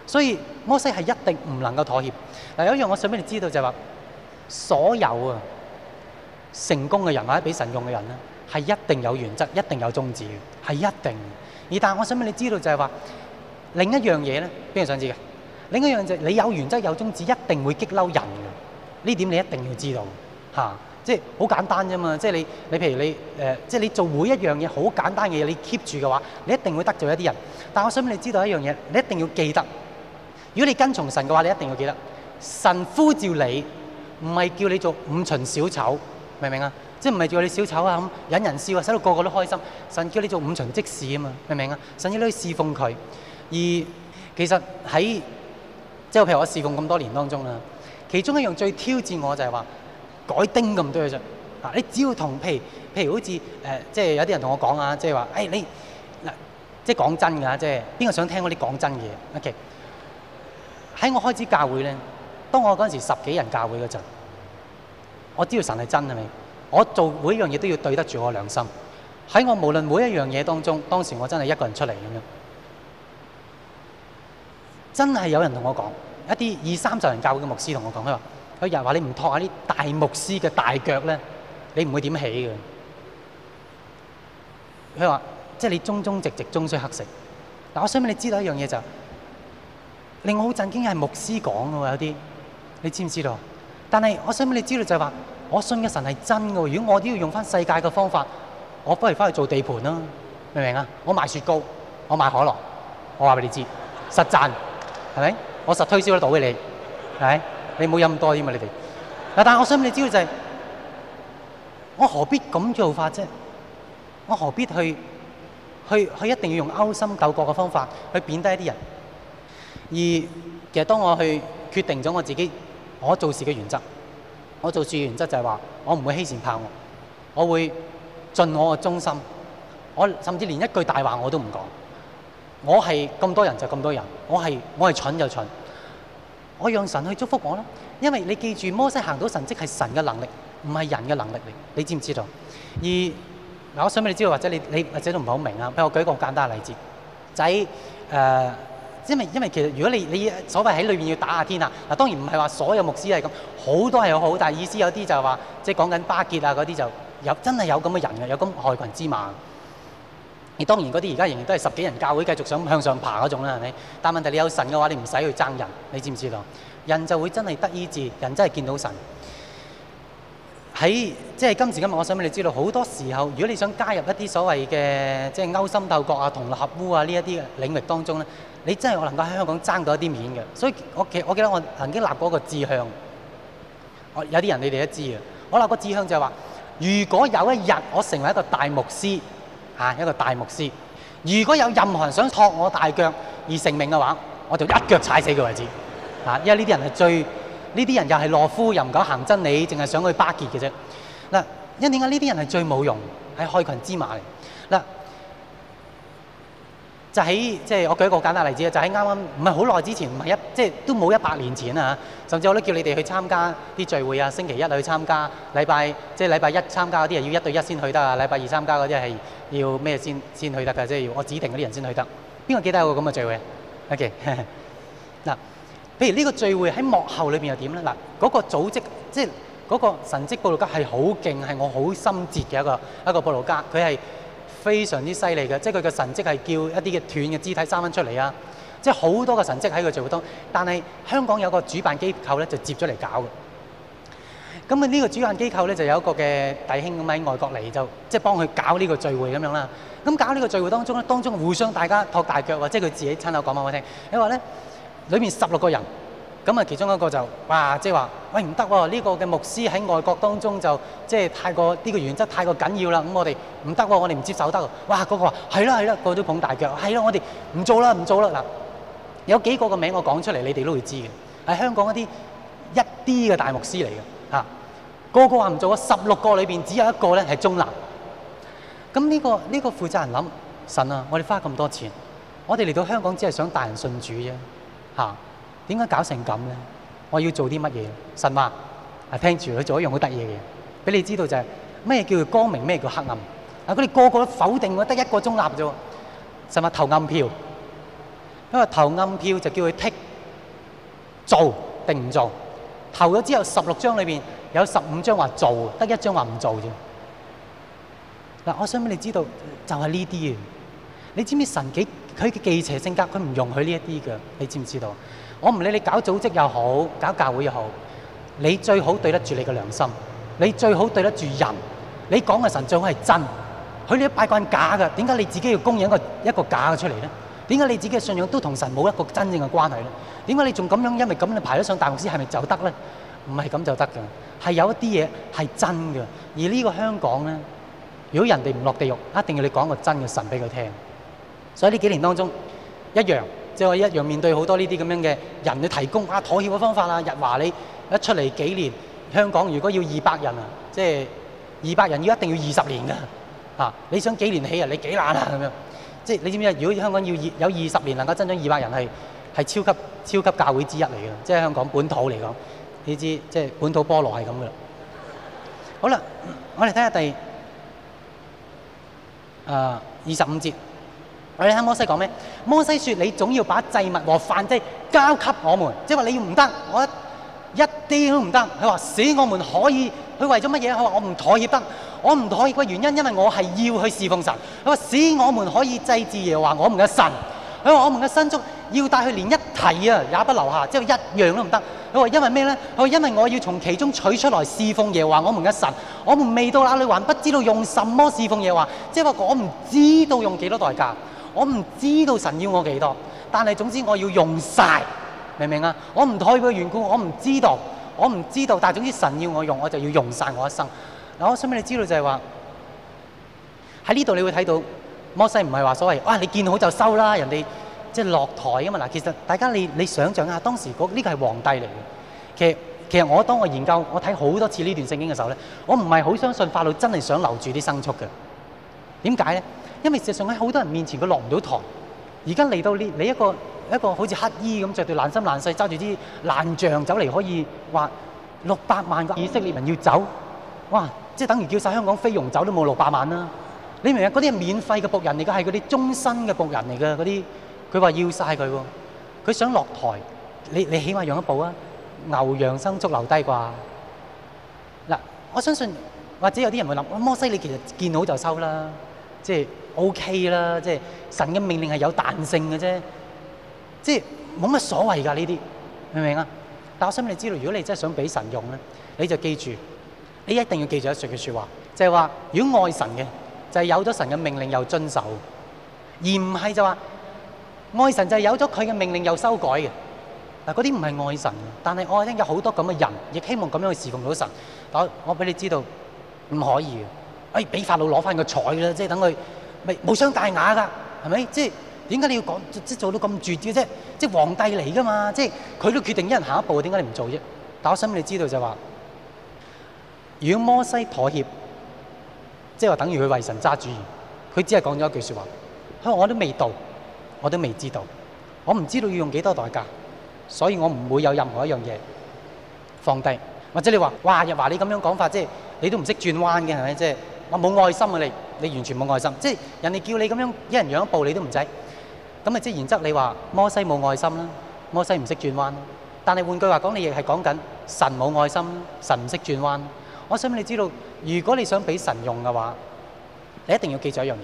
所以摩西係一定唔能夠妥協。嗱，有一樣我想俾你知道就係話，所有啊成功嘅人或者，俾神用嘅人咧，係一定有原則，一定有宗旨嘅，係一定。而但係我想俾你知道就係話，另一樣嘢咧，邊人想知嘅？另一樣就係你有原則有宗旨，一定會激嬲人嘅。呢點你一定要知道嚇。即係好簡單啫嘛！即係你，你譬如你誒、呃，即係你做每一樣嘢好簡單嘅嘢，你 keep 住嘅話，你一定會得罪一啲人。但我想俾你知道一樣嘢，你一定要記得。如果你跟從神嘅話，你一定要記得，神呼召你唔係叫你做五旬小丑，明唔明啊？即係唔係叫你小丑啊咁引人笑啊，使到個個都開心。神叫你做五旬即使啊嘛，明唔明啊？神要你去侍奉佢。而其實喺即係譬如我侍奉咁多年當中啦，其中一樣最挑戰我就係話。改丁咁多嘢做，啊！你只要同譬如譬如好似誒、呃，即係有啲人同我講啊，即係話誒你嗱，即係講真㗎，即係邊個想聽我啲講真嘢？OK，喺我開始教會咧，當我嗰陣時十幾人教會嗰陣，我知道神係真係咪？我做每樣嘢都要對得住我良心。喺我無論每一樣嘢當中，當時我真係一個人出嚟咁樣，真係有人同我講一啲二三十人教會嘅牧師同我講，佢話。佢又話：你唔托下啲大牧師嘅大腳咧，你唔會點起嘅。佢話：即係你忠忠直直，終須乞食。嗱，我想俾你知道一樣嘢就令我好震驚，係牧師講嘅喎，有啲你知唔知道？但係我想俾你知道就係、是、話，我信嘅神係真嘅。如果我都要用翻世界嘅方法，我不如翻去做地盤啦，明唔明啊？我賣雪糕，我賣可樂，我話俾你知，實賺係咪？我實推銷得到嘅你係咪？你冇飲咁多啲嘛？你哋，但係我想你知道就係、是，我何必咁做法啫？我何必去去去一定要用勾心鬥角嘅方法去貶低一啲人？而其實當我去決定咗我自己，我做事嘅原則，我做事嘅原則就係話，我唔會欺善怕惡，我會盡我嘅忠心，我甚至連一句大話我都唔講。我係咁多人就咁多人，我係我係蠢就蠢。我用神去祝福我啦，因為你記住，摩西行到神跡係神嘅能力，唔係人嘅能力嚟。你知唔知道？而嗱，我想俾你知道，或者你你或者都唔係好明啊。譬如我舉個好簡單嘅例子，仔誒，因為，呃，因為其實如果你你所謂喺裏面要打天下天啊，嗱當然唔係話所有牧師係咁，好多係好，但係意思有啲就係話，即係講緊巴結啊嗰啲就有真係有咁嘅人啊，有咁害群之馬。而當然，嗰啲而家仍然都係十幾人教會繼續想向上爬嗰種啦，係咪？但問題你有神嘅話，你唔使去爭人，你知唔知道？人就會真係得醫治，人真係見到神。喺即係今時今日，我想俾你知道，好多時候，如果你想加入一啲所謂嘅即係勾心鬥角啊、同流合污啊呢一啲嘅領域當中咧，你真係能夠喺香港爭到一啲面嘅。所以，我記我記得我曾經立過一個志向，我有啲人你哋都知嘅。我立個志向就係話：如果有一日我成為一個大牧師。啊！一個大牧師，如果有任何人想托我大腳而成名嘅話，我就一腳踩死佢為止。啊！因為呢啲人係最，呢啲人又係懦夫，又唔敢行真理，淨係想去巴結嘅啫。嗱，因為點解呢啲人係最冇用？係害群之馬嚟。嗱。就喺即係我舉一個簡單例子啊！就喺啱啱唔係好耐之前，唔係一即係、就是、都冇一百年前啊！甚至我都叫你哋去參加啲聚會啊，星期一去參加，禮拜即係禮拜一參加嗰啲係要一對一先去得啊，禮拜二參加嗰啲係要咩先先去得㗎？即係、就是、要我指定嗰啲人先去得。邊個記得有個咁嘅聚會？OK 嗱，譬如呢個聚會喺幕後裏邊又點呢？嗱，嗰個組織即係嗰個神職布道家係好勁，係我好心折嘅一個一個布道家，佢係。非常之犀利嘅，即係佢嘅神蹟係叫一啲嘅斷嘅肢體生翻出嚟啊！即係好多嘅神蹟喺個聚會當，但係香港有個主辦機構咧就接咗嚟搞嘅。咁啊呢個主辦機構咧就有一個嘅弟兄咁喺外國嚟就即係幫佢搞呢個聚會咁樣啦。咁搞呢個聚會當中咧，當中互相大家托大腳或者佢自己親口講俾我聽。你話咧，裏面十六個人。咁啊，其中一個就哇，即係話，喂唔得喎！呢個嘅牧師喺外國當中就即係太過呢個原則太過緊要啦。咁我哋唔得喎，我哋唔接受得喎。哇！個個話係啦係啦，個個都捧大腳，係啦，我哋唔做啦唔做啦。嗱，有幾個個名我講出嚟，你哋都會知嘅。係香港一啲一啲嘅大牧師嚟嘅嚇，個個話唔做啊！十六個裏邊只有一個咧係中立。咁呢、這個呢、這個負責人諗神啊！我哋花咁多錢，我哋嚟到香港只係想帶人信主啫嚇。啊點解搞成咁咧？我要做啲乜嘢？神話啊，聽住佢做一樣好得意嘅嘢，俾你知道就係咩叫光明，咩叫黑暗。啊！佢哋個個都否定我，得一個中立啫。神話投暗票，因為投暗票就叫佢剔做定唔做。投咗之後，十六張裏邊有十五張話做，得一張話唔做啫。嗱，我想俾你知道，就係呢啲嘅。你知唔知神幾佢嘅忌邪性格，佢唔容許呢一啲嘅，你知唔知道？我唔理你搞組織又好，搞教會又好，你最好對得住你嘅良心，你最好對得住人，你講嘅神最好係真，佢哋都拜慣假嘅，點解你自己要供應一個一個假嘅出嚟咧？點解你自己嘅信仰都同神冇一個真正嘅關係咧？點解你仲咁樣，因為咁樣排得上大公司係咪就得咧？唔係咁就得嘅，係有一啲嘢係真嘅，而呢個香港咧，如果人哋唔落地獄，一定要你講個真嘅神俾佢聽。所以呢幾年當中一樣。即係我一樣面對好多呢啲咁樣嘅人去提供啊妥協嘅方法啊！日華你一出嚟幾年，香港如果要二百人啊，即係二百人要一定要二十年㗎嚇、啊！你想幾年起啊？你幾難啊咁樣！即係你知唔知啊？如果香港要有二十年能夠增長二百人，係係超級超級教會之一嚟嘅。即係香港本土嚟講，你知即係、即係、本土菠蘿係咁㗎啦。好啦，我哋睇下第啊二十五節。你哋聽摩西講咩？摩西說：你總要把祭物和燔祭交給我們，即係話你要唔得，我一啲都唔得。佢話：使我們可以，佢為咗乜嘢？佢話：我唔妥協得，我唔妥協嘅原因，因為我係要去侍奉神。佢話：使我們可以祭祀耶和華，我們嘅神。佢話：我們嘅牲畜要帶去，連一蹄啊也不留下，即係一樣都唔得。佢話：因為咩咧？佢話：因為我要從其中取出來侍奉耶和華，我們嘅神。我們未到那裏，還不知道用什麼侍奉耶和華，即係話我唔知道用幾多代價。我唔知道神要我幾多，但係總之我要用晒，明唔明啊？我唔妥協嘅緣故，我唔知道，我唔知道，但係總之神要我用，我就要用晒我一生。嗱，我想俾你知道就係話喺呢度你會睇到摩西唔係話所謂啊，你見好就收啦，人哋即係落台啊嘛。嗱，其實大家你你想象下，當時嗰個、呢個係皇帝嚟嘅。其實其實我當我研究我睇好多次呢段聖經嘅時候咧，我唔係好相信法老真係想留住啲牲畜嘅。點解咧？因為事實上喺好多人面前佢落唔到台，而家嚟到呢，你一個一個好似乞衣咁着對爛衫爛細揸住啲爛杖走嚟，可以話六百萬個以色列人要走，哇！即係等於叫晒香港菲傭走都冇六百萬啦！你明唔明？嗰啲係免費嘅僕人，嚟嘅係嗰啲終身嘅僕人嚟嘅嗰啲，佢話要晒佢喎，佢想落台，你你起碼讓一步啊，牛羊牲畜留低啩。嗱，我相信或者有啲人會諗：摩西你其實見好就收啦，即係。O K 啦，即係神嘅命令係有彈性嘅啫，即係冇乜所謂噶呢啲，明唔明啊？但係我想你知道，如果你真係想俾神用咧，你就記住，你一定要記住一句說話，就係話：如果愛神嘅，就係有咗神嘅命令又遵守，而唔係就話愛神就係有咗佢嘅命令又修改嘅嗱，嗰啲唔係愛神，但係我聽有好多咁嘅人亦希望咁樣去侍奉到神，我我俾你知道唔可以嘅，哎，俾法老攞翻個彩啦，即係等佢。冇傷大雅㗎，係咪？即係點解你要講即做到咁絕嘅啫？即係皇帝嚟㗎嘛？即係佢都決定一人下一步，點解你唔做啫？但我想你知道就係話，如果摩西妥協，即係話等於佢為神揸主意，佢只係講咗一句説話。他說我都未到，我都未知道，我唔知道要用幾多代價，所以我唔會有任何一樣嘢放低。或者你話哇，日華你咁樣講法，即係你都唔識轉彎嘅係咪？即係我冇愛心啊你！你完全冇愛心，即係人哋叫你咁樣一人養一步你不，你都唔制。咁啊，即係原則你，你話摩西冇愛心啦，摩西唔識轉彎。但係換句話講，你亦係講緊神冇愛心，神唔識轉彎。我想你知道，如果你想俾神用嘅話，你一定要記住一樣嘢。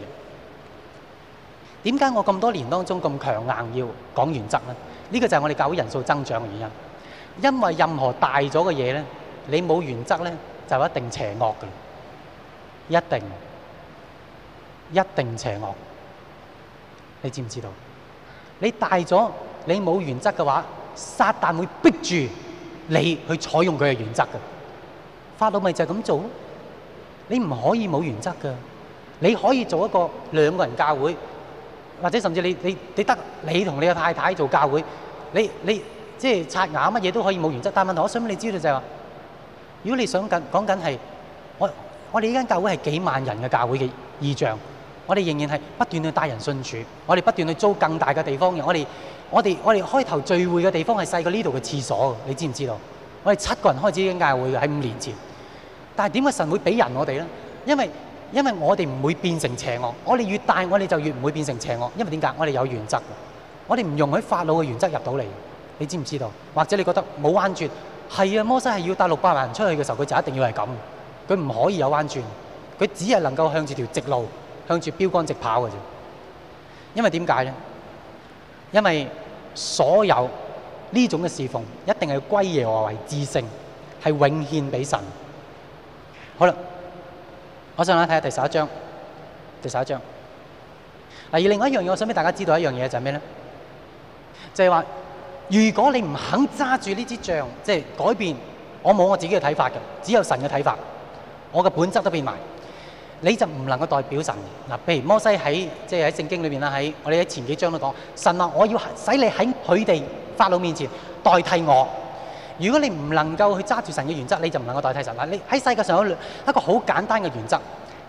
點解我咁多年當中咁強硬要講原則咧？呢、呢個就係我哋教會人數增長嘅原因。因為任何大咗嘅嘢咧，你冇原則咧，就一定邪惡嘅，一定。一定邪惡，你知唔知道？你大咗，你冇原則嘅話，撒但會逼住你去採用佢嘅原則嘅。法老咪就係咁做咯。你唔可以冇原則噶，你可以做一個兩個人教會，或者甚至你你你得你同你嘅太太做教會，你你即係刷牙乜嘢都可以冇原則。但問題我想畀你知道就係話，如果你想緊講緊係我我哋呢間教會係幾萬人嘅教會嘅異象。我哋仍然係不斷去帶人信主，我哋不斷去租更大嘅地方。我哋我哋我哋開頭聚會嘅地方係細過呢度嘅廁所，你知唔知道？我哋七個人開始嘅教會喺五年前，但係點解神會給人我哋呢？因為因為我哋唔會變成邪惡，我哋越大，我哋就越唔會變成邪惡。因為點解？我哋有原則，我哋唔容許法老嘅原則入到嚟。你知唔知道？或者你覺得冇彎轉？係啊，摩西係要帶六百萬人出去嘅時候，佢就一定要係咁，佢唔可以有彎轉，佢只係能夠向住條直路。向住標杆直跑嘅啫，因為點解咧？因為所有呢種嘅侍奉，一定係歸耶和華為至聖，係永獻俾神。好啦，我想睇下第十一張，第十一張。而另外一樣嘢，我想俾大家知道一樣嘢就係咩咧？就係話，如果你唔肯揸住呢支杖，即係改變，我冇我自己嘅睇法嘅，只有神嘅睇法，我嘅本質都變埋。你就唔能夠代表神嗱，譬如摩西喺即係喺聖經裏邊啦，喺我哋喺前幾章都講神啊，我要使你喺佢哋法老面前代替我。如果你唔能夠去揸住神嘅原則，你就唔能夠代替神嗱。你喺世界上有一個好簡單嘅原則，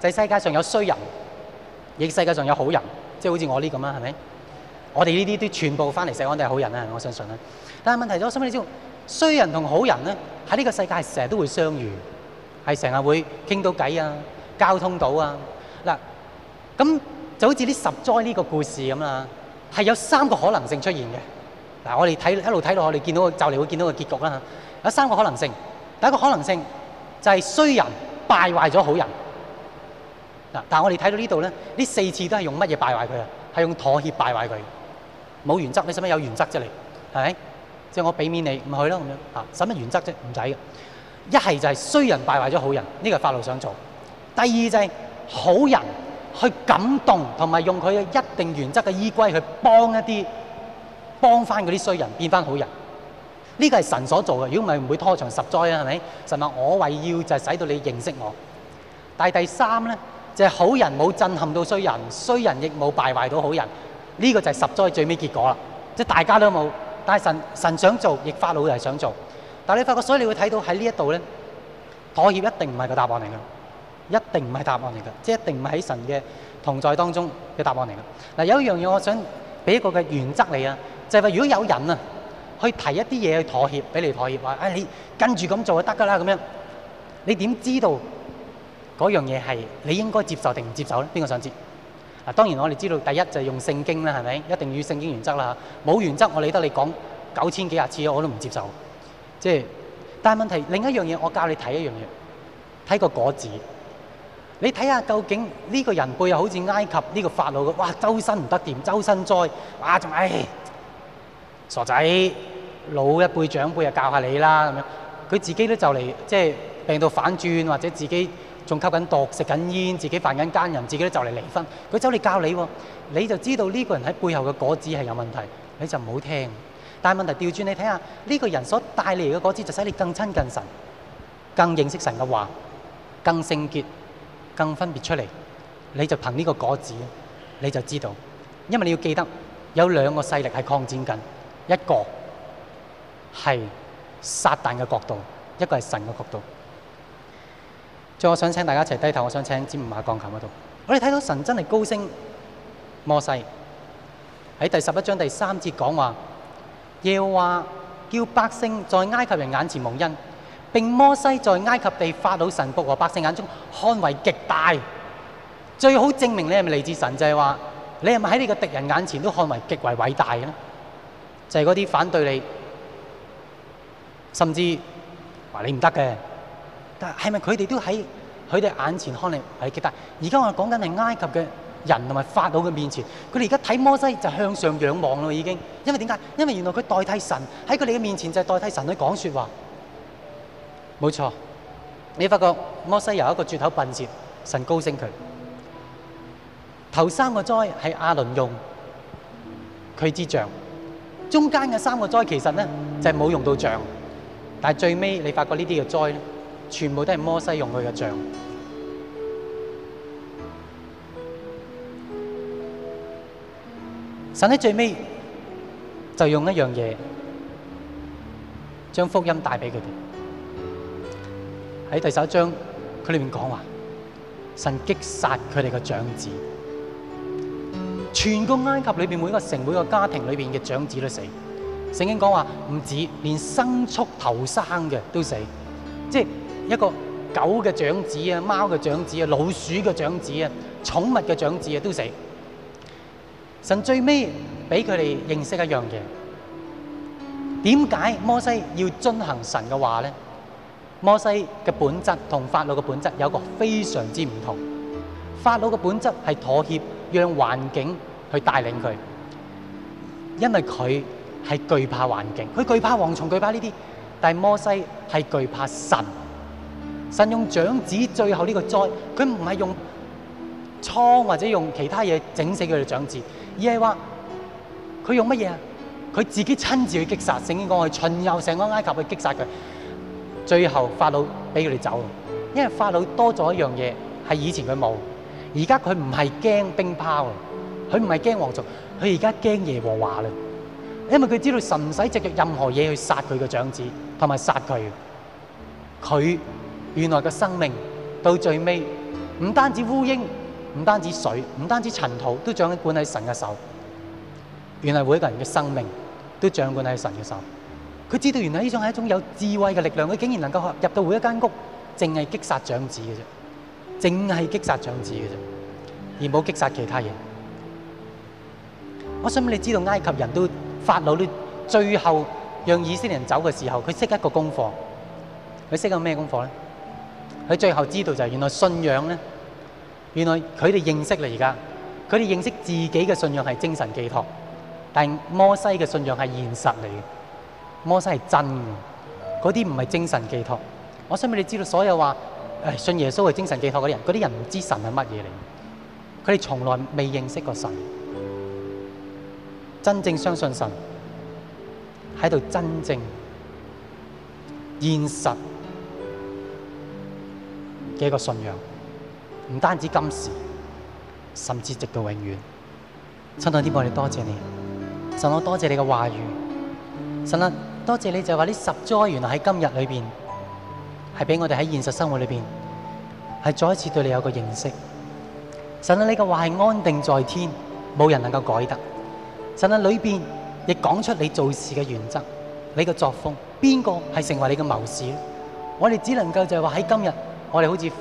就係世界上有衰人亦世界上有好人，即係好似我呢咁樣，係咪？我哋呢啲都全部翻嚟世安都係好人啊，我相信啊。但係問題就係，我想俾你知衰人同好人咧，喺呢個世界成日都會相遇，係成日會傾到偈啊。交通到啊！嗱，咁就好似呢十災呢個故事咁啦，係有三個可能性出現嘅。嗱，我哋睇一路睇到我哋見到就嚟會見到個結局啦吓。有三個可能性，第一個可能性就係、是、衰人敗壞咗好人。嗱，但我哋睇到呢度咧，呢四次都係用乜嘢敗壞佢啊？係用妥協敗壞佢。冇原則，你使乜有原則啫你？係咪？即係我俾面你，唔去咯咁樣啊？使乜原則啫？唔使嘅。一係就係衰人敗壞咗好人，呢個係法律想做。第二就係好人去感動同埋用佢嘅一定原則嘅依歸去幫一啲幫翻嗰啲衰人變翻好人，呢個係神所做嘅，如果唔係唔會拖長十災啊，係咪？神話我為要就係、是、使到你認識我。但係第三咧就係、是、好人冇震撼到衰人，衰人亦冇敗壞到好人，呢、這個就係十災最尾結果啦，即係大家都冇。但係神神想做，亦法老又係想做，但係你發覺，所以你會睇到喺呢一度咧，妥協一定唔係個答案嚟㗎。一定唔係答案嚟嘅，即係一定唔係喺神嘅同在當中嘅答案嚟嘅。嗱，有一樣嘢，我想俾一個嘅原則你啊，就係話如果有人啊，去提一啲嘢去妥協，俾你妥協，話唉，你跟住咁做就得噶啦咁樣，你點知道嗰樣嘢係你應該接受定唔接受咧？邊個想知？嗱，當然我哋知道，第一就係用聖經啦，係咪？一定要聖經原則啦，冇原則我理得你講九千幾十次我都唔接受。即係，但係問題另一樣嘢，我教你睇一樣嘢，睇個果子。你睇下，究竟呢個人背後好似埃及呢個法老嘅，哇，周身唔得掂，周身災，哇仲唉、哎、傻仔老一輩長輩啊，教下你啦咁樣。佢自己都就嚟即係病到反轉，或者自己仲吸緊毒、食緊煙，自己犯緊奸淫，自己都就嚟離婚。佢走嚟教你喎，你就知道呢個人喺背後嘅果子係有問題，你就唔好聽。但係問題調轉，你睇下呢個人所帶嚟嘅果子就使你更親近神，更認識神嘅話，更聖潔。更分別出嚟，你就憑呢個果子，你就知道，因為你要記得有兩個勢力係擴展緊，一個係撒旦嘅角度，一個係神嘅角度。再我想請大家一齊低頭，我想請詹木馬鋼琴嗰度，我哋睇到神真係高升。摩西喺第十一章第三節講話，耶和華叫百姓在埃及人眼前蒙恩。令摩西在埃及地法老神僕和百姓眼中看為極大，最好證明你係咪嚟自神，就係話你係咪喺你個敵人眼前都看為極為偉大咧？就係嗰啲反對你，甚至話你唔得嘅，但係咪佢哋都喺佢哋眼前看你係極大？而家我係講緊係埃及嘅人同埋法老嘅面前，佢哋而家睇摩西就向上仰望咯，已經，因為點解？因為原來佢代替神喺佢哋嘅面前，就係代替神去講說話。冇錯，你發覺摩西由一個絕頭笨舌，神高升佢。頭三個災係亞倫用佢支杖，中間嘅三個災其實咧就係冇用到杖，但係最尾你發覺呢啲嘅災咧，全部都係摩西用佢嘅杖。神喺最尾就用一樣嘢，將福音帶俾佢哋。喺第十一章，佢裏面講話，神擊殺佢哋嘅長子，全個埃及裏邊每個城、每個家庭裏邊嘅長子都死。聖經講話唔止，連牲畜頭生嘅都死，即係一個狗嘅長子啊、貓嘅長子啊、老鼠嘅長子啊、寵物嘅長子啊都死。神最尾俾佢哋認識一樣嘢：「點解摩西要遵行神嘅話咧？摩西嘅本質同法老嘅本質有個非常之唔同。法老嘅本質係妥協，讓環境去帶領佢，因為佢係懼怕環境，佢懼怕蝗蟲，懼怕呢啲。但係摩西係懼怕神，神用長子最後呢個災，佢唔係用瘡或者用其他嘢整死佢哋長子，而係話佢用乜嘢啊？佢自己親自去擊殺，聖經講去巡遊成個埃及去擊殺佢。最後法老畀佢哋走，因為法老多咗一樣嘢，係以前佢冇。而家佢唔係驚冰雹，佢唔係驚皇族，佢而家驚耶和華啦。因為佢知道神唔使藉著任何嘢去殺佢嘅長子，同埋殺佢。佢原來嘅生命到最尾，唔單止烏蠅，唔單止水，唔單止塵土，都掌管喺神嘅手。原來每一個人嘅生命都掌管喺神嘅手。佢知道原來呢種係一種有智慧嘅力量，佢竟然能夠入到每一間屋，淨係擊殺長子嘅啫，淨係擊殺長子嘅啫，而冇擊殺其他嘢。我想問你知道埃及人都法老咧，最後讓以色列人走嘅時候，佢識緊一個功課，佢識緊咩功課咧？佢最後知道就係原來信仰咧，原來佢哋認識啦而家，佢哋認識自己嘅信仰係精神寄託，但摩西嘅信仰係現實嚟嘅。摩西係真嘅，嗰啲唔係精神寄託。我想俾你知道，所有話、哎、信耶穌係精神寄託嗰啲人，嗰啲人唔知神係乜嘢嚟，佢哋從來未認識過神。真正相信神喺度，真正現實嘅一個信仰，唔單止今時，甚至直到永遠。神啊，啲位我哋多謝你，神啊，多謝你嘅話語，神啊。多謝你就係話呢十災，原來喺今日裏邊係俾我哋喺現實生活裏邊係再一次對你有個認識。神啊，你嘅話係安定在天，冇人能夠改得。神啊，裏邊亦講出你做事嘅原則，你嘅作風，邊個係成為你嘅謀士？我哋只能夠就係話喺今日，我哋好似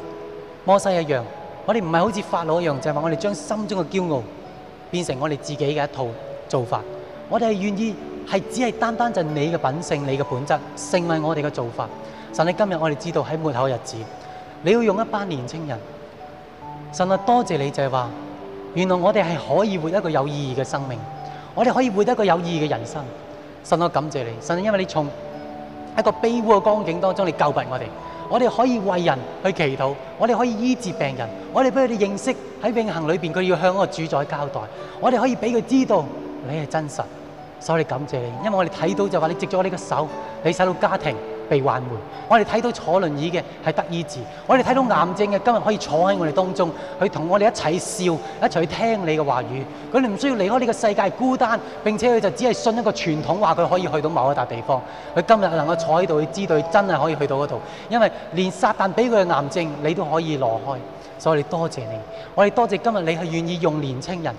摩西一樣，我哋唔係好似法老一樣，就係話我哋將心中嘅驕傲變成我哋自己嘅一套做法。我哋係願意。係只係單單就你嘅品性、你嘅本質，成為我哋嘅做法。神，你今日我哋知道喺末後的日子，你要用一班年青人。神啊，多謝你就係話，原來我哋係可以活一個有意義嘅生命，我哋可以活一個有意義嘅人生。神，我感謝你，神，因為你從一個卑苦嘅光景當中，你救拔我哋。我哋可以為人去祈禱，我哋可以醫治病人，我哋俾佢哋認識喺永恆裏面，佢要向嗰個主宰交代，我哋可以俾佢知道你係真實。所以我哋感謝你，因為我哋睇到就話你直咗你個手，你使到家庭被挽回。我哋睇到坐輪椅嘅係得醫治，我哋睇到癌症嘅今日可以坐喺我哋當中，佢同我哋一齊笑，一齊去聽你嘅話語。佢哋唔需要離開呢個世界孤單，並且佢就只係信一個傳統話佢可以去到某一笪地方。佢今日能夠坐喺度，佢知道佢真係可以去到嗰度，因為連撒旦俾佢嘅癌症你都可以挪開。所以我哋多謝你，我哋多謝今日你係願意用年輕人。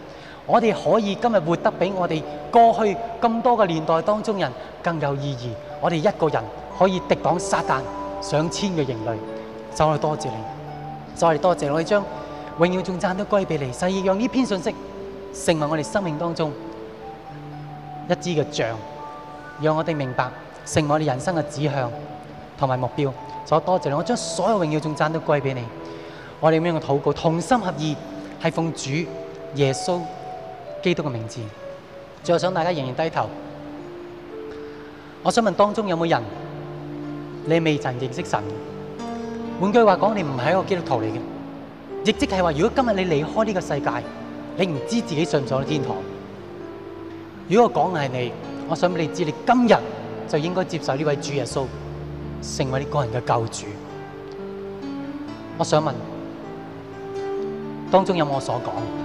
我哋可以今日活得比我哋過去咁多嘅年代當中人更有意義，我哋一個人可以敵擋撒旦，上千嘅人類，就係多謝你，就係多謝我哋將榮耀頌讚都歸俾你，意讓呢篇信息成為我哋生命當中一支嘅杖，讓我哋明白成為我哋人生嘅指向同埋目標，就多謝你，我將所有榮耀頌讚都歸俾你。我哋呢邊嘅禱告同心合意，係奉主耶穌基督嘅名字，最後想大家仍然低頭。我想問當中有冇人，你未曾認識神？換句話講，你唔係一個基督徒嚟嘅，亦即係話，如果今日你離開呢個世界，你唔知自己上唔上天堂。如果我講嘅係你，我想俾你知，你今日就應該接受呢位主耶穌，成為呢個人嘅救主。我想問，當中有冇我所講？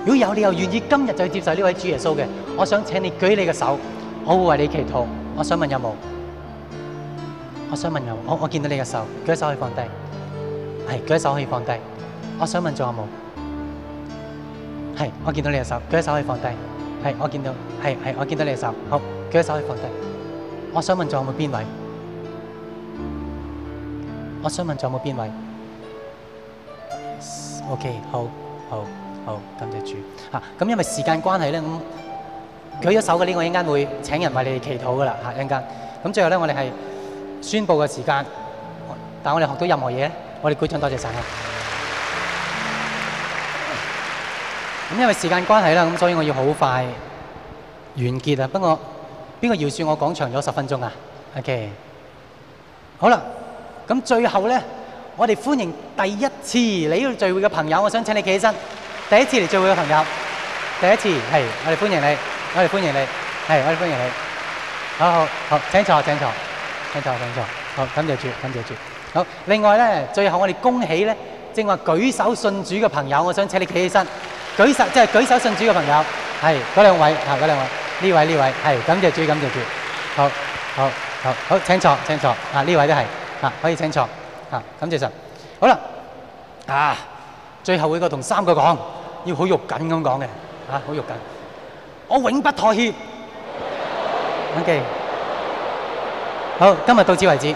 如果有你又願意今日就接受呢位主耶穌嘅，我想請你舉你嘅手，我會為你祈禱。我想問有冇？我想問有冇？我我見到你嘅手，舉手可以放低。係，舉手可以放低。我想問仲有冇？係，我見到你嘅手，舉手可以放低。係，我見到，係係，我見到你嘅手，好，舉手可以放低。我想問仲有冇邊位？我想問仲有冇邊位？OK，好好。好，感謝主嚇。咁、啊、因為時間關係咧，咁舉咗手嘅呢，我一陣間會請人為你哋祈禱嘅啦嚇。一陣間咁最後咧，我哋係宣佈嘅時間，但係我哋學到任何嘢，我哋鼓掌，多謝晒。啦、嗯。咁因為時間關係啦，咁所以我要好快完結啊。不過邊個饒恕我講長咗十分鐘啊？OK，好啦，咁最後咧，我哋歡迎第一次嚟呢度聚會嘅朋友，我想請你企起身。第一次嚟聚會嘅朋友，第一次，係我哋歡迎你，我哋歡迎你，係我哋歡迎你。好好好，請坐請坐請坐請坐。好，感謝主感謝主。好，另外咧，最後我哋恭喜咧，正話舉手信主嘅朋友，我想請你企起身，舉手，即係舉手信主嘅朋友，係嗰兩位啊，嗰兩位，呢位呢位，係感謝主感謝主。好，好，好好，請坐請坐啊，呢位都係啊，可以請坐啊，感謝神。好啦，啊，最後會個同三個講。要好肉緊咁講嘅，嚇好肉緊，我永不妥協。OK，好，今日到此為止。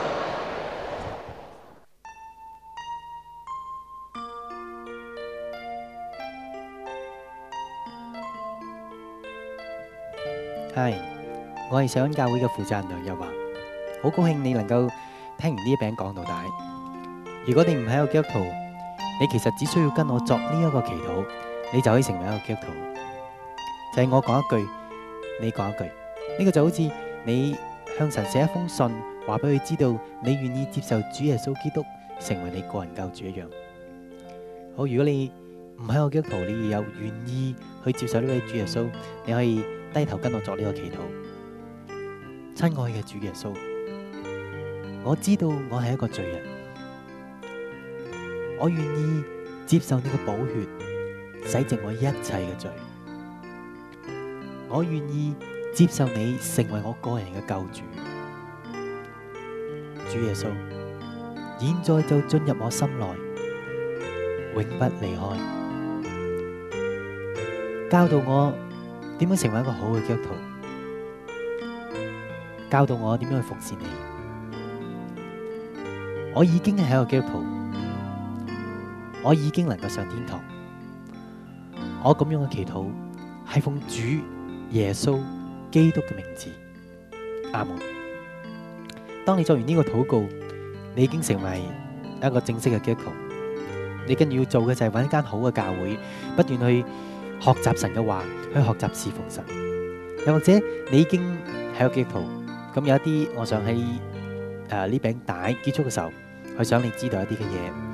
係，我係上教會嘅負責人梁日華，好高興你能夠聽完呢餅講到底。如果你唔喺個基督徒，你其實只需要跟我作呢一個祈禱。你就可以成為一個基督徒，就係、是、我講一句，你講一句，呢、這個就好似你向神寫一封信，話俾佢知道你願意接受主耶穌基督成為你個人教主一樣。好，如果你唔係我基督徒，你有願意去接受呢位主耶穌，你可以低頭跟我作呢個祈禱。親愛嘅主耶穌，我知道我係一個罪人，我願意接受你嘅寶血，洗淨我一切嘅罪，我願意接受你成為我個人嘅救主。主耶穌，現在就進入我心內，永不離開。教導我點樣成為一個好嘅基督徒，教導我點樣去服侍你。我已經係一個基督徒，我已經能夠上天堂。我咁樣嘅祈禱係奉主耶穌基督嘅名字，阿門。當你做完呢個禱告，你已經成為一個正式嘅基督徒。你跟住要做嘅就係揾一間好嘅教會，不斷去學習神嘅話，去學習侍奉神。又或者你已經係一個基督徒，咁有一啲我想喺誒呢餅帶結束嘅時候，我想你知道一啲嘅嘢。